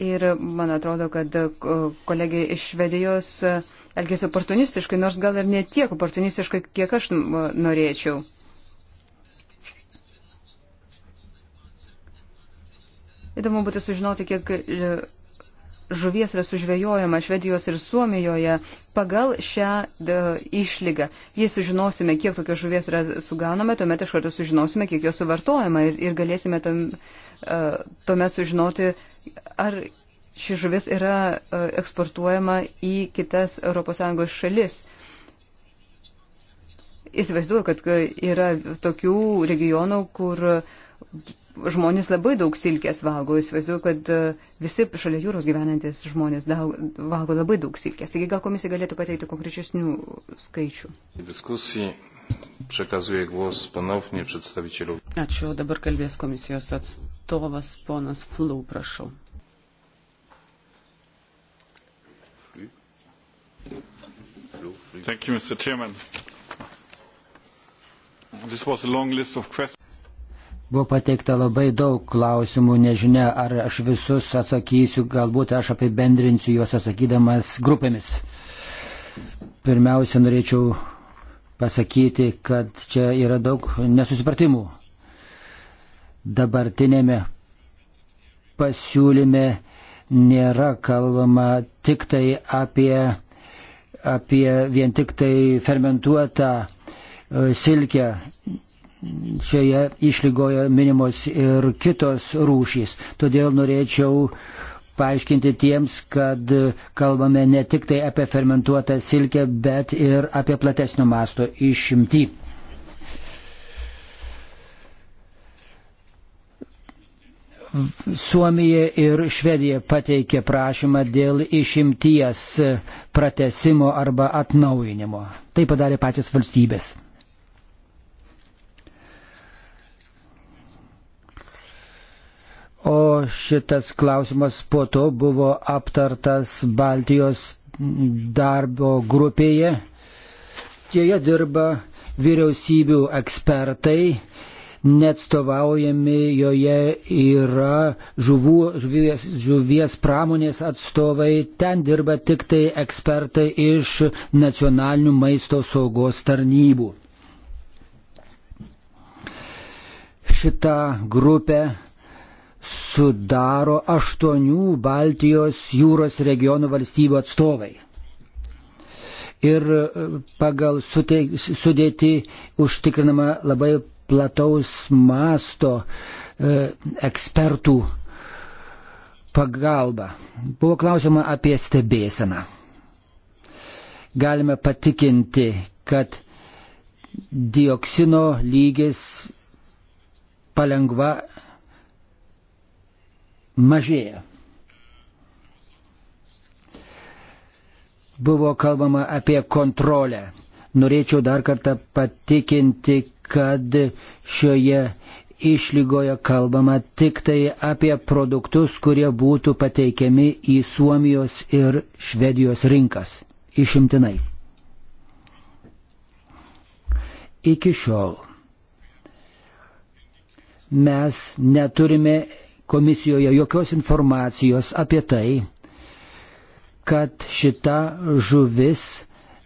Ir man atrodo, kad kolegė iš Švedijos elgėsi oportunistiškai, nors gal ir ne tiek oportunistiškai, kiek aš norėčiau. Įdomu būtų sužinoti, kiek e, žuvies yra sužvejojama Švedijos ir Suomijoje pagal šią da, išlygą. Jei sužinosime, kiek tokios žuvies yra suganoma, tuomet iš karto sužinosime, kiek jos suvartojama ir, ir galėsime tom, e, tuomet sužinoti, ar ši žuvis yra e, eksportuojama į kitas ES šalis. Įsivaizduoju, kad yra tokių regionų, kur žmonės labai daug silkės valgo. Įsivaizduoju, kad e, visi šalia jūros gyvenantis žmonės daug, valgo labai daug silkės. Taigi gal komisija galėtų pateikti konkrečesnių skaičių. Diskusijai. Przekazuję głos ponownie przedstawicielowi. Ačiū, dabar kalbės komisijos atstovas ponas Flau, prašau. Thank you, Mr. Chairman. This was a long list of questions. Buvo pateikta labai daug klausimų, nežinia, ar aš visus atsakysiu, galbūt aš apibendrinsiu juos atsakydamas grupėmis. Pirmiausia, norėčiau pasakyti, kad čia yra daug nesusipratimų. Dabartinėme pasiūlyme nėra kalbama tik tai apie, apie vien tik tai fermentuotą e, silkę šioje išlygoje minimos ir kitos rūšys. Todėl norėčiau paaiškinti tiems, kad kalbame ne tik tai apie fermentuotą silkę, bet ir apie platesnio masto išimtį. Suomija ir Švedija pateikė prašymą dėl išimties pratesimo arba atnaujinimo. Tai padarė patys valstybės. o šitas klausimas po to buvo aptartas Baltijos darbo grupėje. Joje dirba vyriausybių ekspertai, neatstovaujami joje yra žuvų, žuvies, žuvies pramonės atstovai, ten dirba tik tai ekspertai iš nacionalinių maisto saugos tarnybų. Šitą grupę sudaro aštuonių Baltijos jūros regionų valstybių atstovai. Ir e, pagal sudėti užtikrinama labai plataus masto e, ekspertų pagalba. Buvo klausima apie stebėseną. Galime patikinti, kad dioksino lygis palengva mažėja. Buvo kalbama apie kontrolę. Norėčiau dar kartą patikinti, kad šioje išlygoje kalbama tik tai apie produktus, kurie būtų pateikiami į Suomijos ir Švedijos rinkas. Išimtinai. Iki šiol mes neturime komisijoje jokios informacijos apie tai, kad šita žuvis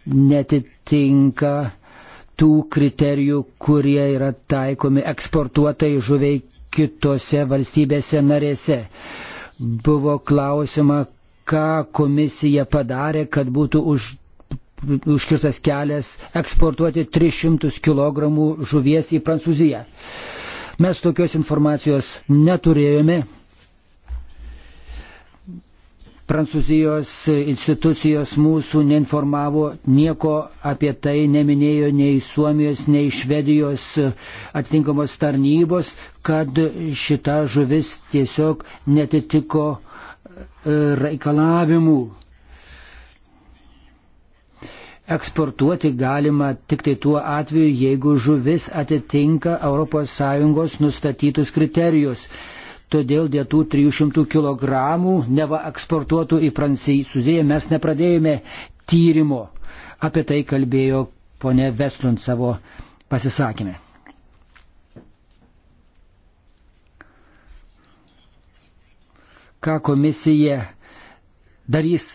netitinka tų kriterijų, kurie yra taikomi eksportuotai žuviai kitose valstybėse narėse. Buvo klausima, ką komisija padarė, kad būtų už, užkirstas kelias eksportuoti 300 kg žuvies į Prancūziją. Mes tokios informacijos neturėjome. Prancūzijos institucijos mūsų neinformavo, nieko apie tai neminėjo nei Suomijos, nei Švedijos atitinkamos tarnybos, kad šita žuvis tiesiog netitiko e, reikalavimų eksportuoti galima tik tai tuo atveju, jeigu žuvis atitinka ES nustatytus kriterijus. Todėl dėl tų 300 kg neva eksportuotų į Prancūziją mes nepradėjome tyrimo. Apie tai kalbėjo ponė Vestrund savo pasisakymę. Ką komisija darys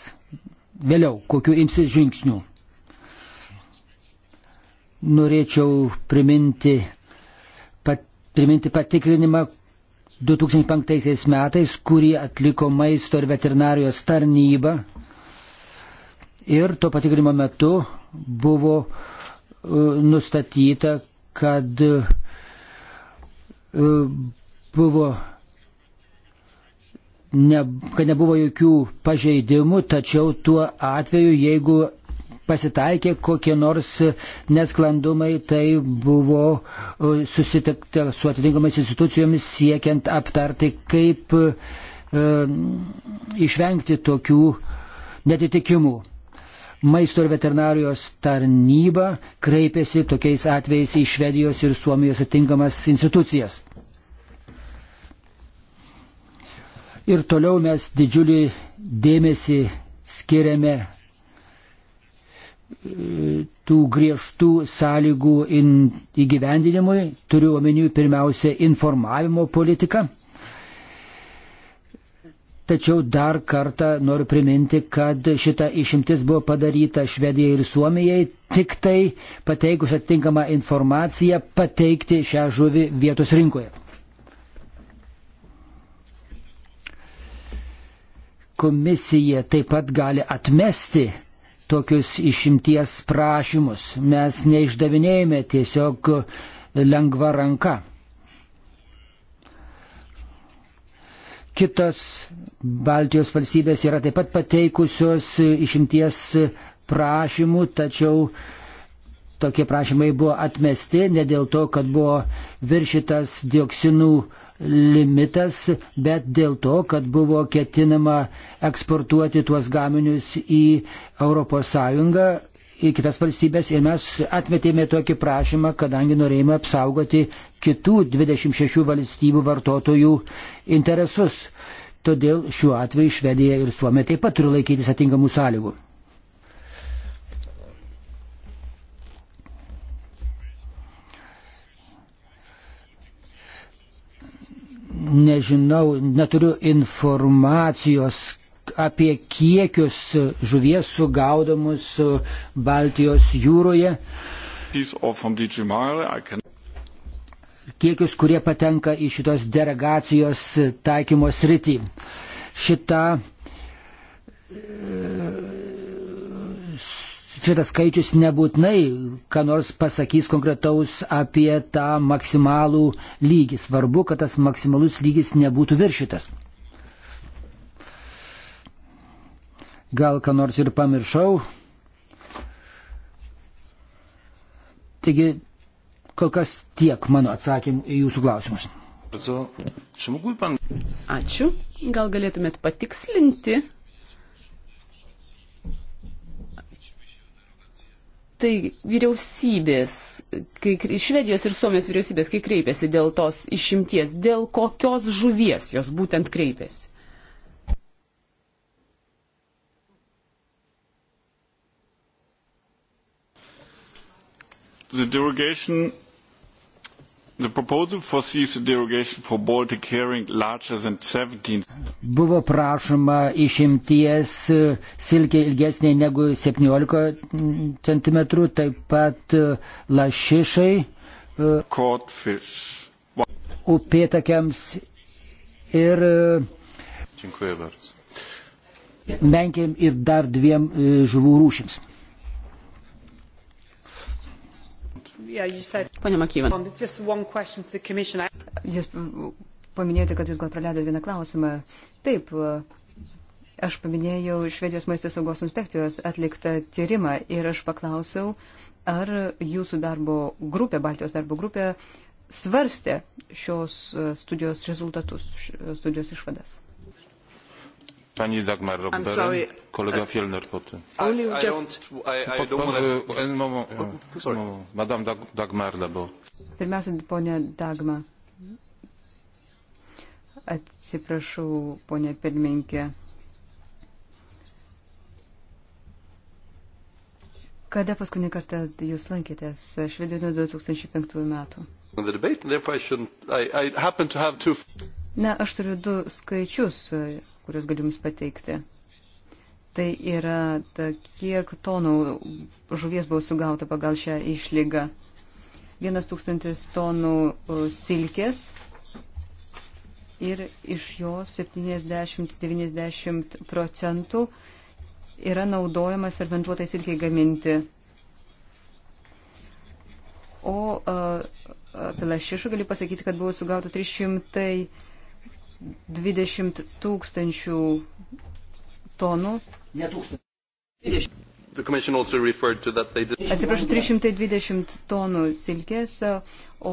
vėliau, kokiu imsis žingsnių? norėčiau priminti, pat, priminti patikrinimą 2005 metais, kurį atliko maisto ir veterinarijos tarnyba. Ir to patikrinimo metu buvo uh, nustatyta, kad uh, buvo ne, kad nebuvo jokių pažeidimų, tačiau tuo atveju, jeigu pasitaikė kokie nors nesklandumai, tai buvo e, susitikta su atitinkamais institucijomis siekiant aptarti, kaip e, išvengti tokių netitikimų. Maisto ir veterinarijos tarnyba kreipėsi tokiais atvejais į Švedijos ir Suomijos atinkamas institucijas. Ir toliau mes didžiulį dėmesį skiriame tų griežtų sąlygų įgyvendinimui, turiu omeny pirmiausia informavimo politiką. Tačiau dar kartą noriu priminti, kad šita išimtis buvo padaryta Švedijai ir Suomijai, tik tai pateikus atitinkamą informaciją pateikti šią žuvį vietos rinkoje. Komisija taip pat gali atmesti tokius išimties prašymus. Mes neišdavinėjame tiesiog lengva ranka. Kitos Baltijos valstybės yra taip pat pateikusios išimties prašymų, tačiau tokie prašymai buvo atmesti ne dėl to, kad buvo viršytas dioksinų limitas, bet dėl to, kad buvo ketinama eksportuoti tuos gaminius į ES, į kitas valstybės ir mes atmetėme tokį prašymą, kadangi norėjome apsaugoti kitų 26 valstybių vartotojų interesus. Todėl šiuo atveju Švedija ir Suomija taip pat turi laikytis atinkamų sąlygų. nežinau, neturiu informacijos apie kiekius žuvies sugaudomus Baltijos jūroje. Kiekius, kurie patenka į šitos delegacijos taikymos rytį. Šita šitas skaičius nebūtinai, ką nors pasakys konkretaus apie tą maksimalų lygį. Svarbu, kad tas maksimalus lygis nebūtų viršytas. Gal ką nors ir pamiršau. Taigi, kol kas tiek mano atsakymų į jūsų klausimus. Ačiū. Gal galėtumėt patikslinti, Taigi, vyriausybės, kai, Švedijos ir Suomijos vyriausybės, kai kreipėsi dėl tos išimties, dėl kokios žuvies jos būtent kreipėsi? The derogation The proposal foresees a derogation for Baltic herring larger than 17. Buvo prašoma išimties e, silkė ilgesnė negu 17 cm, taip pat e, lašišai, e, upėtakiams ir menkėm ir dar dviem žuvų rūšims. Pone Makyvan. Um, jūs paminėjote, kad jūs gal praleidote vieną klausimą. Taip, uh, aš paminėjau Švedijos maisto saugos inspekcijos atliktą tyrimą ir aš paklausiau, ar jūsų darbo grupė, Baltijos darbo grupė, svarstė šios uh, studijos rezultatus, studijos išvadas. Pani Dagmar Robberen, kolega uh, Fielner potem. I, I just... don't, I, I don't wanna... E, e, oh, Madame Dag Dagmar dabar. Pirmiausia, ponia Dagma. Atsiprašau, ponia pirmininkė. Kada paskutinį kartą jūs lankėtės Švedijoje nuo 2005 metų? Na, aš turiu du skaičius kuriuos galiu Jums pateikti. Tai yra, ta, kiek tonų žuvies buvo sugauta pagal šią išlygą. Vienas tūkstantis tonų silkės ir iš jos 70-90 procentų yra naudojama fermentuotai silkiai gaminti. O apie lašišą galiu pasakyti, kad buvo sugauta 300 20 tūkstančių tonų. Ne tūkstančių. Atsiprašau, 320 tonų silkės, o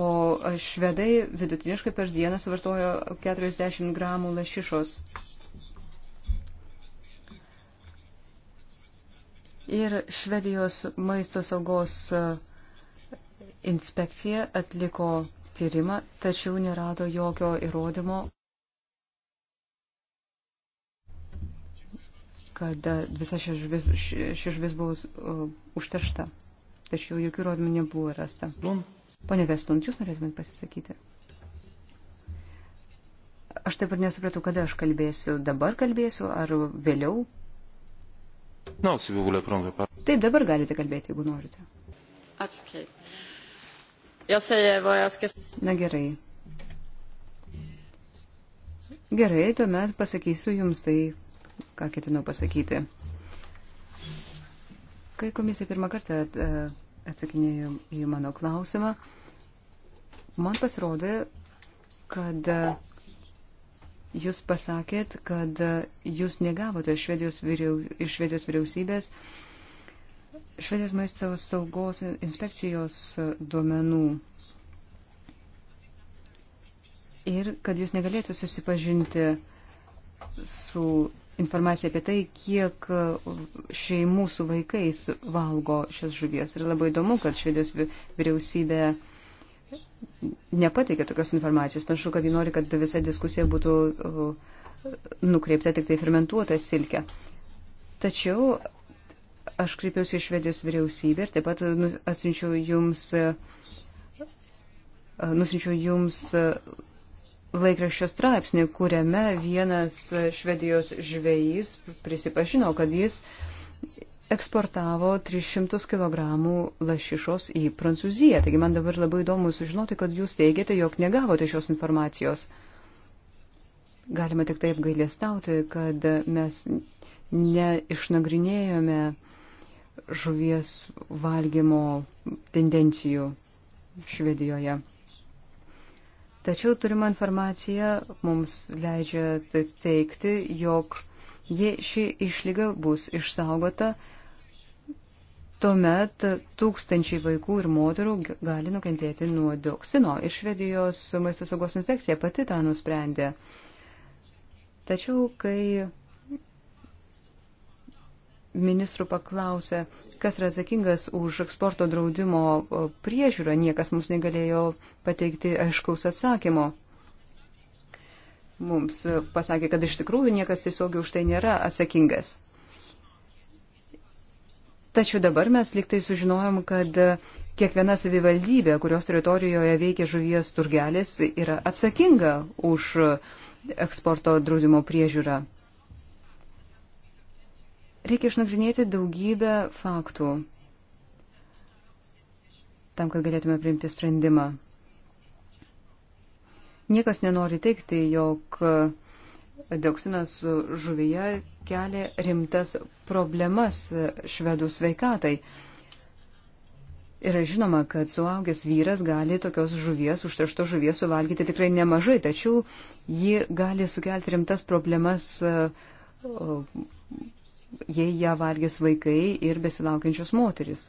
švedai vidutiniškai per dieną suvartojo 40 gramų lašišos. Ir Švedijos maisto saugos inspekcija atliko tyrimą, tačiau nerado jokio įrodymo, kad visa ši žuvis, ši žuvis buvo uh, užteršta. Tačiau jokių rodymų nebuvo rasta. Pone Vestlund, jūs norėtumėt pasisakyti? Aš taip ir nesupratau, kada aš kalbėsiu. Dabar kalbėsiu ar vėliau? Na, si vous voulez prendre par... Taip, dabar galite kalbėti, jeigu norite. Ačiū. Na gerai. Gerai, tuomet pasakysiu jums tai, ką ketinau pasakyti. Kai komisija pirmą kartą e, atsakinėjo į mano klausimą, man pasirodė, kad e, jūs pasakėt, kad e, jūs negavote švedijos vyriau, iš švedijos vyriausybės švedijos maisto saugos inspekcijos duomenų ir kad jūs negalėtų susipažinti su informacija apie tai, kiek šeimų su vaikais valgo šias žuvies. Ir labai įdomu, kad švedijos vyriausybė nepateikė tokios informacijos. Panašu, kad ji nori, kad visa diskusija būtų uh, nukreipta tik tai fermentuotą silkę. Tačiau aš kreipiausi į švedijos vyriausybę ir taip pat uh, nu, atsinčiau jums, uh, nusinčiau jums laikraščio straipsnį, kuriame vienas švedijos žvėjys prisipažino, kad jis eksportavo 300 kg lašišos į Prancūziją. Taigi man dabar labai įdomu sužinoti, kad jūs teigiate, jog negavote šios informacijos. Galima tik taip gailėstauti, kad mes neišnagrinėjome žuvies valgymo tendencijų Švedijoje. Tačiau turima informacija mums leidžia teikti, jog jei ši išlyga bus išsaugota, tuomet tūkstančiai vaikų ir moterų gali nukentėti nuo dioksino. Ir Švedijos maisto saugos inspekcija pati tą nusprendė. Tačiau, kai ministrų paklausė, kas yra atsakingas už eksporto draudimo priežiūrą, niekas mums negalėjo pateikti aiškaus atsakymo. Mums e, pasakė, kad iš tikrųjų niekas tiesiog už tai nėra atsakingas. Tačiau dabar mes liktai sužinojom, kad e, kiekviena savivaldybė, kurios teritorijoje veikia žuvies turgelis, yra atsakinga už e, eksporto draudimo priežiūrą. Reikia išnagrinėti daugybę faktų tam, kad galėtume priimti sprendimą. Niekas nenori teikti, jog dioksinas žuvyje kelia rimtas problemas švedų sveikatai. Yra žinoma, kad suaugęs vyras gali tokios žuvies, užtrašto žuvies suvalgyti tikrai nemažai, tačiau ji gali sukelti rimtas problemas jei ją valgys vaikai ir besilaukiančios moteris.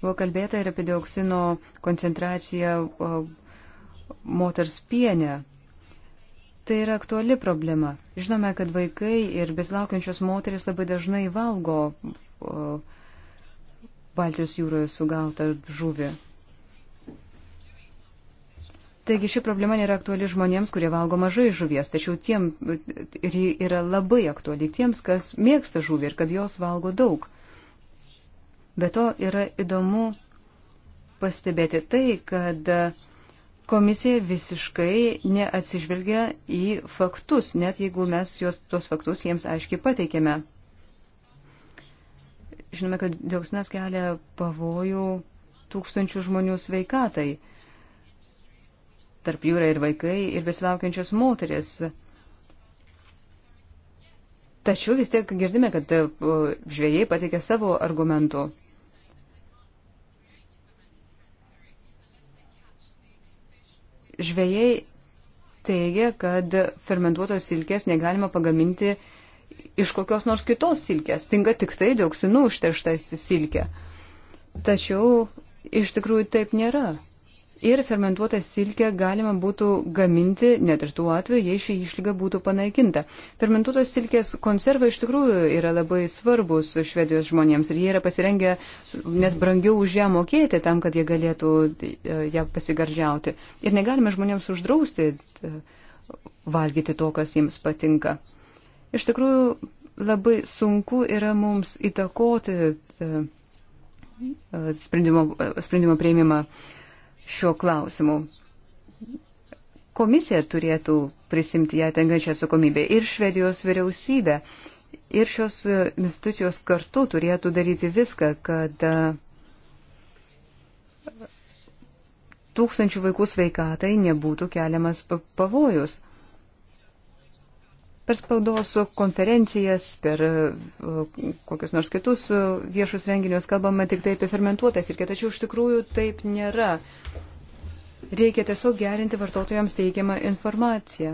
Buvo kalbėta ir apie dioksino koncentraciją moters pienę. Tai yra aktuali problema. Žinome, kad vaikai ir besilaukiančios moteris labai dažnai valgo Baltijos jūroje sugautą žuvį. Taigi ši problema nėra aktuali žmonėms, kurie valgo mažai žuvies, tačiau tiem ir ji yra labai aktuali tiems, kas mėgsta žuvį ir kad jos valgo daug. Be to yra įdomu pastebėti tai, kad komisija visiškai neatsižvelgia į faktus, net jeigu mes juos, tuos faktus jiems aiškiai pateikėme. Žinome, kad dioksinas kelia pavojų tūkstančių žmonių sveikatai tarp jų yra ir vaikai, ir besilaukiančios moteris. Tačiau vis tiek girdime, kad e, žvėjai patikė savo argumentų. Žvėjai teigia, kad fermentuotos silkės negalima pagaminti iš kokios nors kitos silkės, tinka tik tai dioksinų užterštas silkė. Tačiau iš tikrųjų taip nėra ir fermentuotą silkę galima būtų gaminti net ir tuo atveju, jei ši išlyga būtų panaikinta. Fermentuotos silkės konservai iš tikrųjų yra labai svarbus švedijos žmonėms ir jie yra pasirengę net brangiau už ją mokėti tam, kad jie galėtų e, ją pasigardžiauti. Ir negalime žmonėms uždrausti e, valgyti to, kas jiems patinka. Iš tikrųjų, labai sunku yra mums įtakoti e, sprendimo, sprendimo prieimimą uh, šiuo klausimu. Komisija turėtų prisimti ją tenkančią atsakomybę ir Švedijos vyriausybė. Ir šios e, institucijos kartu turėtų daryti viską, kad e, tūkstančių vaikų sveikatai nebūtų keliamas pavojus per spaudos konferencijas, per e, kokius nors kitus viešus renginius kalbama tik tai apie fermentuotas ir kiek, tačiau iš tikrųjų taip nėra. Reikia tiesiog gerinti vartotojams teikiamą informaciją.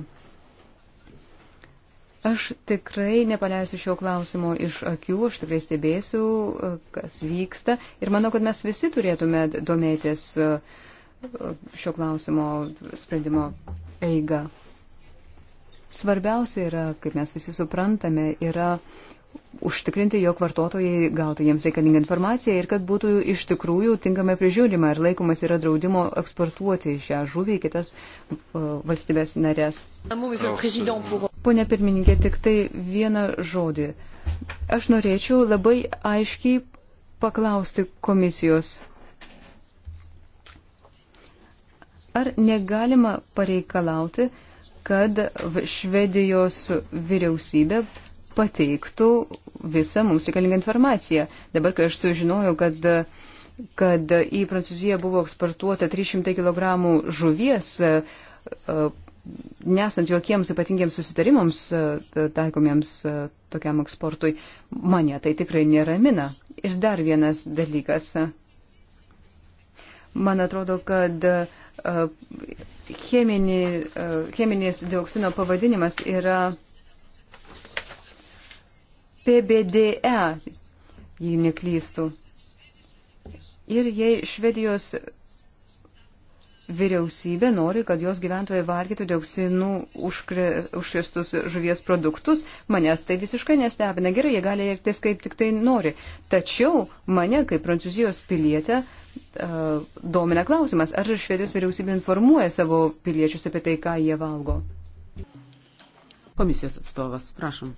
Aš tikrai nepaleisiu šio klausimo iš akių, aš tikrai stebėsiu, e, kas vyksta ir manau, kad mes visi turėtume domėtis e, šio klausimo sprendimo eiga. Svarbiausia yra, kaip mes visi suprantame, yra užtikrinti, jog vartotojai gautų jiems reikalingą informaciją ir kad būtų iš tikrųjų tinkamai prižiūrima ir laikomas yra draudimo eksportuoti šią žuvį į kitas valstybės narės. Pone pirmininkė, tik tai vieną žodį. Aš norėčiau labai aiškiai paklausti komisijos. Ar negalima pareikalauti, kad Švedijos vyriausybė pateiktų visą mums reikalingą informaciją. Dabar, kai aš sužinojau, kad, kad į Prancūziją buvo eksportuota 300 kg žuvies, e, e, nesant jokiems ypatingiems susitarimams e, taikomiems tokiam eksportui, mane tai tikrai neramina. Ir dar vienas dalykas. Man atrodo, kad cheminį, e, cheminis dioksino pavadinimas yra PBDE, jei neklystų. Ir jei Švedijos vyriausybė nori, kad jos gyventojai valgytų dioksinų užkre, užkrestus žuvies produktus, manęs tai visiškai nestebina. Gerai, jie gali elgtis kaip tik tai nori. Tačiau mane, kaip prancūzijos pilietę, domina klausimas, ar Švedijos vyriausybė informuoja savo piliečius apie tai, ką jie valgo. Komisijos atstovas, prašom.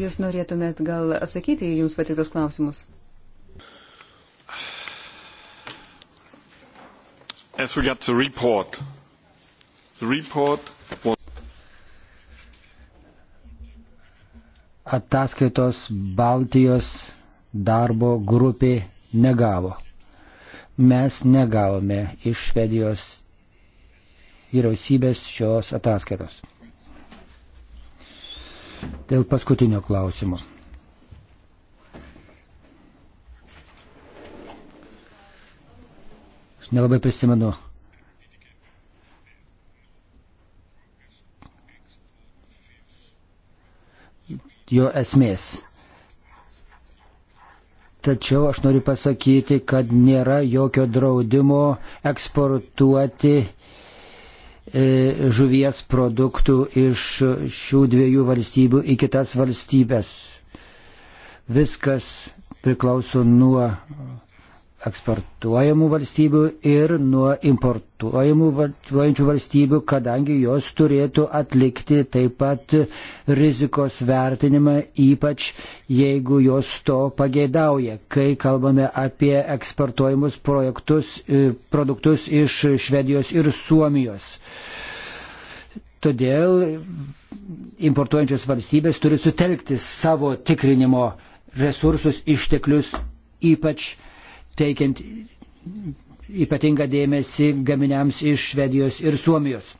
Jūs norėtumėt gal atsakyti į jums patiktos klausimus? As regards the report, the report was ataskaitos Baltijos darbo grupė negavo. Mes negavome iš Švedijos vyriausybės šios ataskaitos. Dėl paskutinio klausimo. Aš nelabai prisimenu jo esmės. Tačiau aš noriu pasakyti, kad nėra jokio draudimo eksportuoti e, žuvies produktų iš šių dviejų valstybių į kitas valstybės. Viskas priklauso nuo eksportuojamų valstybių ir nuo importuojamų valstybių, kadangi jos turėtų atlikti taip pat rizikos vertinimą, ypač jeigu jos to pageidauja. Kai kalbame apie eksportuojamus projektus, e, produktus iš Švedijos ir Suomijos. Todėl importuojančios valstybės turi sutelkti savo tikrinimo resursus, išteklius, ypač uh, teikiant ypatingą dėmesį gaminiams iš Švedijos ir Suomijos.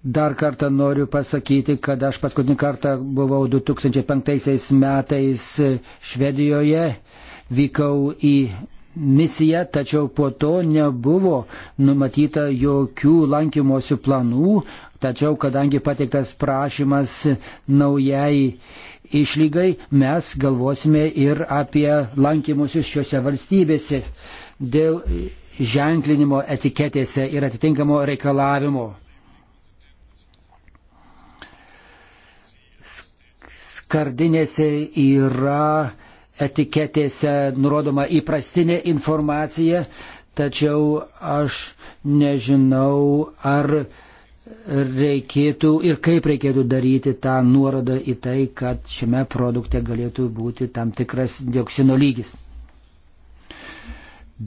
Dar kartą noriu pasakyti, kad aš paskutinį kartą buvau 2005 metais Švedijoje, vykau į misiją, tačiau po to nebuvo numatyta jokių lankymosi planų, tačiau kadangi pateiktas prašymas naujai išlygai mes galvosime ir apie lankymusius šiuose valstybėse dėl ženklinimo etiketėse ir atitinkamo reikalavimo. Skardinėse yra etiketėse nurodoma įprastinė informacija, tačiau aš nežinau, ar reikėtų ir kaip reikėtų daryti tą nuorodą į tai, kad šiame produkte galėtų būti tam tikras dioksino lygis.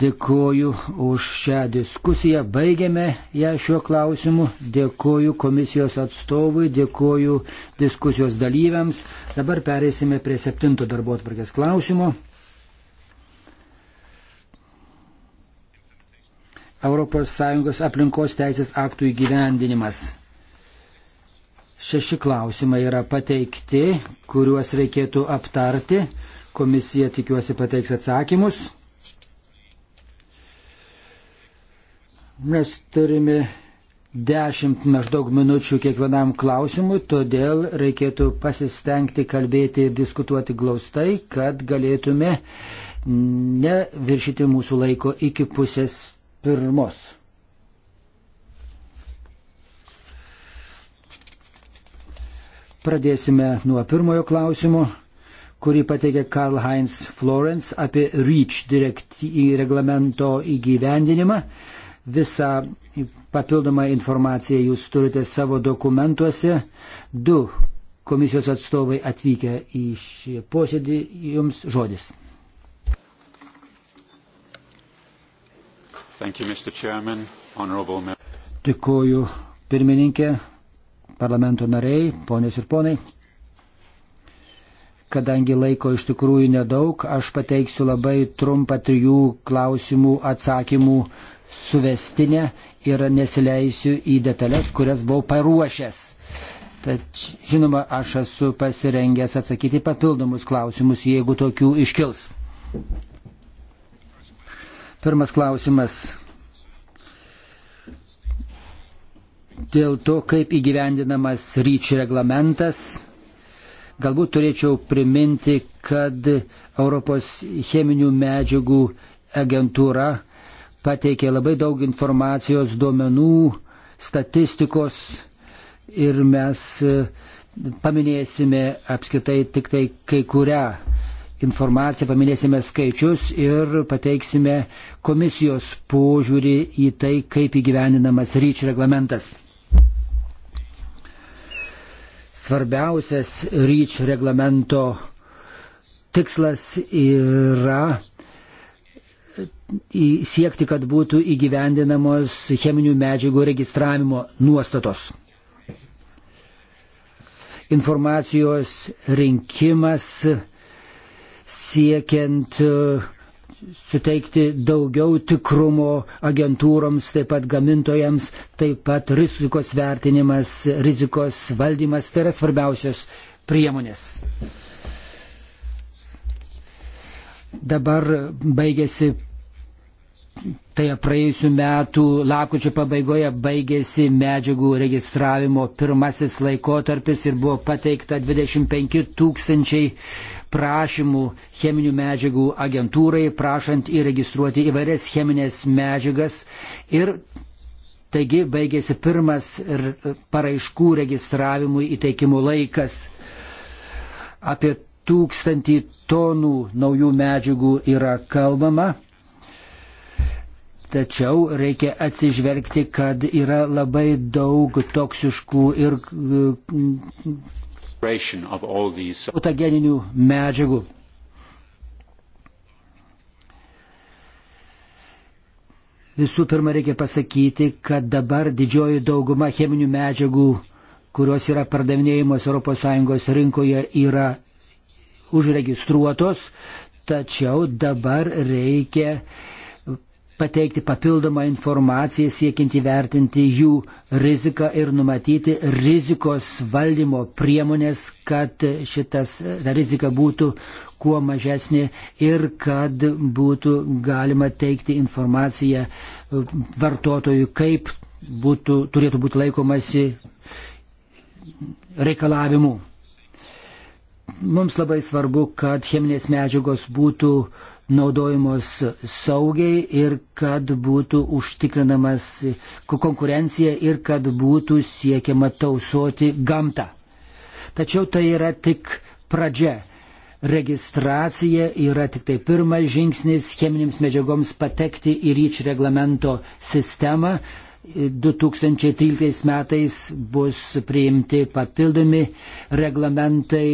Dėkoju už šią diskusiją, baigiame ją šiuo klausimu, dėkoju komisijos atstovui, dėkoju diskusijos dalyviams. Dabar pereisime prie septinto darbo atvarkės klausimo. ES aplinkos teisės aktų įgyvendinimas. Šeši klausimai yra pateikti, kuriuos reikėtų aptarti. Komisija tikiuosi pateiks atsakymus. Mes turime dešimt maždaug minučių kiekvienam klausimui, todėl reikėtų pasistengti kalbėti ir diskutuoti glaustai, kad galėtume neviršyti mūsų laiko iki pusės pirmos. Pradėsime nuo pirmojo klausimo, kurį pateikė Karl Heinz Florence apie REACH reglamento įgyvendinimą. Visą papildomą informaciją jūs turite savo dokumentuose. Du komisijos atstovai atvykę į šį posėdį, jums žodis. You, Dėkuoju pirmininkė, parlamento nariai, ponios ir ponai. Kadangi laiko iš tikrųjų nedaug, aš pateiksiu labai trumpą trijų klausimų atsakymų suvestinę ir nesileisiu į detalės, kurias buvau paruošęs. Tad žinoma, aš esu pasirengęs atsakyti papildomus klausimus, jeigu tokių iškils. Pirmas klausimas. Dėl to, kaip įgyvendinamas ryčių reglamentas, galbūt turėčiau priminti, kad Europos cheminių medžiagų agentūra pateikė labai daug informacijos, duomenų, statistikos ir mes e, paminėsime apskritai tik tai kai kurią informaciją, paminėsime skaičius ir pateiksime komisijos požiūrį į tai, kaip įgyveninamas ryč reglamentas. Svarbiausias ryč reglamento tikslas yra siekti, kad būtų įgyvendinamos cheminių medžiagų registravimo nuostatos. Informacijos rinkimas siekiant e, suteikti daugiau tikrumo agentūroms, taip pat gamintojams, taip pat rizikos vertinimas, rizikos valdymas, tai yra svarbiausios priemonės. Dabar baigėsi Tai praėjusiu metu lakučio pabaigoje baigėsi medžiagų registravimo pirmasis laikotarpis ir buvo pateikta 25 tūkstančiai prašymų cheminių medžiagų agentūrai, prašant įregistruoti įvairias cheminės medžiagas. Ir taigi baigėsi pirmas paraiškų registravimui įteikimo laikas. Apie tūkstantį tonų naujų medžiagų yra kalbama. Tačiau reikia atsižvelgti, kad yra labai daug toksiškų ir mutageninių medžiagų. Visų pirma, reikia pasakyti, kad dabar didžioji dauguma cheminių medžiagų, kurios yra pardavinėjamos ES rinkoje, yra užregistruotos, tačiau dabar reikia uh, pateikti papildomą informaciją siekiant įvertinti jų riziką ir numatyti rizikos valdymo priemonės, kad šitas, ta rizika būtų kuo mažesnė ir kad būtų galima teikti informaciją e, vartotojui, kaip būtų, turėtų būti laikomasi reikalavimų. Mums labai svarbu, kad cheminės medžiagos būtų naudojamos saugiai ir kad būtų užtikrinamas konkurencija ir kad būtų siekiama tausoti gamtą. Tačiau tai yra tik pradžia. Registracija yra tik tai pirmas žingsnis cheminėms medžiagoms patekti į ryč reglamento sistemą. 2013 metais bus priimti papildomi reglamentai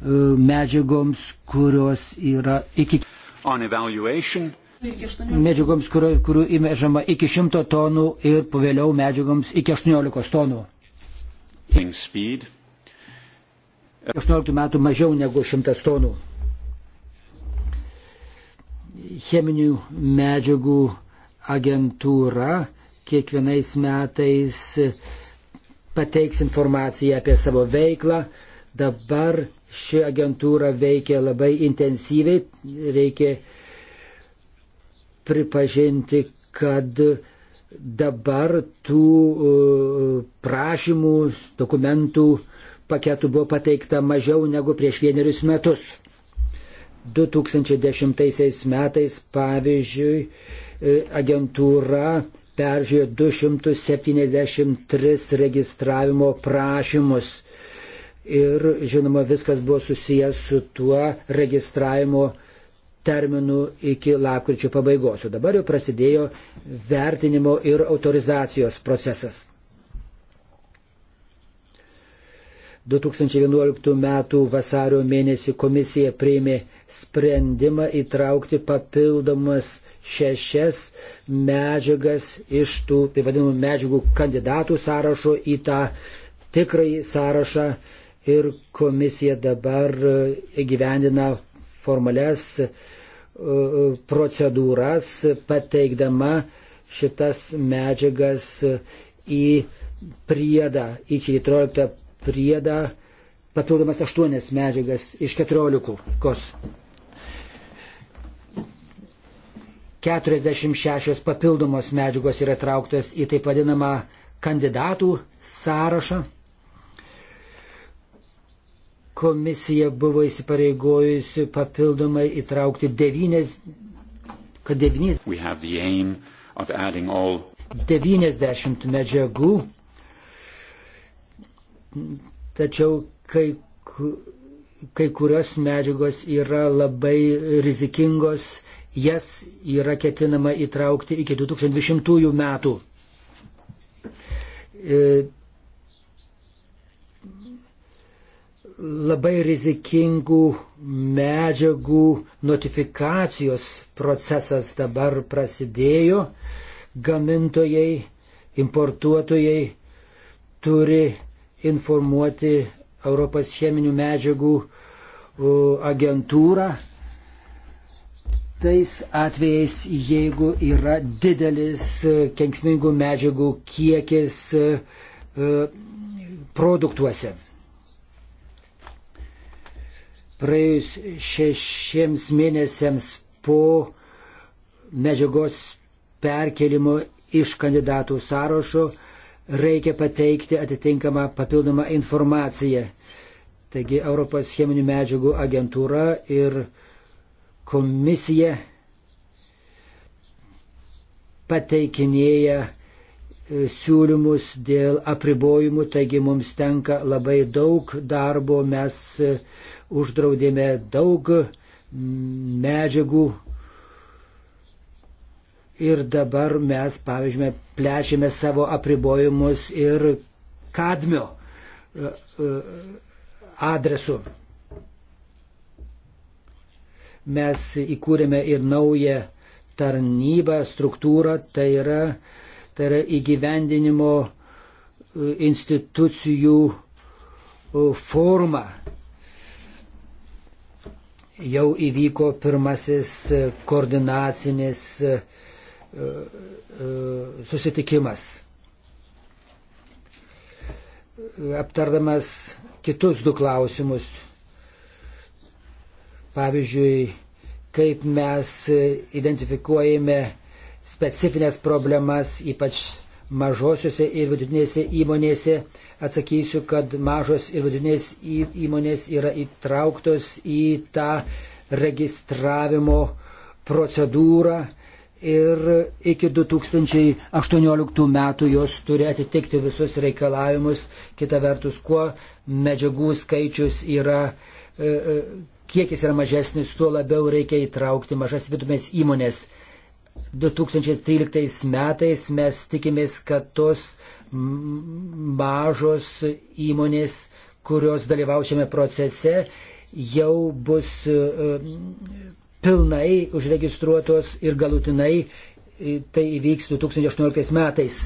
E, medžiagoms, kurios yra iki. Medžiagoms, kurių, kurių įmežama iki 100 tonų ir vėliau medžiagoms iki 18 tonų. 18 metų mažiau negu 100 tonų. Cheminių medžiagų agentūra kiekvienais metais pateiks informaciją apie savo veiklą. Dabar Ši agentūra veikia labai intensyviai, reikia pripažinti, kad dabar tų e, prašymų, dokumentų paketų buvo pateikta mažiau negu prieš vienerius metus. 2010 metais, pavyzdžiui, e, agentūra peržiūrėjo 273 registravimo prašymus ir žinoma viskas buvo susijęs su tuo registravimo terminu iki lakryčio pabaigos. O dabar jau prasidėjo vertinimo ir autorizacijos procesas. 2011 m. vasario mėnesį komisija priėmė sprendimą įtraukti papildomas šešias medžiagas iš tų, tai vadinamų, medžiagų kandidatų sąrašo į tą tikrąjį sąrašą ir komisija dabar e, įgyvendina formales e, e, procedūras, pateikdama šitas medžiagas į priedą, į 14 priedą, papildomas 8 medžiagas iš 14. Kos. 46 papildomos medžiagos yra trauktas į taip vadinamą kandidatų sąrašą. Komisija buvo įsipareigojusi papildomai įtraukti devynės, kad devynės, 90 medžiagų, tačiau kai, kai kurios medžiagos yra labai rizikingos, jas yra ketinama įtraukti iki 2200 metų e, labai rizikingų medžiagų notifikacijos procesas dabar prasidėjo. Gamintojai, importuotojai turi informuoti Europos cheminių medžiagų agentūrą tais atvejais, jeigu yra didelis e, kenksmingų medžiagų kiekis e, e, produktuose. Praėjus šešiems mėnesiams po medžiagos perkelimo iš kandidatų sąrašo reikia pateikti atitinkamą papildomą informaciją. Taigi Europos cheminių medžiagų agentūra ir komisija pateikinėja e, siūlymus dėl apribojimų, taigi mums tenka labai daug darbo, mes e, uždraudėme daug medžiagų ir dabar mes, pavyzdžiui, plečiame savo apribojimus ir kadmio e, e, adresu. Mes įkūrėme ir naują tarnybą, struktūrą, tai yra, tai yra įgyvendinimo e, institucijų forma jau įvyko pirmasis e, koordinacinis e, e, susitikimas. Aptardamas kitus du klausimus. Pavyzdžiui, kaip mes identifikuojame specifines problemas, ypač mažosiuose ir vidutinėse įmonėse, atsakysiu, kad mažos ir vidutinės įmonės yra įtrauktos į tą registravimo procedūrą ir iki 2018 metų jos turi atitikti visus reikalavimus. Kita vertus, kuo medžiagų skaičius yra, e, e, kiekis yra mažesnis, tuo labiau reikia įtraukti mažas vidutinės įmonės. 2013 metais mes tikimės, kad tos mažos įmonės, kurios dalyvau šiame procese, jau bus e, pilnai užregistruotos ir galutinai e, tai įvyks 2018 metais.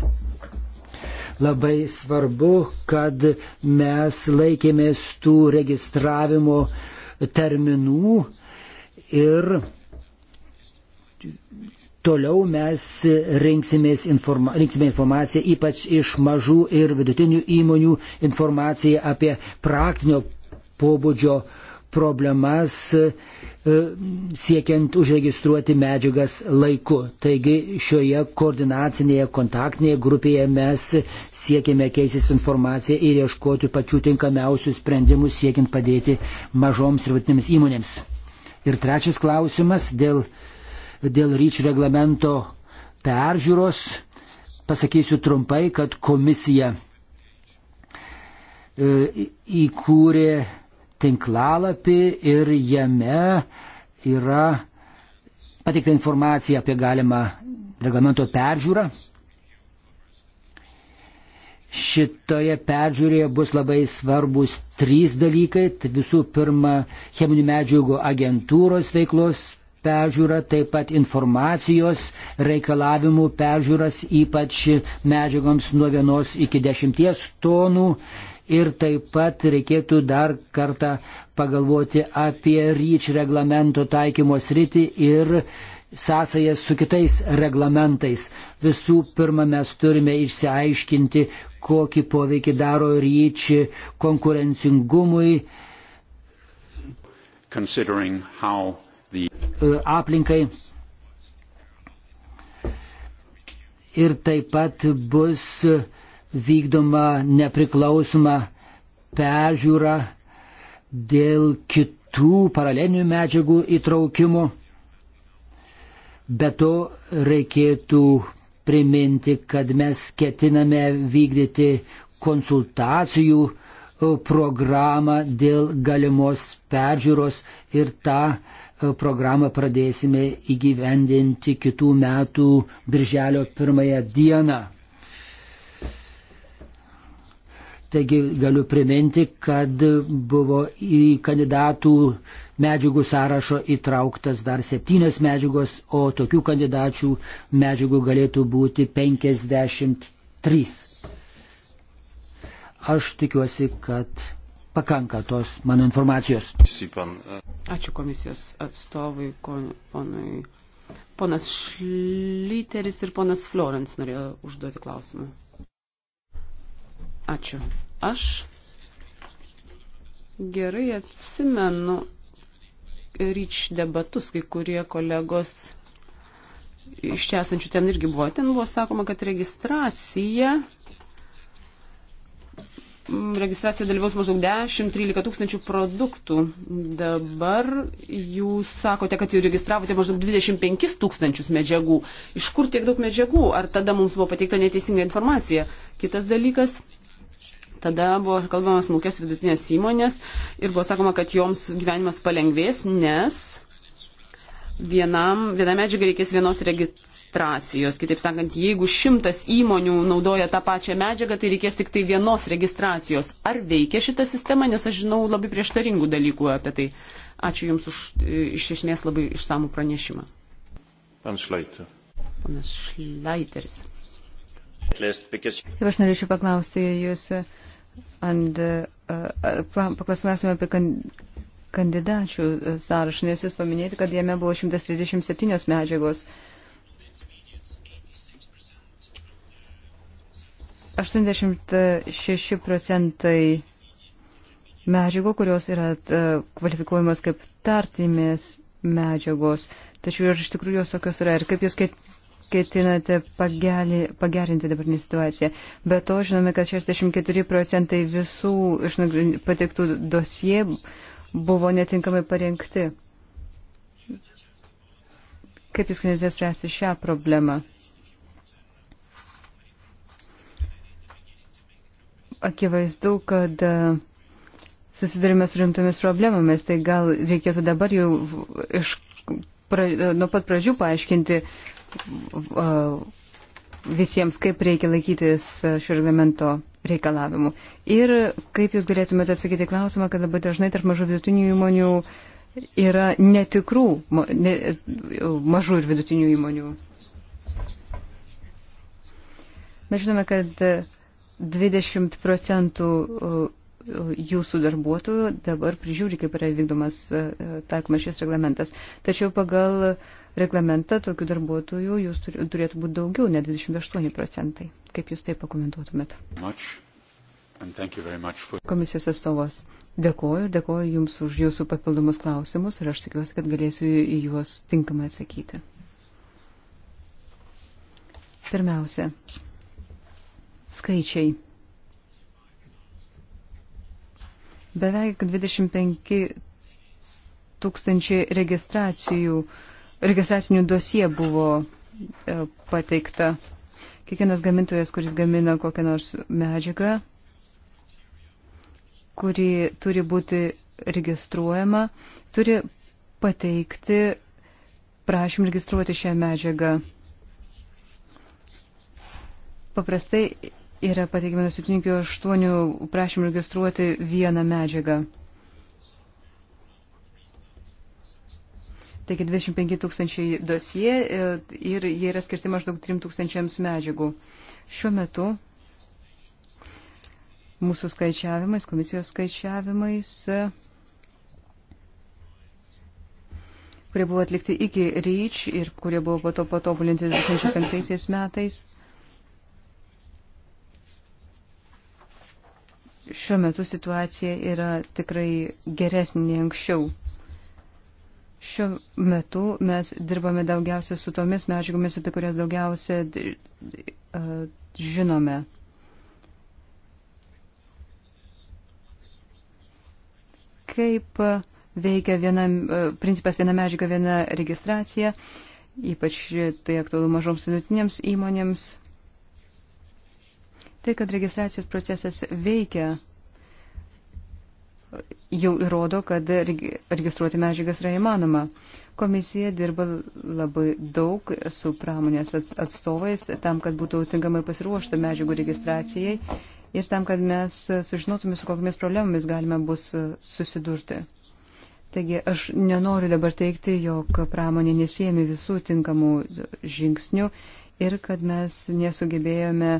Labai svarbu, kad mes laikėmės tų registravimo terminų ir Toliau mes rinksimės informa rinksime informaciją, ypač iš mažų ir vidutinių įmonių, informaciją apie praktinio pobūdžio problemas e, siekiant užregistruoti medžiagas laiku. Taigi šioje koordinacinėje kontaktinėje grupėje mes siekime keistis informaciją ir ieškoti pačių tinkamiausių sprendimų siekiant padėti mažoms ir vidutinėms įmonėms. Ir trečias klausimas dėl dėl ryčių reglamento peržiūros. Pasakysiu trumpai, kad komisija e, įkūrė tinklalapį ir jame yra pateikta informacija apie galimą reglamento peržiūrą. Šitoje peržiūrėje bus labai svarbus trys dalykai. Tai visų pirma, cheminių medžiagų agentūros veiklos peržiūra, taip pat informacijos reikalavimų peržiūras, ypač medžiagoms nuo vienos iki dešimties tonų. Ir taip pat reikėtų dar kartą pagalvoti apie ryč reglamento taikymo sritį ir sąsajas su kitais reglamentais. Visų pirma, mes turime išsiaiškinti, kokį poveikį daro ryčiai konkurencingumui. Considering how E, aplinkai. Ir taip pat bus vykdoma nepriklausoma pežiūra dėl kitų paralelinių medžiagų įtraukimo. Be to reikėtų priminti, kad mes ketiname vykdyti konsultacijų e, programą dėl galimos peržiūros ir tą programą pradėsime įgyvendinti kitų metų birželio pirmąją dieną. Taigi galiu priminti, kad buvo į kandidatų medžiagų sąrašo įtrauktas dar septynios medžiagos, o tokių kandidačių medžiagų galėtų būti 53. Aš tikiuosi, kad pakanka tos mano informacijos. Ačiū komisijos atstovui, ponui. Ponas Šlyteris ir ponas Florence norėjo užduoti klausimą. Ačiū. Aš gerai atsimenu ryč debatus, kai kurie kolegos iš čia esančių ten irgi buvo. Ten buvo sakoma, kad registracija registracijoje dalyvaus maždaug 10-13 tūkstančių produktų. Dabar jūs sakote, kad jau registravote maždaug 25 tūkstančius medžiagų. Iš kur tiek daug medžiagų? Ar tada mums buvo pateikta neteisinga informacija? Kitas dalykas. Tada buvo kalbama smulkės vidutinės įmonės ir buvo sakoma, kad joms gyvenimas palengvės, nes vienam, vienam medžiagai reikės vienos registracijos. Kitaip sakant, jeigu šimtas įmonių naudoja tą pačią medžiagą, tai reikės tik tai vienos registracijos. Ar veikia šita sistema, nes aš žinau labai prieštaringų dalykų apie tai. Ačiū Jums už e, iš esmės labai išsamų pranešimą. Šleiter. Ponas Šleiteris. Ir aš norėčiau paklausti Jūs, uh, and, uh, uh paklausimą apie kandidačių sąrašą, nes jūs paminėjote, kad jame buvo 137 medžiagos. 86 procentai medžiagų, kurios yra e, kvalifikuojamas kaip tartimės medžiagos. Tačiau ir iš tikrųjų jos tokios yra. Ir kaip jūs ketinate pagelį, pagerinti dabartinį situaciją? Be to, žinome, kad 64 procentai visų patektų dosie buvo netinkamai parengti. Kaip jūs galite spręsti šią problemą? Akivaizdu, kad e, susidurime su rimtomis problemomis, tai gal reikėtų dabar jau iš, pra, e, nuo pat pradžių paaiškinti e, visiems, kaip reikia laikytis šio reglamento reikalavimų. Ir kaip Jūs galėtumėte atsakyti klausimą, kad labai dažnai tarp mažų vidutinių įmonių yra netikrų ne, mažų ir vidutinių įmonių. Mes žinome, kad 20 procentų jūsų darbuotojų dabar prižiūri, kaip yra vykdomas e, taikomas šis reglamentas. Tačiau pagal uh, reglamentą, tokių darbuotojų jūs turėtų būti daugiau, ne 28 procentai. Kaip jūs tai pakomentuotumėt? For... Komisijos atstovas, dėkoju ir dėkoju Jums už Jūsų papildomus klausimus ir aš tikiuosi, kad galėsiu į juos tinkamai atsakyti. Pirmiausia, skaičiai. Beveik 25 tūkstančiai registracijų uh, registracinių dosie buvo e, pateikta. Kiekvienas gamintojas, kuris gamina kokią nors medžiagą, kuri turi būti registruojama, turi pateikti prašym registruoti šią medžiagą. Paprastai yra pateikiama 7-8 prašym registruoti vieną medžiagą. Taigi 25 tūkstančiai dosie e, ir jie yra skirti maždaug 3 tūkstančiams medžiagų. Šiuo metu mūsų skaičiavimais, komisijos skaičiavimais, e, kurie buvo atlikti iki REACH ir kurie buvo pato patobulinti 2005 metais, šiuo metu situacija yra tikrai geresnė nei anksčiau. Šiuo metu mes dirbame daugiausia su tomis medžiagomis, apie kurias daugiausia žinome. Kaip veikia viena, principas viena medžiaga, viena registracija, ypač tai aktualu mažoms vidutinėms įmonėms. Tai, kad registracijos procesas veikia, jau įrodo, kad registruoti medžiagas yra įmanoma. Komisija dirba labai daug su pramonės atstovais tam, kad būtų tinkamai pasiruošta medžiagų registracijai ir tam, kad mes sužinotume, su kokiamis problemomis galime bus susidurti. Taigi aš nenoriu dabar teikti, jog pramonė nesėmė visų tinkamų žingsnių ir kad mes nesugebėjome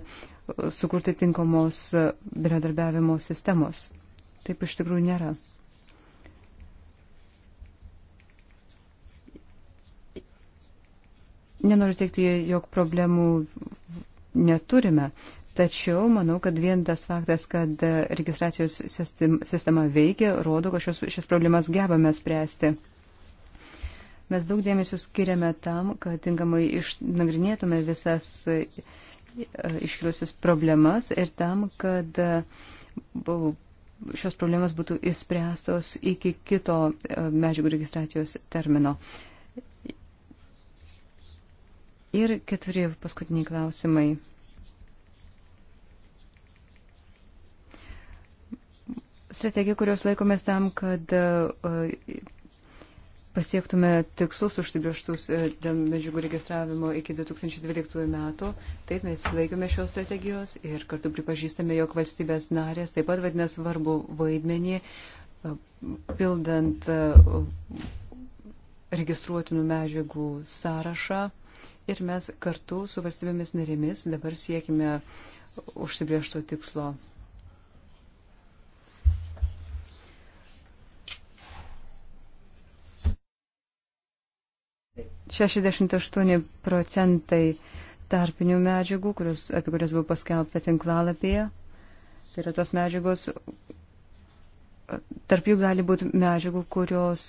sukurti tinkamos bendradarbiavimo sistemos. Taip iš tikrųjų nėra. Nenoriu teikti, jog problemų neturime, tačiau manau, kad vien tas faktas, kad registracijos sistema veikia, rodo, kad šios, šias problemas gebame spręsti. Mes daug dėmesio skiriame tam, kad tinkamai išnagrinėtume visas e, iškilusius problemas ir tam, kad e, šios problemas būtų įspręstos iki kito e, medžiagų registracijos termino. Ir keturi paskutiniai klausimai. Strategija, kurios laikomės tam, kad e, pasiektume tikslus užsibrieštus e, dėl medžiagų registravimo iki 2012 metų. Taip mes laikome šios strategijos ir kartu pripažįstame, jog valstybės narės taip pat vadina svarbu vaidmenį e, pildant e, registruotinų medžiagų sąrašą. Ir mes kartu su valstybėmis narėmis dabar siekime užsibriešto tikslo. 68 procentai tarpinių medžiagų, kurios, apie kurias buvo paskelbta tinklalapyje. Tai yra tos medžiagos, tarp jų gali būti medžiagų, kurios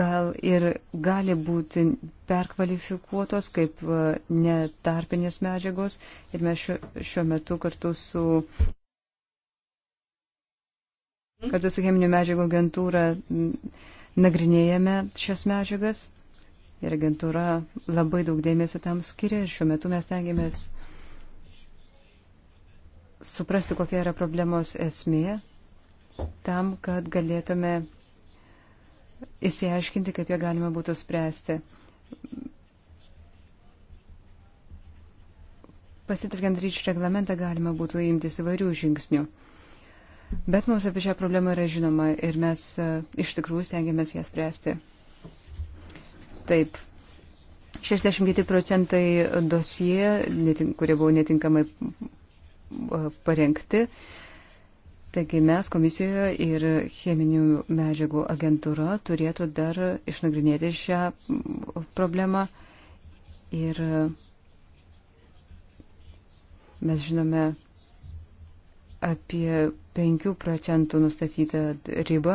gal ir gali būti perkvalifikuotos kaip netarpinės medžiagos. Ir mes šiuo, šiuo metu kartu su, kartu su cheminių medžiagų agentūra nagrinėjame šias medžiagas ir agentūra labai daug dėmesio tam skiria ir šiuo metu mes tengiamės suprasti, kokia yra problemos esmė, tam, kad galėtume įsiaiškinti, kaip ją galima būtų spręsti. Pasitelkiant ryčių reglamentą galima būtų imtis įvairių žingsnių. Bet mums apie šią problemą yra žinoma ir mes e, iš tikrųjų stengiamės ją spręsti. Taip. 60 procentai dosie, kurie buvo netinkamai e, parengti. Taigi mes komisijoje ir cheminių medžiagų agentūra turėtų dar išnagrinėti šią problemą. Ir mes žinome, apie 5 procentų nustatytą ribą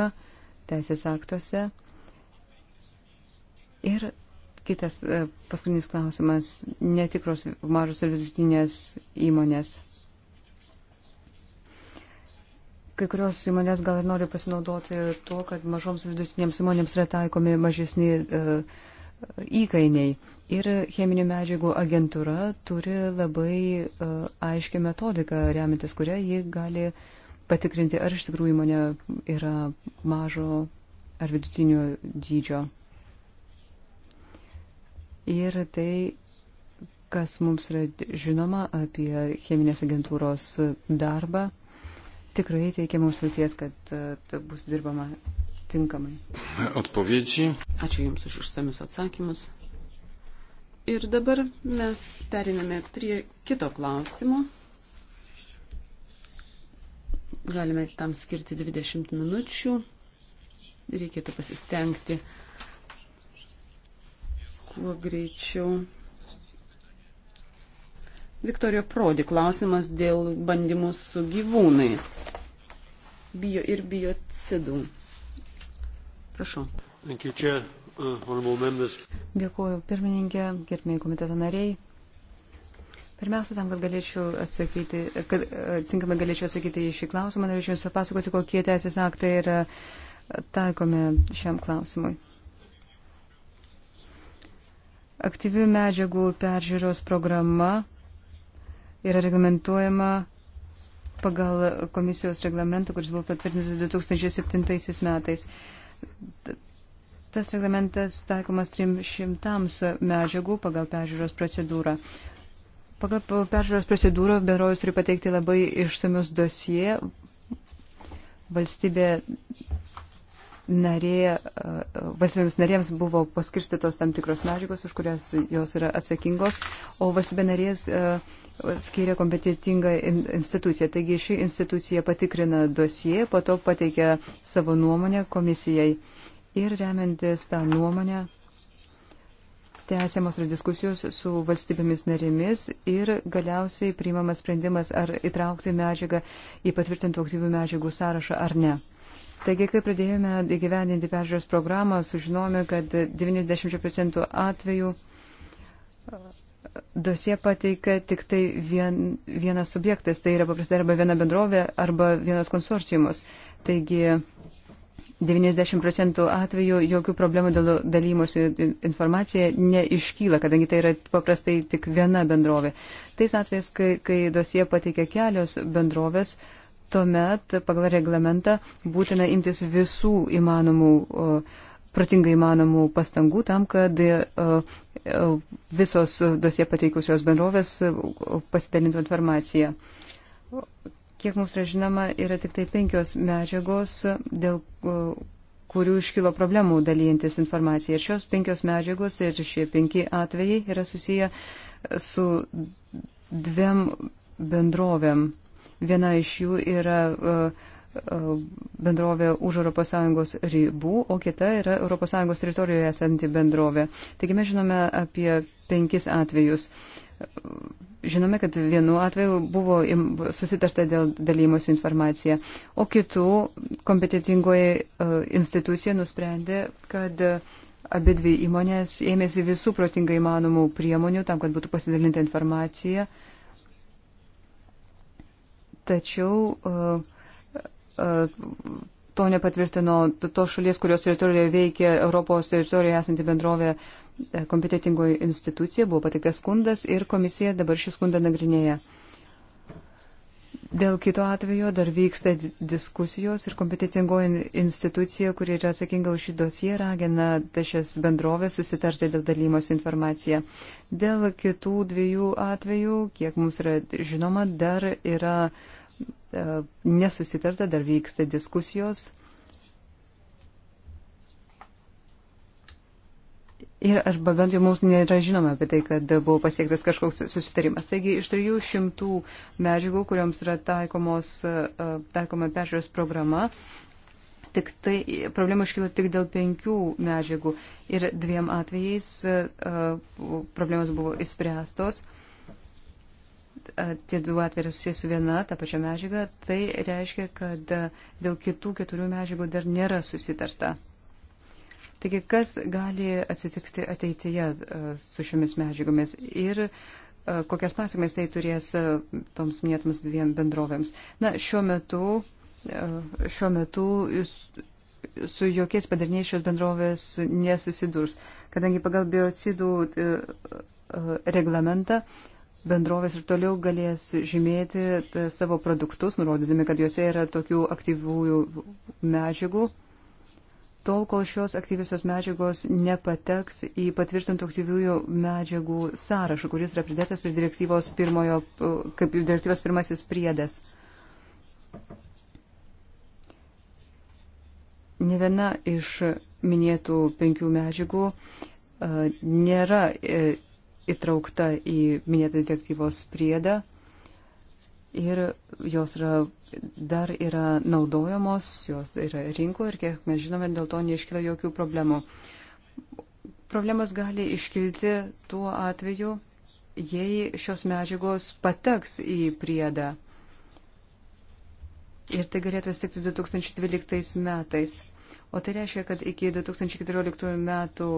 teisės aktuose. Ir kitas e, paskutinis klausimas - netikros mažos ir vidutinės įmonės. Kai kurios įmonės gal ir nori pasinaudoti tuo, kad mažoms vidutinėms įmonėms yra taikomi mažesni uh, įkainiai. Ir cheminių medžiagų agentūra turi labai uh, e, aiškę metodiką, remintis kurią ji gali patikrinti, ar iš tikrųjų įmonė yra mažo ar vidutinio dydžio. Ir tai, kas mums yra žinoma apie cheminės agentūros darbą, tikrai teikia mums vilties, kad uh, bus dirbama tinkamai. Atpovėdžiai. Ačiū Jums už išsamius atsakymus. Ir dabar mes periname prie kito klausimo. Galime tam skirti 20 minučių. Reikėtų pasistengti kuo greičiau. Viktorijo Prodi klausimas dėl bandymų su gyvūnais bio ir biocidų. Prašau. Uh, Dėkuoju pirmininkė, gerbėjai komiteto nariai. Pirmiausia, tam, kad galėčiau atsakyti, kad uh, tinkamai galėčiau atsakyti į šį klausimą, norėčiau Jums papasakoti, kokie teisės aktai yra taikomi šiam klausimui. Aktyvių medžiagų peržiūros programa yra reglamentuojama pagal komisijos reglamentą, kuris buvo patvirtintas 2007 metais. Tas reglamentas taikomas 300 medžiagų pagal peržiūros procedūrą. Pagal peržiūros procedūrą bendrovės turi pateikti labai išsamius dosie. Valstybė narė, e, valstybėms narėms buvo paskirstytos tam tikros medžiagos, už kurias jos yra atsakingos, o valstybė narės uh, skiria kompetitingą instituciją. Taigi ši institucija patikrina dosiją, po to pateikia savo nuomonę komisijai. Ir remiantis tą nuomonę, tęsiamos yra diskusijos su valstybėmis narėmis ir galiausiai priimamas sprendimas, ar įtraukti medžiagą į patvirtintų aktyvių medžiagų sąrašą ar ne. Taigi, kai pradėjome įgyvendinti peržiūros programą, sužinome, kad 90 procentų atvejų dosie pateikia tik tai vien, vienas subjektas, tai yra paprastai arba viena bendrovė, arba vienas konsorciumas. Taigi 90 procentų atveju jokių problemų dėl dalymosi informacija neiškyla, kadangi tai yra paprastai tik viena bendrovė. Tais atvejais, kai, kai dosie pateikia kelios bendrovės, tuomet pagal reglamentą būtina imtis visų įmanomų. O, protingai manomų pastangų tam, kad visos dosie pateikusios bendrovės pasidalintų informaciją. Kiek mums yra žinoma, yra tik tai penkios medžiagos, dėl kurių iškilo problemų dalyjantis informaciją. Ir šios penkios medžiagos ir šie penki atvejai yra susiję su dviem bendrovėm. Viena iš jų yra uh, bendrovė už ES ribų, o kita yra ES teritorijoje esanti bendrovė. Taigi mes žinome apie penkis atvejus. Žinome, kad vienu atveju buvo susitarta dėl dalymosi informacija, o kitų kompetitingoje institucija nusprendė, kad abi dvi įmonės ėmėsi visų protingai manomų priemonių tam, kad būtų pasidalinta informacija. Tačiau uh, E, to nepatvirtino tos šalies, kurios teritorijoje veikia Europos teritorijoje esanti bendrovė e, kompetitingoji institucija, buvo patiktas skundas ir komisija dabar šį skundą nagrinėja. Dėl kito atvejo dar vyksta diskusijos ir kompetitingoji institucija, kuri yra atsakinga už šį dosiją, ragina šias bendrovės susitarti dėl dalymos informaciją. Dėl kitų dviejų atvejų, kiek mums yra žinoma, dar yra uh, E, nesusitarta, dar vyksta diskusijos. Ir arba bent jau mums nėra žinoma apie tai, kad buvo pasiektas kažkoks susitarimas. Taigi iš 300 medžiagų, kuriuoms yra taikomos, e, taikoma peržiūros programa, tik tai problema iškyla tik dėl penkių medžiagų. Ir dviem atvejais e, problemas buvo įspręstos. Uh, tie du atvejai susijęs su viena, ta pačia medžiaga, tai reiškia, kad dėl kitų keturių medžiagų dar nėra susitarta. Taigi, kas gali atsitikti ateityje su šiomis medžiagomis ir kokias pasiekmes tai turės toms minėtoms dviem bendrovėms. Na, šiuo metu, šiuo metu su jokiais padarniais šios bendrovės nesusidurs, kadangi pagal biocidų reglamentą bendrovės ir toliau galės žymėti e, savo produktus, nurodydami, kad juose yra tokių aktyviųjų medžiagų, tol kol šios aktyviosios medžiagos nepateks į patvirtintų aktyviųjų medžiagų sąrašą, kuris yra pridėtas prie direktyvos pirmojo, kaip direktyvos pirmasis priedas. Ne viena iš minėtų penkių medžiagų e, nėra e, įtraukta į minėtą direktyvos priedą ir jos yra, dar yra naudojamos, jos yra rinkoje ir kiek mes žinome, dėl to neiškyla jokių problemų. Problemas gali iškilti tuo atveju, jei šios medžiagos pateks į priedą. Ir tai galėtų stikti 2012 metais. O tai reiškia, kad iki 2014 metų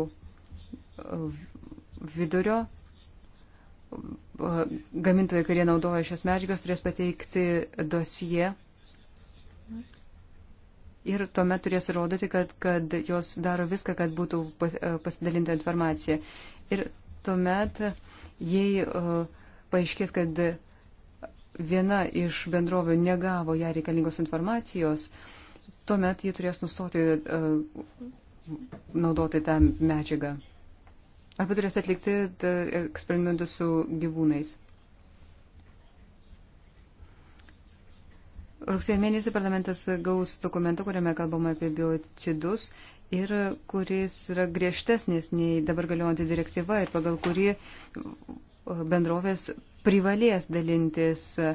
vidurio gamintojai, kurie naudoja šios medžiagos, turės pateikti dosiją ir tuomet turės įrodyti, kad, kad jos daro viską, kad būtų e, pasidalinta informacija. Ir tuomet, jei e, paaiškės, kad viena iš bendrovių negavo ją reikalingos informacijos, tuomet jie turės nustoti e, naudoti tą medžiagą arba turės atlikti e, eksperimentus su gyvūnais. Rugsėjo mėnesį parlamentas gaus dokumentą, kuriame kalbama apie biocidus ir kuris yra griežtesnis nei dabar galiojanti direktyva ir pagal kurį e, bendrovės privalės dalintis e,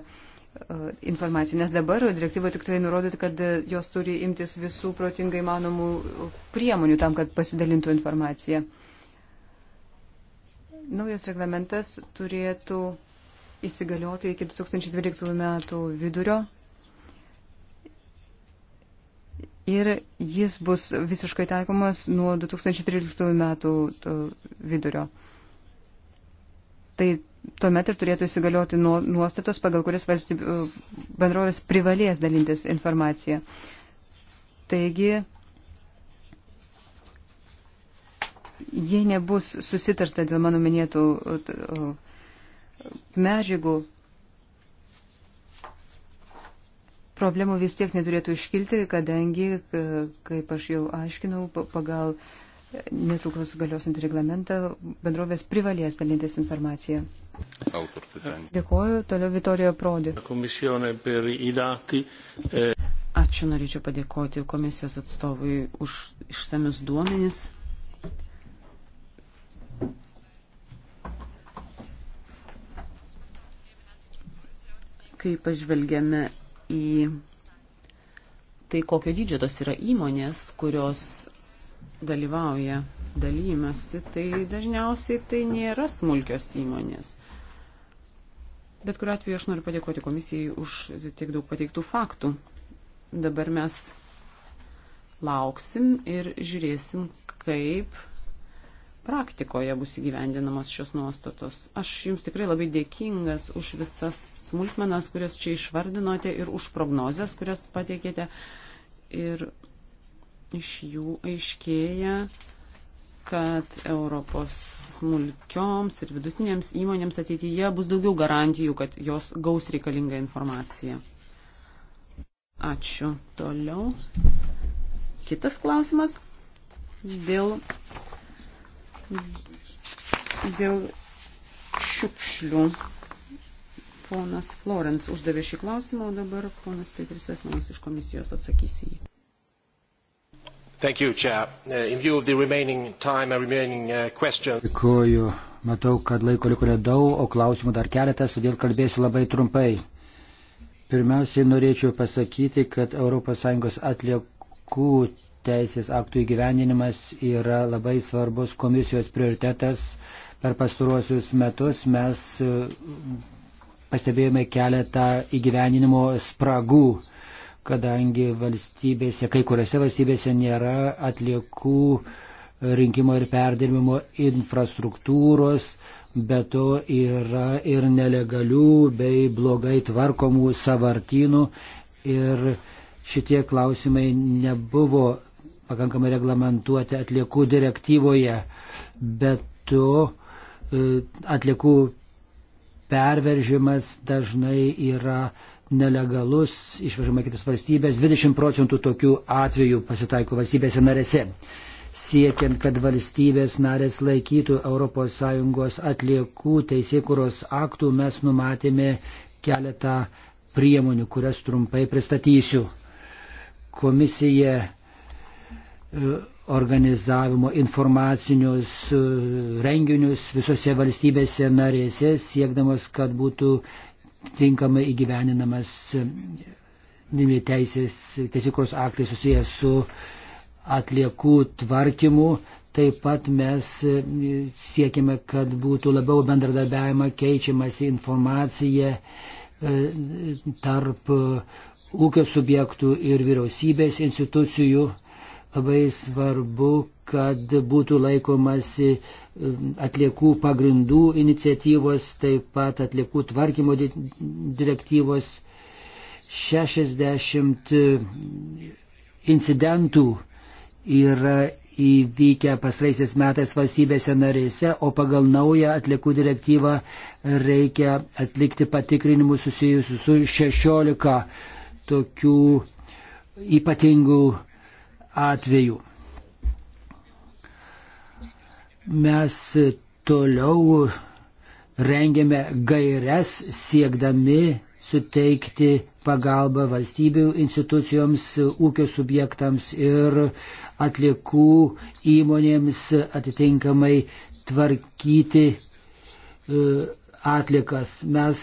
informaciją, nes dabar direktyva tik tai nurodyti, kad jos turi imtis visų protingai manomų priemonių tam, kad pasidalintų informaciją. Naujas reglamentas turėtų įsigalioti iki 2012 metų vidurio ir jis bus visiškai taikomas nuo 2013 metų vidurio. Tai tuomet ir turėtų įsigalioti nuostatos, pagal kurias bendrovės privalės dalintis informaciją. Taigi, jei nebus susitarta dėl mano minėtų medžiagų, problemų vis tiek neturėtų iškilti, kadangi, kaip aš jau aiškinau, pagal netrukus galiosant reglamentą bendrovės privalės dalintis informaciją. Tai Dėkuoju, toliau Vitorija Prodi. E, Ačiū, norėčiau padėkoti komisijos atstovui už išsamius duomenis. kai pažvelgiame į tai, kokio dydžio tos yra įmonės, kurios dalyvauja dalymasi, tai dažniausiai tai nėra smulkios įmonės. Bet kuriu atveju aš noriu padėkoti komisijai už tiek daug pateiktų faktų. Dabar mes lauksim ir žiūrėsim, kaip praktikoje bus įgyvendinamos šios nuostatos. Aš jums tikrai labai dėkingas už visas smulkmenas, kurias čia išvardinote ir už prognozes, kurias pateikėte. Ir iš jų aiškėja, kad Europos smulkioms ir vidutinėms įmonėms ateityje bus daugiau garantijų, kad jos gaus reikalingą informaciją. Ačiū. Toliau. Kitas klausimas dėl, dėl šiukšlių Ponas Florence uždavė šį klausimą, o dabar ponas Petris Vesmanas iš komisijos atsakys į jį. Thank you, Chair. Uh, in view of the remaining time and remaining uh, questions. Dėkuoju. Matau, kad laiko liko nedaug, o klausimų dar keletas, todėl kalbėsiu labai trumpai. Pirmiausiai norėčiau pasakyti, kad ES atliekų teisės aktų įgyvendinimas yra labai svarbus komisijos prioritetas. Per pastaruosius metus mes pastebėjome keletą įgyveninimo spragų, kadangi valstybėse, kai kuriuose valstybėse nėra atliekų rinkimo ir perdirbimo infrastruktūros, bet to yra ir nelegalių bei blogai tvarkomų savartynų ir šitie klausimai nebuvo pakankamai reglamentuoti atliekų direktyvoje, bet to e, atliekų perveržimas dažnai yra nelegalus, išvežama kitas valstybės, 20 procentų tokių atvejų pasitaiko valstybėse narėse. Siekiant, kad valstybės narės laikytų ES atliekų teisėkuros aktų, mes numatėme keletą priemonių, kurias trumpai pristatysiu. Komisija e, organizavimo informacinius e, renginius visose valstybėse narėse, siekdamas, kad būtų tinkamai įgyveninamas e, teisės, teisikros aktai susijęs su atliekų tvarkymu. Taip pat mes e, siekime, kad būtų labiau bendradarbiavimą keičiamasi informacija tarp ūkio subjektų ir vyriausybės institucijų. Labai svarbu, kad būtų laikomasi um, atliekų pagrindų iniciatyvos, taip pat atliekų tvarkymo direktyvos 60 um, incidentų yra įvykę pasraisiais metais valstybėse narėse, o pagal naują atliekų direktyvą reikia atlikti patikrinimus susijusius su 16 tokių ypatingų atveju. Mes toliau rengiame gairias siekdami suteikti pagalbą valstybių institucijoms, ūkio subjektams ir atliekų įmonėms atitinkamai tvarkyti e, atlikas. Mes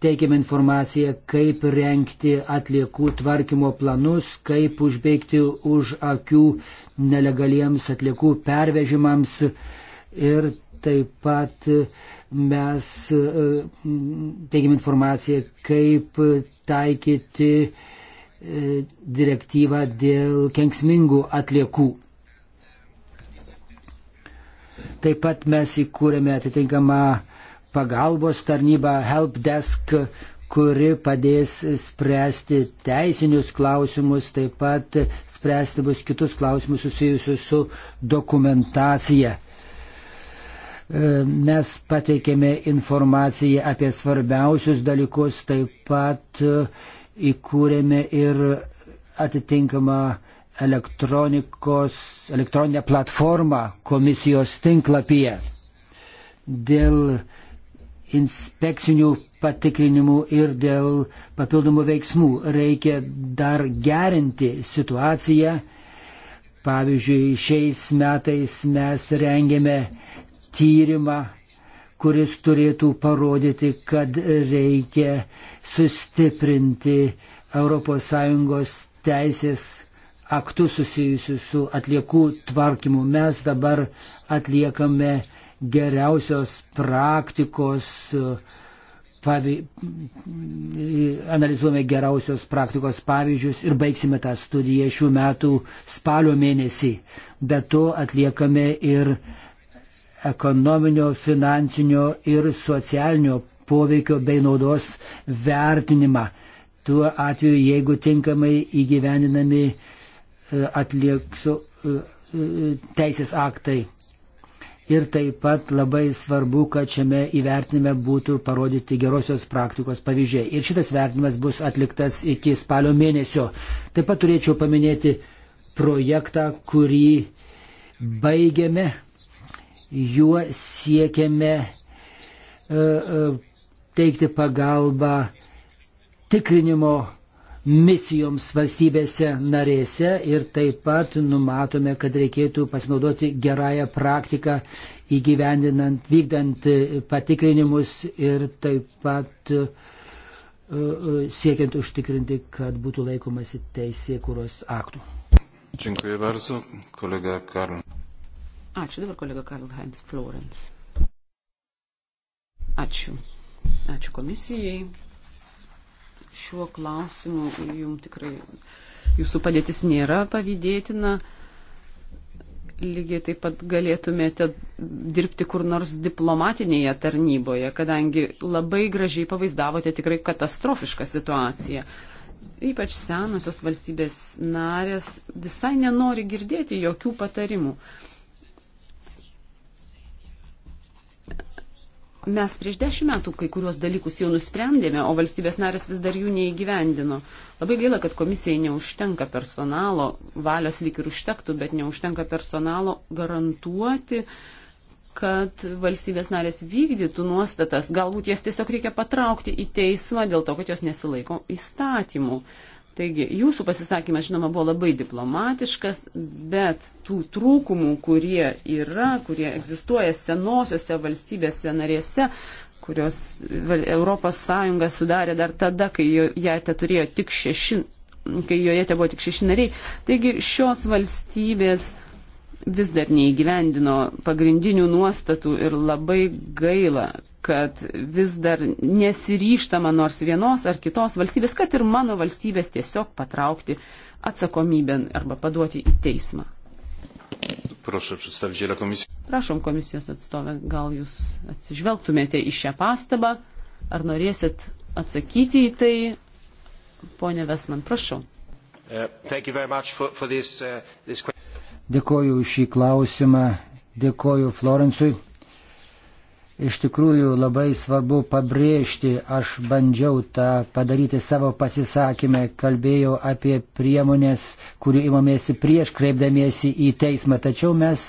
teikiame informaciją, kaip renkti atliekų tvarkymo planus, kaip užbėgti už akių nelegaliems atliekų pervežimams ir taip pat mes e, teikiame informaciją, kaip taikyti e, direktyvą dėl kenksmingų atliekų. Taip pat mes įkūrėme atitinkamą pagalbos tarnyba Helpdesk, kuri padės spręsti teisinius klausimus, taip pat spręsti bus kitus klausimus susijusius su dokumentacija e, mes pateikėme informaciją apie svarbiausius dalykus, taip pat e, įkūrėme ir atitinkamą elektroninę platformą komisijos tinklapyje. Dėl inspekcinių patikrinimų ir dėl papildomų veiksmų. Reikia dar gerinti situaciją. Pavyzdžiui, šiais metais mes rengėme tyrimą, kuris turėtų parodyti, kad reikia sustiprinti ES teisės aktus susijusius su atliekų tvarkymu. Mes dabar atliekame geriausios praktikos, pavy... analizuojame geriausios praktikos pavyzdžius ir baigsime tą studiją šių metų spalio mėnesį. Be to atliekame ir ekonominio, finansinio ir socialinio poveikio bei naudos vertinimą. Tuo atveju, jeigu tinkamai įgyveninami e, atlieksu e, e, teisės aktai ir taip pat labai svarbu, kad šiame įvertinime būtų parodyti gerosios praktikos pavyzdžiai. Ir šitas vertinimas bus atliktas iki spalio mėnesio. Taip pat turėčiau paminėti projektą, kurį baigiame. Juo siekiame e, e, teikti pagalbą tikrinimo misijoms valstybėse narėse ir taip pat numatome, kad reikėtų pasinaudoti gerąją praktiką įgyvendinant, vykdant e, patikrinimus ir taip pat e, e, siekiant užtikrinti, kad būtų laikomasi teisėkuros aktų. Dziękuję bardzo, kolega Karl. Ačiū dabar kolega Karl Heinz Florence. Ačiū. Ačiū komisijai šiuo klausimu. Jums tikrai jūsų padėtis nėra pavydėtina. Lygiai taip pat galėtumėte dirbti kur nors diplomatinėje tarnyboje, kadangi labai gražiai pavaizdavote tikrai katastrofišką situaciją ypač senosios valstybės narės visai nenori girdėti jokių patarimų. Mes prieš dešimt metų kai kuriuos dalykus jau nusprendėme, o valstybės narės vis dar jų neįgyvendino. Labai gaila, kad komisijai neužtenka personalo, valios lyg ir užtektų, bet neužtenka personalo garantuoti, kad valstybės narės vykdytų nuostatas. Galbūt jas tiesiog reikia patraukti į teismą dėl to, kad jos nesilaiko įstatymų. Uh, Taigi, jūsų pasisakymas, žinoma, buvo labai diplomatiškas, bet tų trūkumų, kurie yra, kurie egzistuoja senosiose valstybėse narėse, kurios ES sudarė dar tada, kai joje te turėjo tik šeši, kai joje te buvo tik šeši nariai. Taigi, šios valstybės vis dar neįgyvendino pagrindinių nuostatų ir labai gaila, kad vis dar nesiryštama nors vienos ar kitos valstybės, kad ir mano valstybės tiesiog patraukti atsakomybę arba paduoti į teismą. Prašom komisijos atstovę, gal jūs atsižvelgtumėte į šią pastabą, ar norėsit atsakyti į tai, ponė Vesman, prašau. Uh, for, for this, uh, this... Dėkoju už šį klausimą, dėkoju Florencui iš tikrųjų labai svarbu pabrėžti, aš bandžiau tą padaryti savo pasisakymę, kalbėjau apie priemonės, kurių imamėsi prieš kreipdamiesi į teismą, tačiau mes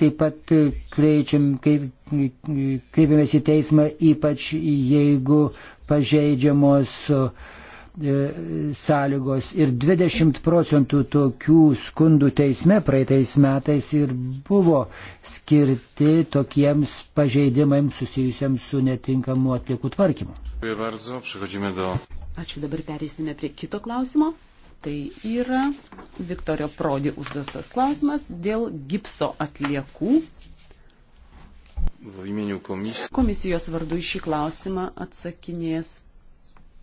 taip pat kreičiam, kaip, kreipiamės į teismą ypač jeigu pažeidžiamos uh, E, sąlygos ir 20 procentų tokių skundų teisme praeitais metais ir buvo skirti tokiems pažeidimams susijusiems su netinkamu atliekų tvarkymu. Ačiū, dabar perėsime prie kito klausimo. Tai yra Viktorio Prodi užduotas klausimas dėl gipso atliekų Komisijos vardu į šį klausimą atsakinės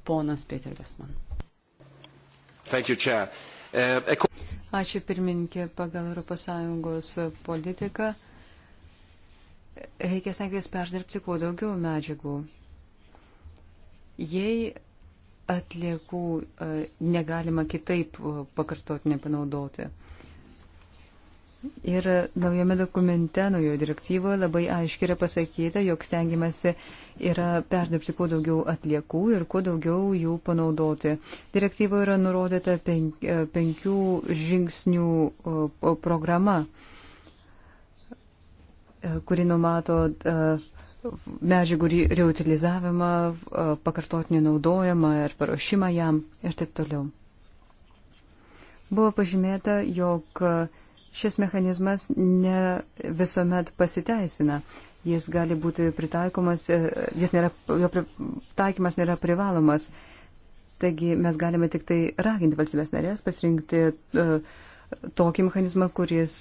ponas Peter Vesman. Uh, Ačiū pirmininkė pagal ES politiką. Reikia stengtis perdirbti kuo daugiau medžiagų. Jei atliekų uh, negalima kitaip uh, pakartotinai panaudoti, Ir naujame dokumente, naujoje direktyvoje labai aiškiai yra pasakyta, jog stengiamasi yra perdirbti kuo daugiau atliekų ir kuo daugiau jų panaudoti. Direktyvoje yra nurodyta penk, e, penkių žingsnių programa, e, kuri numato e, medžiagų reutilizavimą, pakartotinį naudojimą ir paruošimą jam ir taip toliau. Buvo pažymėta, jog Šis mechanizmas ne visuomet pasiteisina. Jis gali būti pritaikomas, e, jis nėra, jo pritaikymas nėra privalomas. Taigi mes galime tik tai raginti valstybės narės pasirinkti uh, tokį mechanizmą, kuris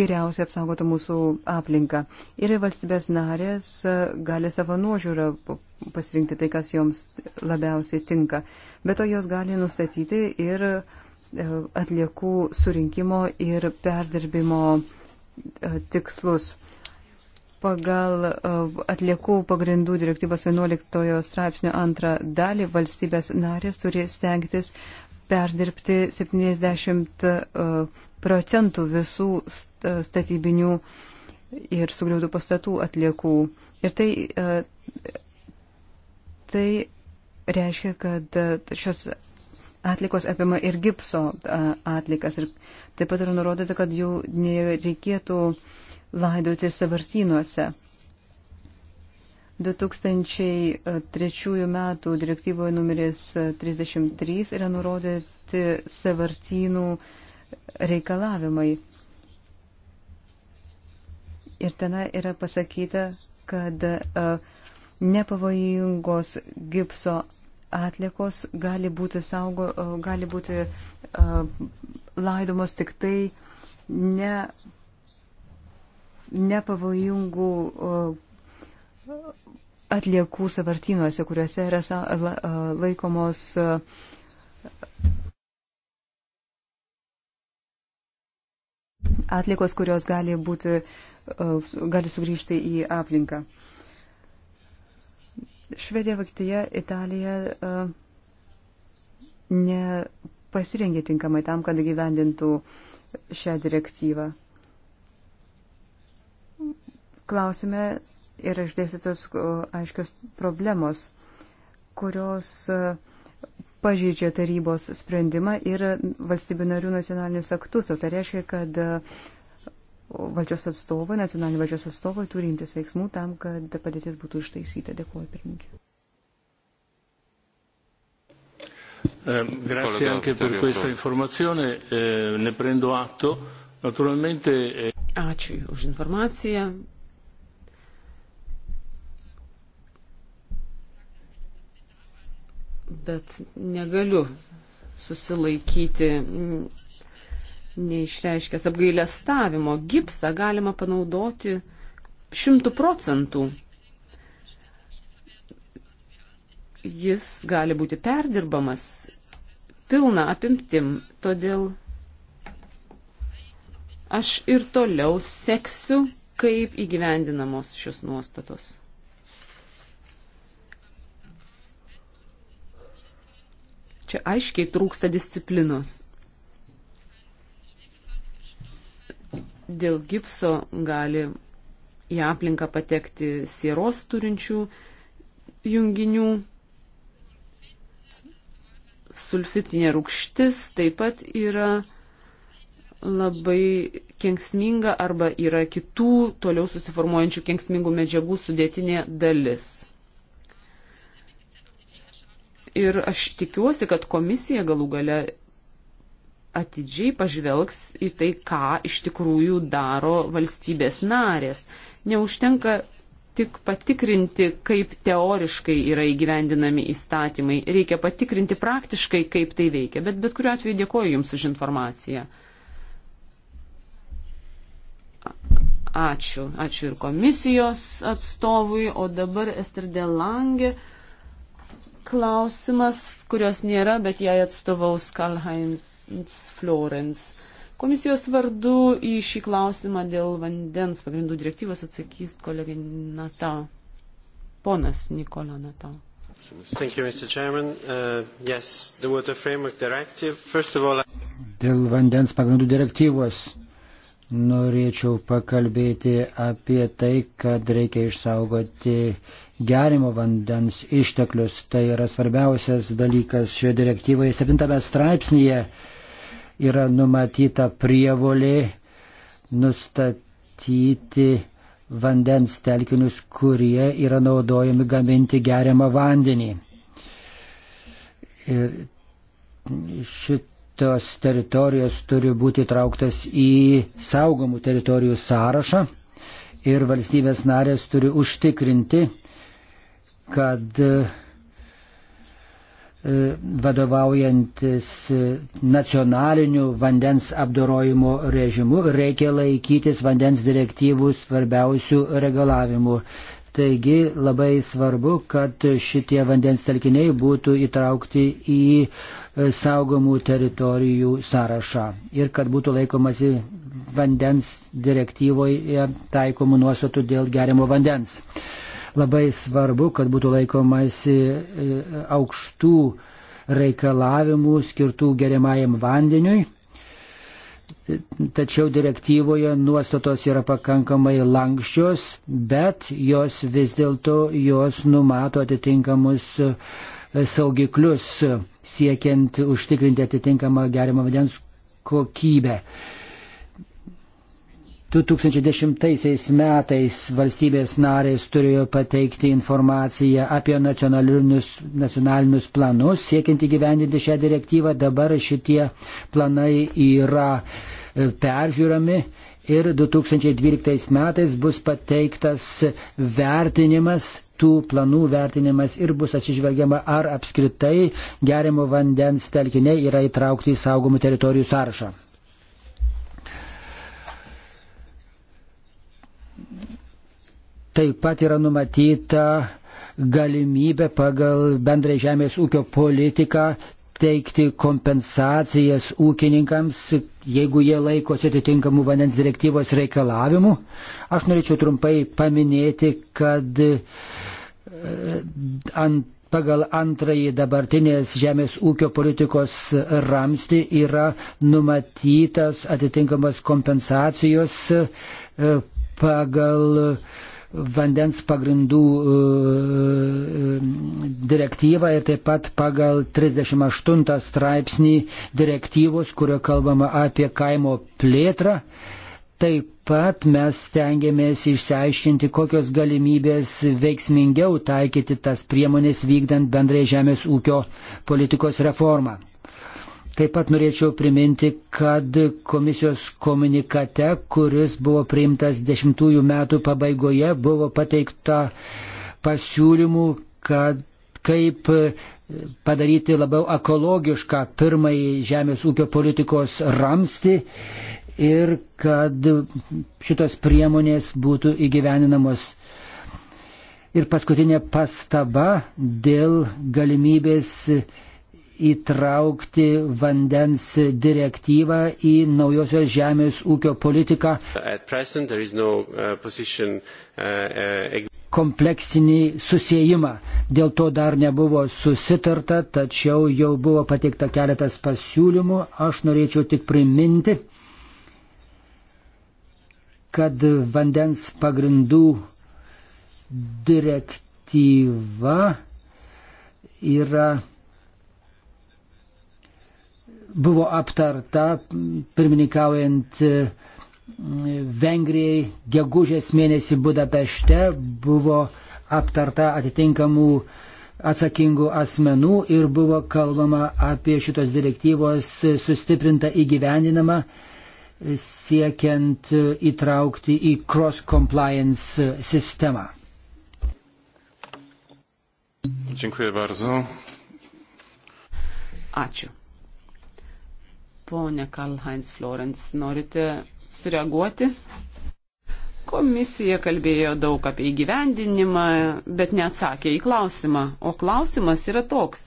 geriausiai apsaugotų mūsų aplinką. Ir valstybės narės e, gali savo nuožiūrą pasirinkti tai, kas joms labiausiai tinka. Be to jos gali nustatyti ir uh, atliekų surinkimo ir perdirbimo e, tikslus. Pagal e, atliekų pagrindų direktyvos 11 straipsnio antrą dalį valstybės narės turi stengtis perdirbti 70 e, procentų visų statybinių ir sugriautų pastatų atliekų. Ir tai, tai reiškia, kad šios atlikos apima ir gipso atlikas. Ir taip pat yra nurodyta, kad jų nereikėtų laidoti savartynuose. 2003 m. direktyvoje numeris 33 yra nurodyti savartynų reikalavimai. Ir ten yra pasakyta, kad nepavojingos gipso atlikos gali būti, saugo, gali būti laidomos tik tai ne, nepavojingų atliekų savartynuose, kuriuose yra laikomos atlikos, kurios gali būti, gali sugrįžti į aplinką. Švedija, Vokietija, Italija e, nepasirengė tinkamai tam, kad gyvendintų šią direktyvą. Klausime yra išdėstytos e, aiškios problemos, kurios e, pažeidžia tarybos sprendimą ir valstybių narių nacionalinius aktus. O tai reiškia, kad valdžios atstovai, nacionaliniai valdžios atstovai turi imtis veiksmų tam, kad padėtis būtų ištaisyta. Dėkuoju, pirmininkė. Eh, grazie anche per questa informazione, eh, ne prendo atto. Naturalmente. Eh, Ačiū už informaciją. Bet negaliu susilaikyti neišreiškęs apgailestavimo, gipsą galima panaudoti šimtų procentų. Jis gali būti perdirbamas pilna apimtim, todėl aš ir toliau seksiu, kaip įgyvendinamos šios nuostatos. Čia aiškiai trūksta disciplinos dėl gipso gali į aplinką patekti sieros turinčių junginių, sulfitinė rūkštis taip pat yra labai kenksminga arba yra kitų toliau susiformuojančių kenksmingų medžiagų sudėtinė dalis. Ir aš tikiuosi, kad komisija galų gale atidžiai pažvelgs į tai, ką iš tikrųjų daro valstybės narės. Neužtenka tik patikrinti, kaip teoriškai yra įgyvendinami įstatymai, reikia patikrinti praktiškai, kaip tai veikia. Bet bet kuriu atveju dėkoju Jums už informaciją. Ačiū. Ačiū ir komisijos atstovui, o dabar Estradė Langė klausimas, kurios nėra, bet jai atstovaus Kalhain Florence. Komisijos vardu į šį klausimą dėl vandens pagrindų direktyvos atsakys kolegė Nata, ponas Nikola Nata. Thank you, Mr. Chairman. Uh, yes, the Water Framework Directive. First of all, I... Dėl vandens pagrindų direktyvos norėčiau pakalbėti apie tai, kad reikia išsaugoti gerimo vandens išteklius. Tai yra svarbiausias dalykas šioje direktyvoje. Septintame straipsnėje uh, yra numatyta prievolė nustatyti vandens telkinius, kurie yra naudojami gaminti geriamą vandenį. Ir šitos teritorijos turi būti trauktas į saugomų teritorijų sąrašą ir valstybės narės turi užtikrinti, kad uh, E, vadovaujantis nacionaliniu vandens apdorojimo režimu, reikia laikytis vandens direktyvų svarbiausių regalavimų. Taigi labai svarbu, kad šitie vandens telkiniai būtų įtraukti į e, saugomų teritorijų sąrašą ir kad būtų laikomasi vandens direktyvoje taikomų nuostatų dėl gerimo vandens. Labai svarbu, kad būtų laikomasi e, aukštų reikalavimų skirtų geriamajam vandeniui. Tačiau direktyvoje nuostatos yra pakankamai lankščios, bet jos vis dėlto jos numato atitinkamus e, saugiklius siekiant užtikrinti atitinkamą geriamą vandens kokybę. 2010 metais valstybės narės turėjo pateikti informaciją apie nacionalinius, nacionalinius planus, siekiant įgyvendinti šią direktyvą. Dabar šitie planai yra e, peržiūrami ir 2012 metais bus pateiktas vertinimas tų planų vertinimas ir bus atsižvelgiama, ar apskritai gerimo vandens telkiniai yra įtraukti į saugomų teritorijų sąrašą. Taip pat yra numatyta galimybė pagal bendrai žemės ūkio politiką teikti kompensacijas ūkininkams, jeigu jie laikosi atitinkamų vandens direktyvos reikalavimų. Aš norėčiau trumpai paminėti, kad e, ant, pagal antrąjį dabartinės žemės ūkio politikos ramsti yra numatytas atitinkamas kompensacijos e, pagal uh, vandens pagrindų e, e, direktyvą ir taip pat pagal 38 straipsnį direktyvos, kurio kalbama apie kaimo plėtrą. Taip pat mes stengiamės išsiaiškinti, kokios galimybės veiksmingiau taikyti tas priemonės vykdant bendrai žemės ūkio politikos reformą. Taip pat norėčiau priminti, kad komisijos komunikate, kuris buvo priimtas dešimtųjų metų pabaigoje, buvo pateikta pasiūlymų, kad kaip padaryti labiau ekologišką pirmąjį žemės ūkio politikos ramsti ir kad šitos priemonės būtų įgyveninamos. Ir paskutinė pastaba dėl galimybės įtraukti vandens direktyvą į naujosios žemės ūkio politiką. No, uh, position, uh, uh, kompleksinį susijimą. Dėl to dar nebuvo susitarta, tačiau jau buvo pateikta keletas pasiūlymų. Aš norėčiau tik priminti, kad vandens pagrindų direktyva yra buvo aptarta pirmininkaujant e, Vengrijai gegužės mėnesį Budapešte, buvo aptarta atitinkamų atsakingų asmenų ir buvo kalbama apie šitos direktyvos sustiprintą įgyvendinamą e, siekiant e, įtraukti į cross compliance sistemą. Dziękuję bardzo. Ačiū. Pone Karl-Heinz Florence, norite sureaguoti? Komisija kalbėjo daug apie įgyvendinimą, bet neatsakė į klausimą. O klausimas yra toks.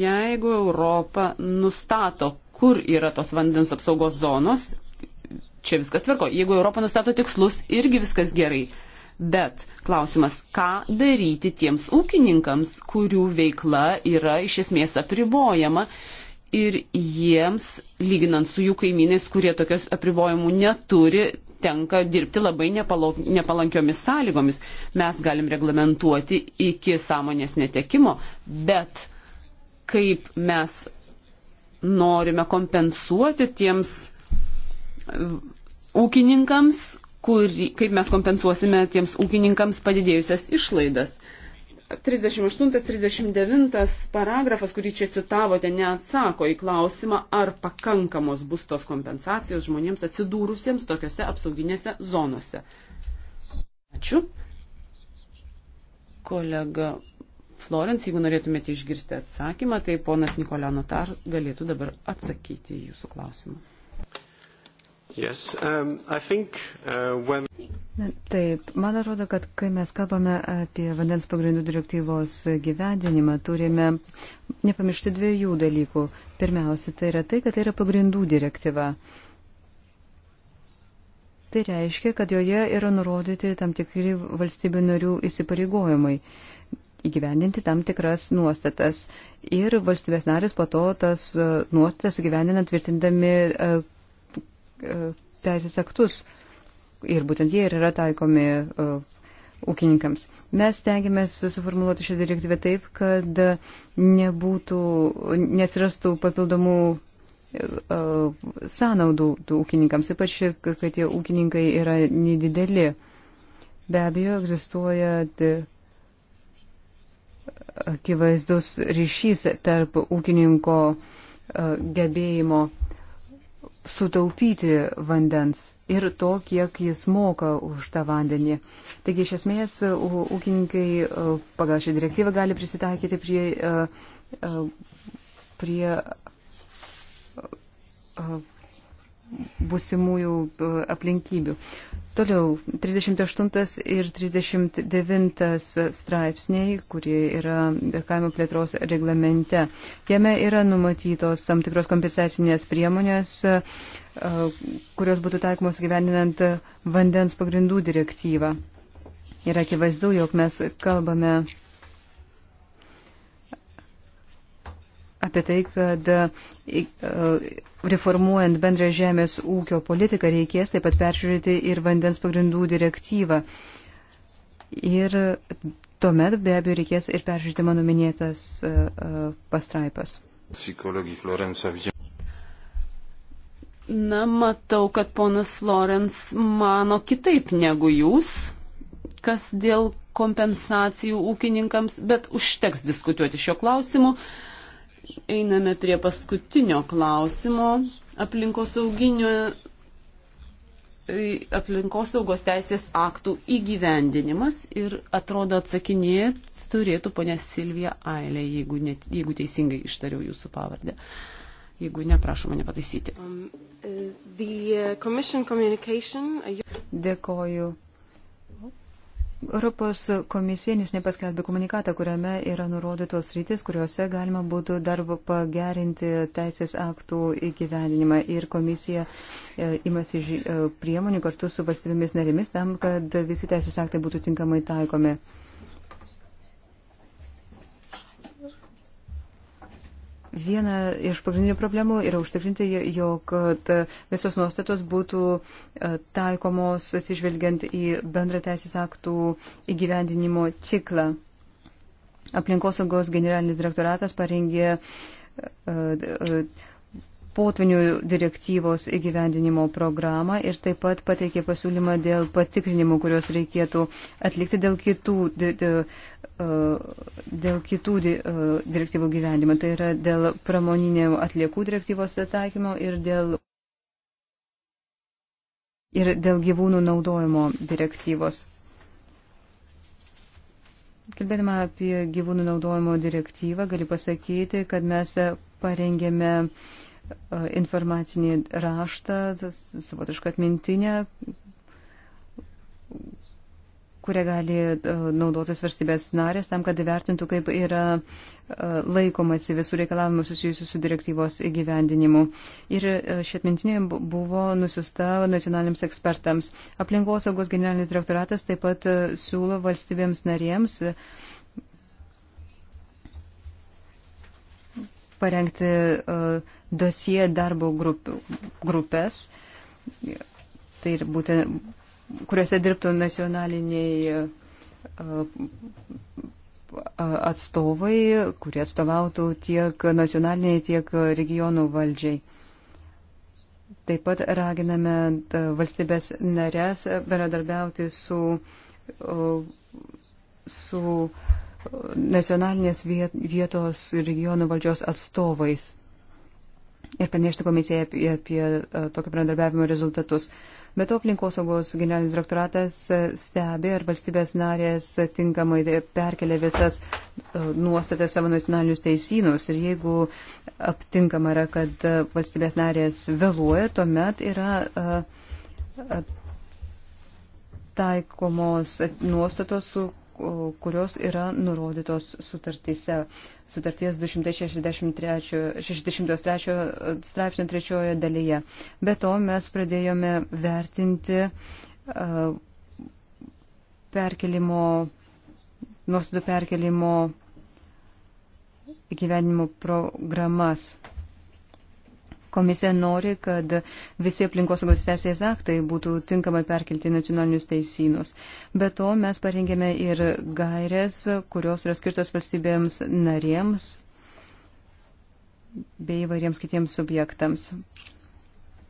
Jeigu Europa nustato, kur yra tos vandens apsaugos zonos, čia viskas tvarko. Jeigu Europa nustato tikslus, irgi viskas gerai. Bet klausimas, ką daryti tiems ūkininkams, kurių veikla yra iš esmės apribojama ir jiems, lyginant su jų kaimynais, kurie tokios apribojimų neturi, tenka dirbti labai nepalankiomis sąlygomis. Mes galim reglamentuoti iki sąmonės netekimo, bet kaip mes norime kompensuoti tiems e, ūkininkams, kur, kaip mes kompensuosime tiems ūkininkams padidėjusias išlaidas. 38-39 paragrafas, kurį čia citavote, neatsako į klausimą, ar pakankamos bus tos kompensacijos žmonėms atsidūrusiems tokiuose apsauginėse zonose. Ačiū. Kolega Florence, jeigu norėtumėte išgirsti atsakymą, tai ponas Nikolano Tar galėtų dabar atsakyti jūsų klausimą. Yes, um, think, uh, when... Taip, man atrodo, kad kai mes kalbame apie vandens pagrindų direktyvos gyvendinimą, turime nepamiršti dviejų dalykų. Pirmiausia, tai yra tai, kad tai yra pagrindų direktyva. Tai reiškia, kad joje yra nurodyti tam tikri valstybių narių įsipareigojimai įgyvendinti tam tikras nuostatas. Ir valstybės narės po to tas uh, nuostatas įgyvendina tvirtindami uh, E, teisės aktus ir būtent jie ir yra taikomi e, ūkininkams. Mes tengiamės suformuoluoti šią direktyvę taip, kad nebūtų, nesirastų papildomų e, sąnaudų ūkininkams, ypač, kad tie ūkininkai yra nedideli. Be abejo, egzistuoja akivaizdus ryšys tarp ūkininko gebėjimo uh, sutaupyti vandens ir to, kiek jis moka už tą vandenį. Taigi iš esmės ūkininkai pagal šią direktyvą gali prisitaikyti prie, e, e, prie e, busimųjų aplinkybių. Toliau 38 ir 39 straipsniai, kurie yra kaimo plėtros reglamente. Jame yra numatytos tam tikros kompensacinės priemonės, kurios būtų taikomos gyveninant vandens pagrindų direktyvą. Ir akivaizdu, jog mes kalbame apie tai, kad reformuojant bendrą žemės ūkio politiką reikės taip pat peržiūrėti ir vandens pagrindų direktyvą. Ir tuomet be abejo reikės ir peržiūrėti mano minėtas e, e, pastraipas. Na, matau, kad ponas Florence mano kitaip negu jūs, kas dėl kompensacijų ūkininkams, bet užteks diskutuoti šio klausimu. Uh, einame prie paskutinio klausimo aplinkosauginio aplinkosaugos teisės aktų įgyvendinimas ir atrodo atsakinėje turėtų ponė Silvija Ailė, jeigu, ne, jeigu teisingai ištariau jūsų pavardę. Jeigu ne, prašau mane pataisyti. Um, uh, uh, uh Dėkoju. Europos komisienis nepaskelbė komunikatą, kuriame yra nurodytos rytis, kuriuose galima būtų dar pagerinti teisės aktų įgyvendinimą. Ir komisija e, imasi e, priemonių kartu su valstybėmis narėmis tam, kad visi teisės aktai būtų tinkamai taikomi. Viena iš pagrindinių problemų yra užtikrinti, jog e, visos nuostatos būtų e, taikomos atsižvelgiant į bendrą teisės aktų įgyvendinimo ciklą. Aplinkosaugos generalinis direktoratas parengė uh, uh, potvinių direktyvos įgyvendinimo programą ir taip pat pateikė pasiūlymą dėl patikrinimų, kuriuos reikėtų atlikti dėl kitų, e, dėl kitų e, direktyvų gyvenimo. Tai yra dėl pramoninio atliekų direktyvos taikymo ir dėl, ir dėl gyvūnų naudojimo direktyvos. Kalbėdama apie gyvūnų naudojimo direktyvą, galiu pasakyti, kad mes parengėme uh, E, informacinį raštą, savotišką atmintinę, kurią gali e, naudotis valstybės narės tam, kad įvertintų, kaip yra e, laikomasi visų reikalavimų susijusių su direktyvos įgyvendinimu. Ir ši atmintinė buvo nusiusta nacionaliniams ekspertams. Aplinkosaugos generalinis direktoratas taip pat siūlo valstybėms narėms parengti uh, dosie darbo grupių, grupės, tai būtent, kuriuose dirbtų nacionaliniai atstovai, kurie atstovautų tiek nacionaliniai, tiek regionų valdžiai. Taip pat raginame valstybės narės bendradarbiauti su, su nacionalinės vietos ir regionų valdžios atstovais ir pranešti komisijai apie, apie e, tokio bendradarbiavimo rezultatus. Be to, aplinkosaugos generalinis direktoratas e, stebi, ar valstybės narės tinkamai perkelia visas e, nuostatas savo nacionalinius teisynus. Ir jeigu aptinkama yra, kad valstybės narės vėluoja, tuomet yra taikomos nuostatos, kurios yra nurodytos sutartyse. Sutarties 263 straipsnio trečiojo dalyje. Be to mes pradėjome vertinti perkelimo, nuostų perkelimo įgyvenimo programas. Komisija nori, kad visi aplinkosaugos teisės aktai būtų tinkamai perkelti į nacionalinius teisynus. Be to, mes parengėme ir gairės, kurios yra skirtos valstybėms narėms bei įvairiems kitiems subjektams.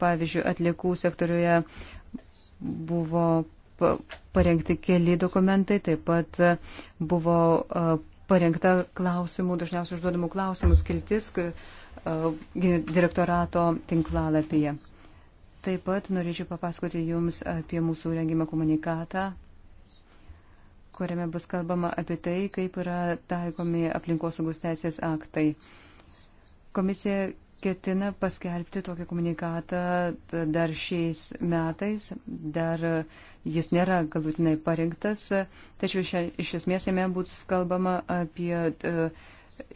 Pavyzdžiui, atliekų sektoriuje buvo parengti keli dokumentai, taip pat buvo parengta klausimų, dažniausiai užduodamų klausimų skiltis, E, direktorato tinklalapyje. Taip pat norėčiau papasakoti Jums apie mūsų rengimą komunikatą, kuriame bus kalbama apie tai, kaip yra taikomi aplinkosaugos teisės aktai. Komisija ketina paskelbti tokį komunikatą dar šiais metais, dar jis nėra galutinai parinktas, tačiau iš esmės jame būtų kalbama apie uh,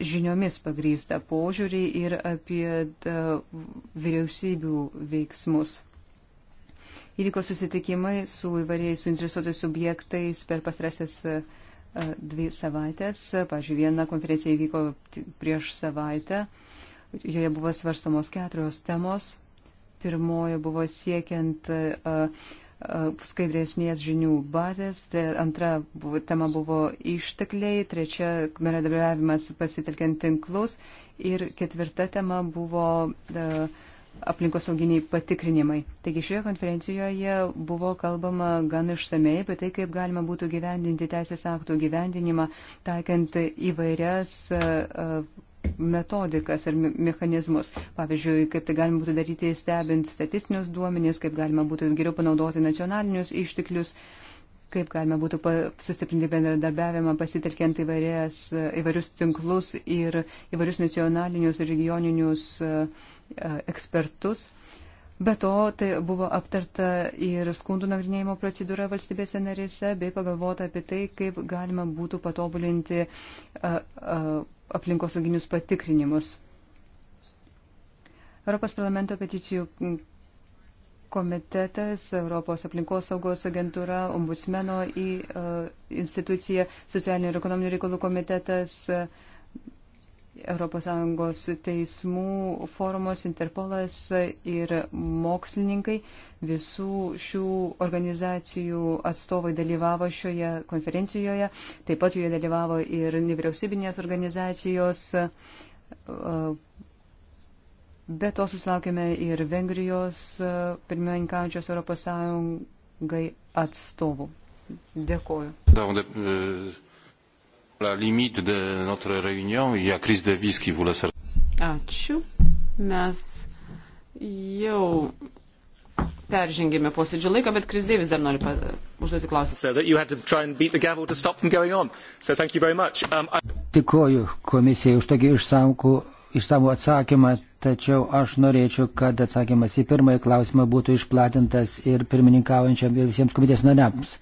žiniomis pagrįstą požiūrį ir apie e, vyriausybių veiksmus. Įvyko susitikimai su įvairiais suinteresuotais subjektais per pastrasis e, dvi savaitės. Pavyzdžiui, viena konferencija įvyko prieš savaitę. Joje buvo svarstomos keturios temos. Pirmoji buvo siekiant uh, skaidresnės žinių bazės, tai antra buvo, tema buvo ištekliai, trečia bendradarbiavimas pasitelkiant tinklus ir ketvirta tema buvo e, aplinkosauginiai patikrinimai. Taigi šioje konferencijoje buvo kalbama gan išsamei apie tai, kaip galima būtų gyvendinti teisės aktų gyvendinimą, taikant įvairias e, metodikas ir mechanizmus. Pavyzdžiui, kaip tai galima būtų daryti stebint statistinius duomenys, kaip galima būtų geriau panaudoti nacionalinius išteklius, kaip galima būtų sustiprinti bendradarbiavimą pasitelkiant įvairias, įvairius tinklus ir įvairius nacionalinius ir regioninius e, ekspertus. Be to, tai buvo aptarta ir skundų nagrinėjimo procedūra valstybėse narėse, bei pagalvota apie tai, kaip galima būtų patobulinti uh, uh, aplinkosauginius patikrinimus. Europos parlamento peticijų komitetas, Europos aplinkosaugos agentūra, ombudsmeno į, uh, institucija, socialinių ir ekonominių reikalų komitetas, uh, ES teismų forumos, Interpolas ir mokslininkai. Visų šių organizacijų atstovai dalyvavo šioje konferencijoje. Taip pat joje dalyvavo ir nevyriausybinės organizacijos. Be to susilaukėme ir Vengrijos pirmininkaujančios ES atstovų. Dėkoju. Da, on, de, uh... E, La limite de notre réunion, il y a Chris Davis qui voulait se... Ačiū. Mes jau peržengėme posėdžio laiką, bet Chris Davis dar nori pa... užduoti klausimą. So um, I... Tikoju komisijai už tokį išsaukų, išsamų atsakymą, tačiau aš norėčiau, kad atsakymas į pirmąjį klausimą būtų išplatintas ir pirmininkaujančiam ir visiems komitės nariams.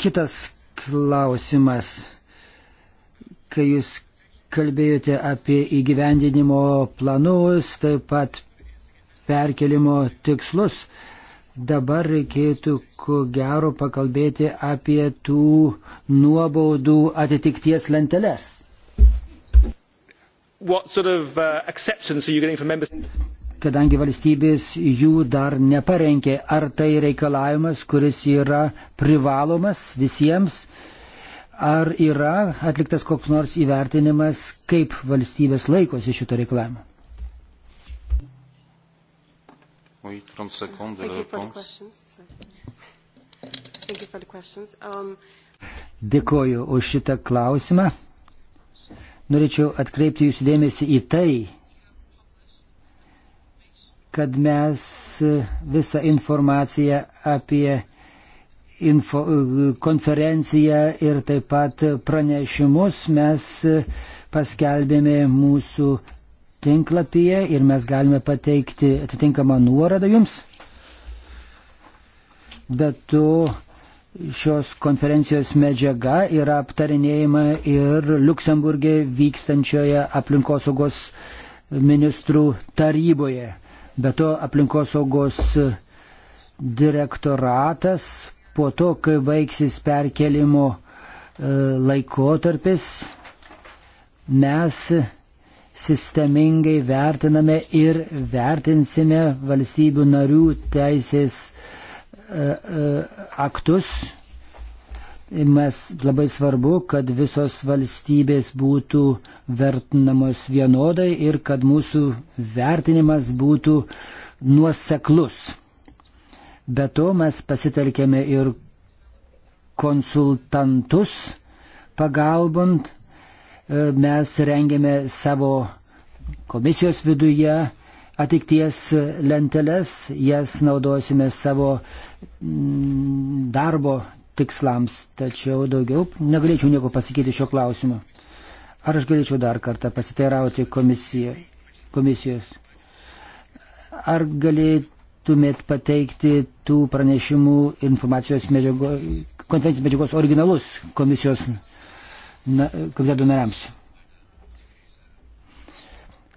Kitas klausimas, kai jūs kalbėjote apie įgyvendinimo planus, taip pat perkelimo tikslus, dabar reikėtų ko gero pakalbėti apie tų nuobaudų atitikties lenteles. Sort of, uh, kadangi valstybės jų dar neparenkė. Ar tai reikalavimas, kuris yra privalomas visiems, ar yra atliktas koks nors įvertinimas, kaip valstybės laikosi šito reikalavimo? Oui, 30 secondes de réponse. Um... Dėkoju už šitą klausimą. Norėčiau atkreipti jūsų dėmesį į tai, kad mes visą informaciją apie info, konferenciją ir taip pat pranešimus mes paskelbėme mūsų tinklapyje ir mes galime pateikti atitinkamą nuorodą jums. Bet tu šios konferencijos medžiaga yra aptarinėjama ir Luksemburgė vykstančioje aplinkosaugos ministrų taryboje. Be to aplinkosaugos direktoratas po to, kai baigsis perkelimo e, laikotarpis, mes sistemingai vertiname ir vertinsime valstybių narių teisės e, e, aktus mes labai svarbu, kad visos valstybės būtų vertinamos vienodai ir kad mūsų vertinimas būtų nuoseklus. Be to mes pasitelkėme ir konsultantus pagalbant, e, mes rengėme savo komisijos viduje atikties lenteles, jas naudosime savo darbo tikslams, tačiau daugiau negalėčiau nieko pasakyti šio klausimu. Ar aš galėčiau dar kartą pasiteirauti komisiją, komisijos? Ar galėtumėt pateikti tų pranešimų informacijos medžiago, konferencijos medžiagos originalus komisijos na, komiteto nariams?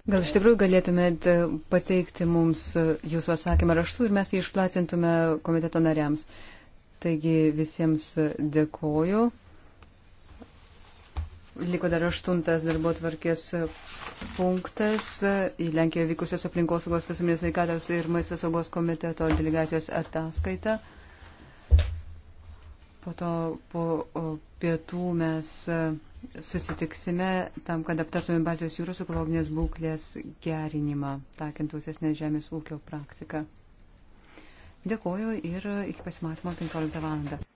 Gal iš tikrųjų galėtumėt e, pateikti mums e, jūsų atsakymą raštu ir mes jį išplatintume komiteto nariams. Uh, Taigi visiems dėkoju. Liko dar aštuntas darbo tvarkės punktas į Lenkijoje vykusios aplinkosaugos visuomenės veikatos ir maisto saugos komiteto delegacijos ataskaita. Po to po pietų mes e, susitiksime tam, kad aptartume Baltijos jūros ekologinės būklės gerinimą, takintusias nežemės ūkio praktiką. Dėkuoju ir iki pasimatymo 15 val.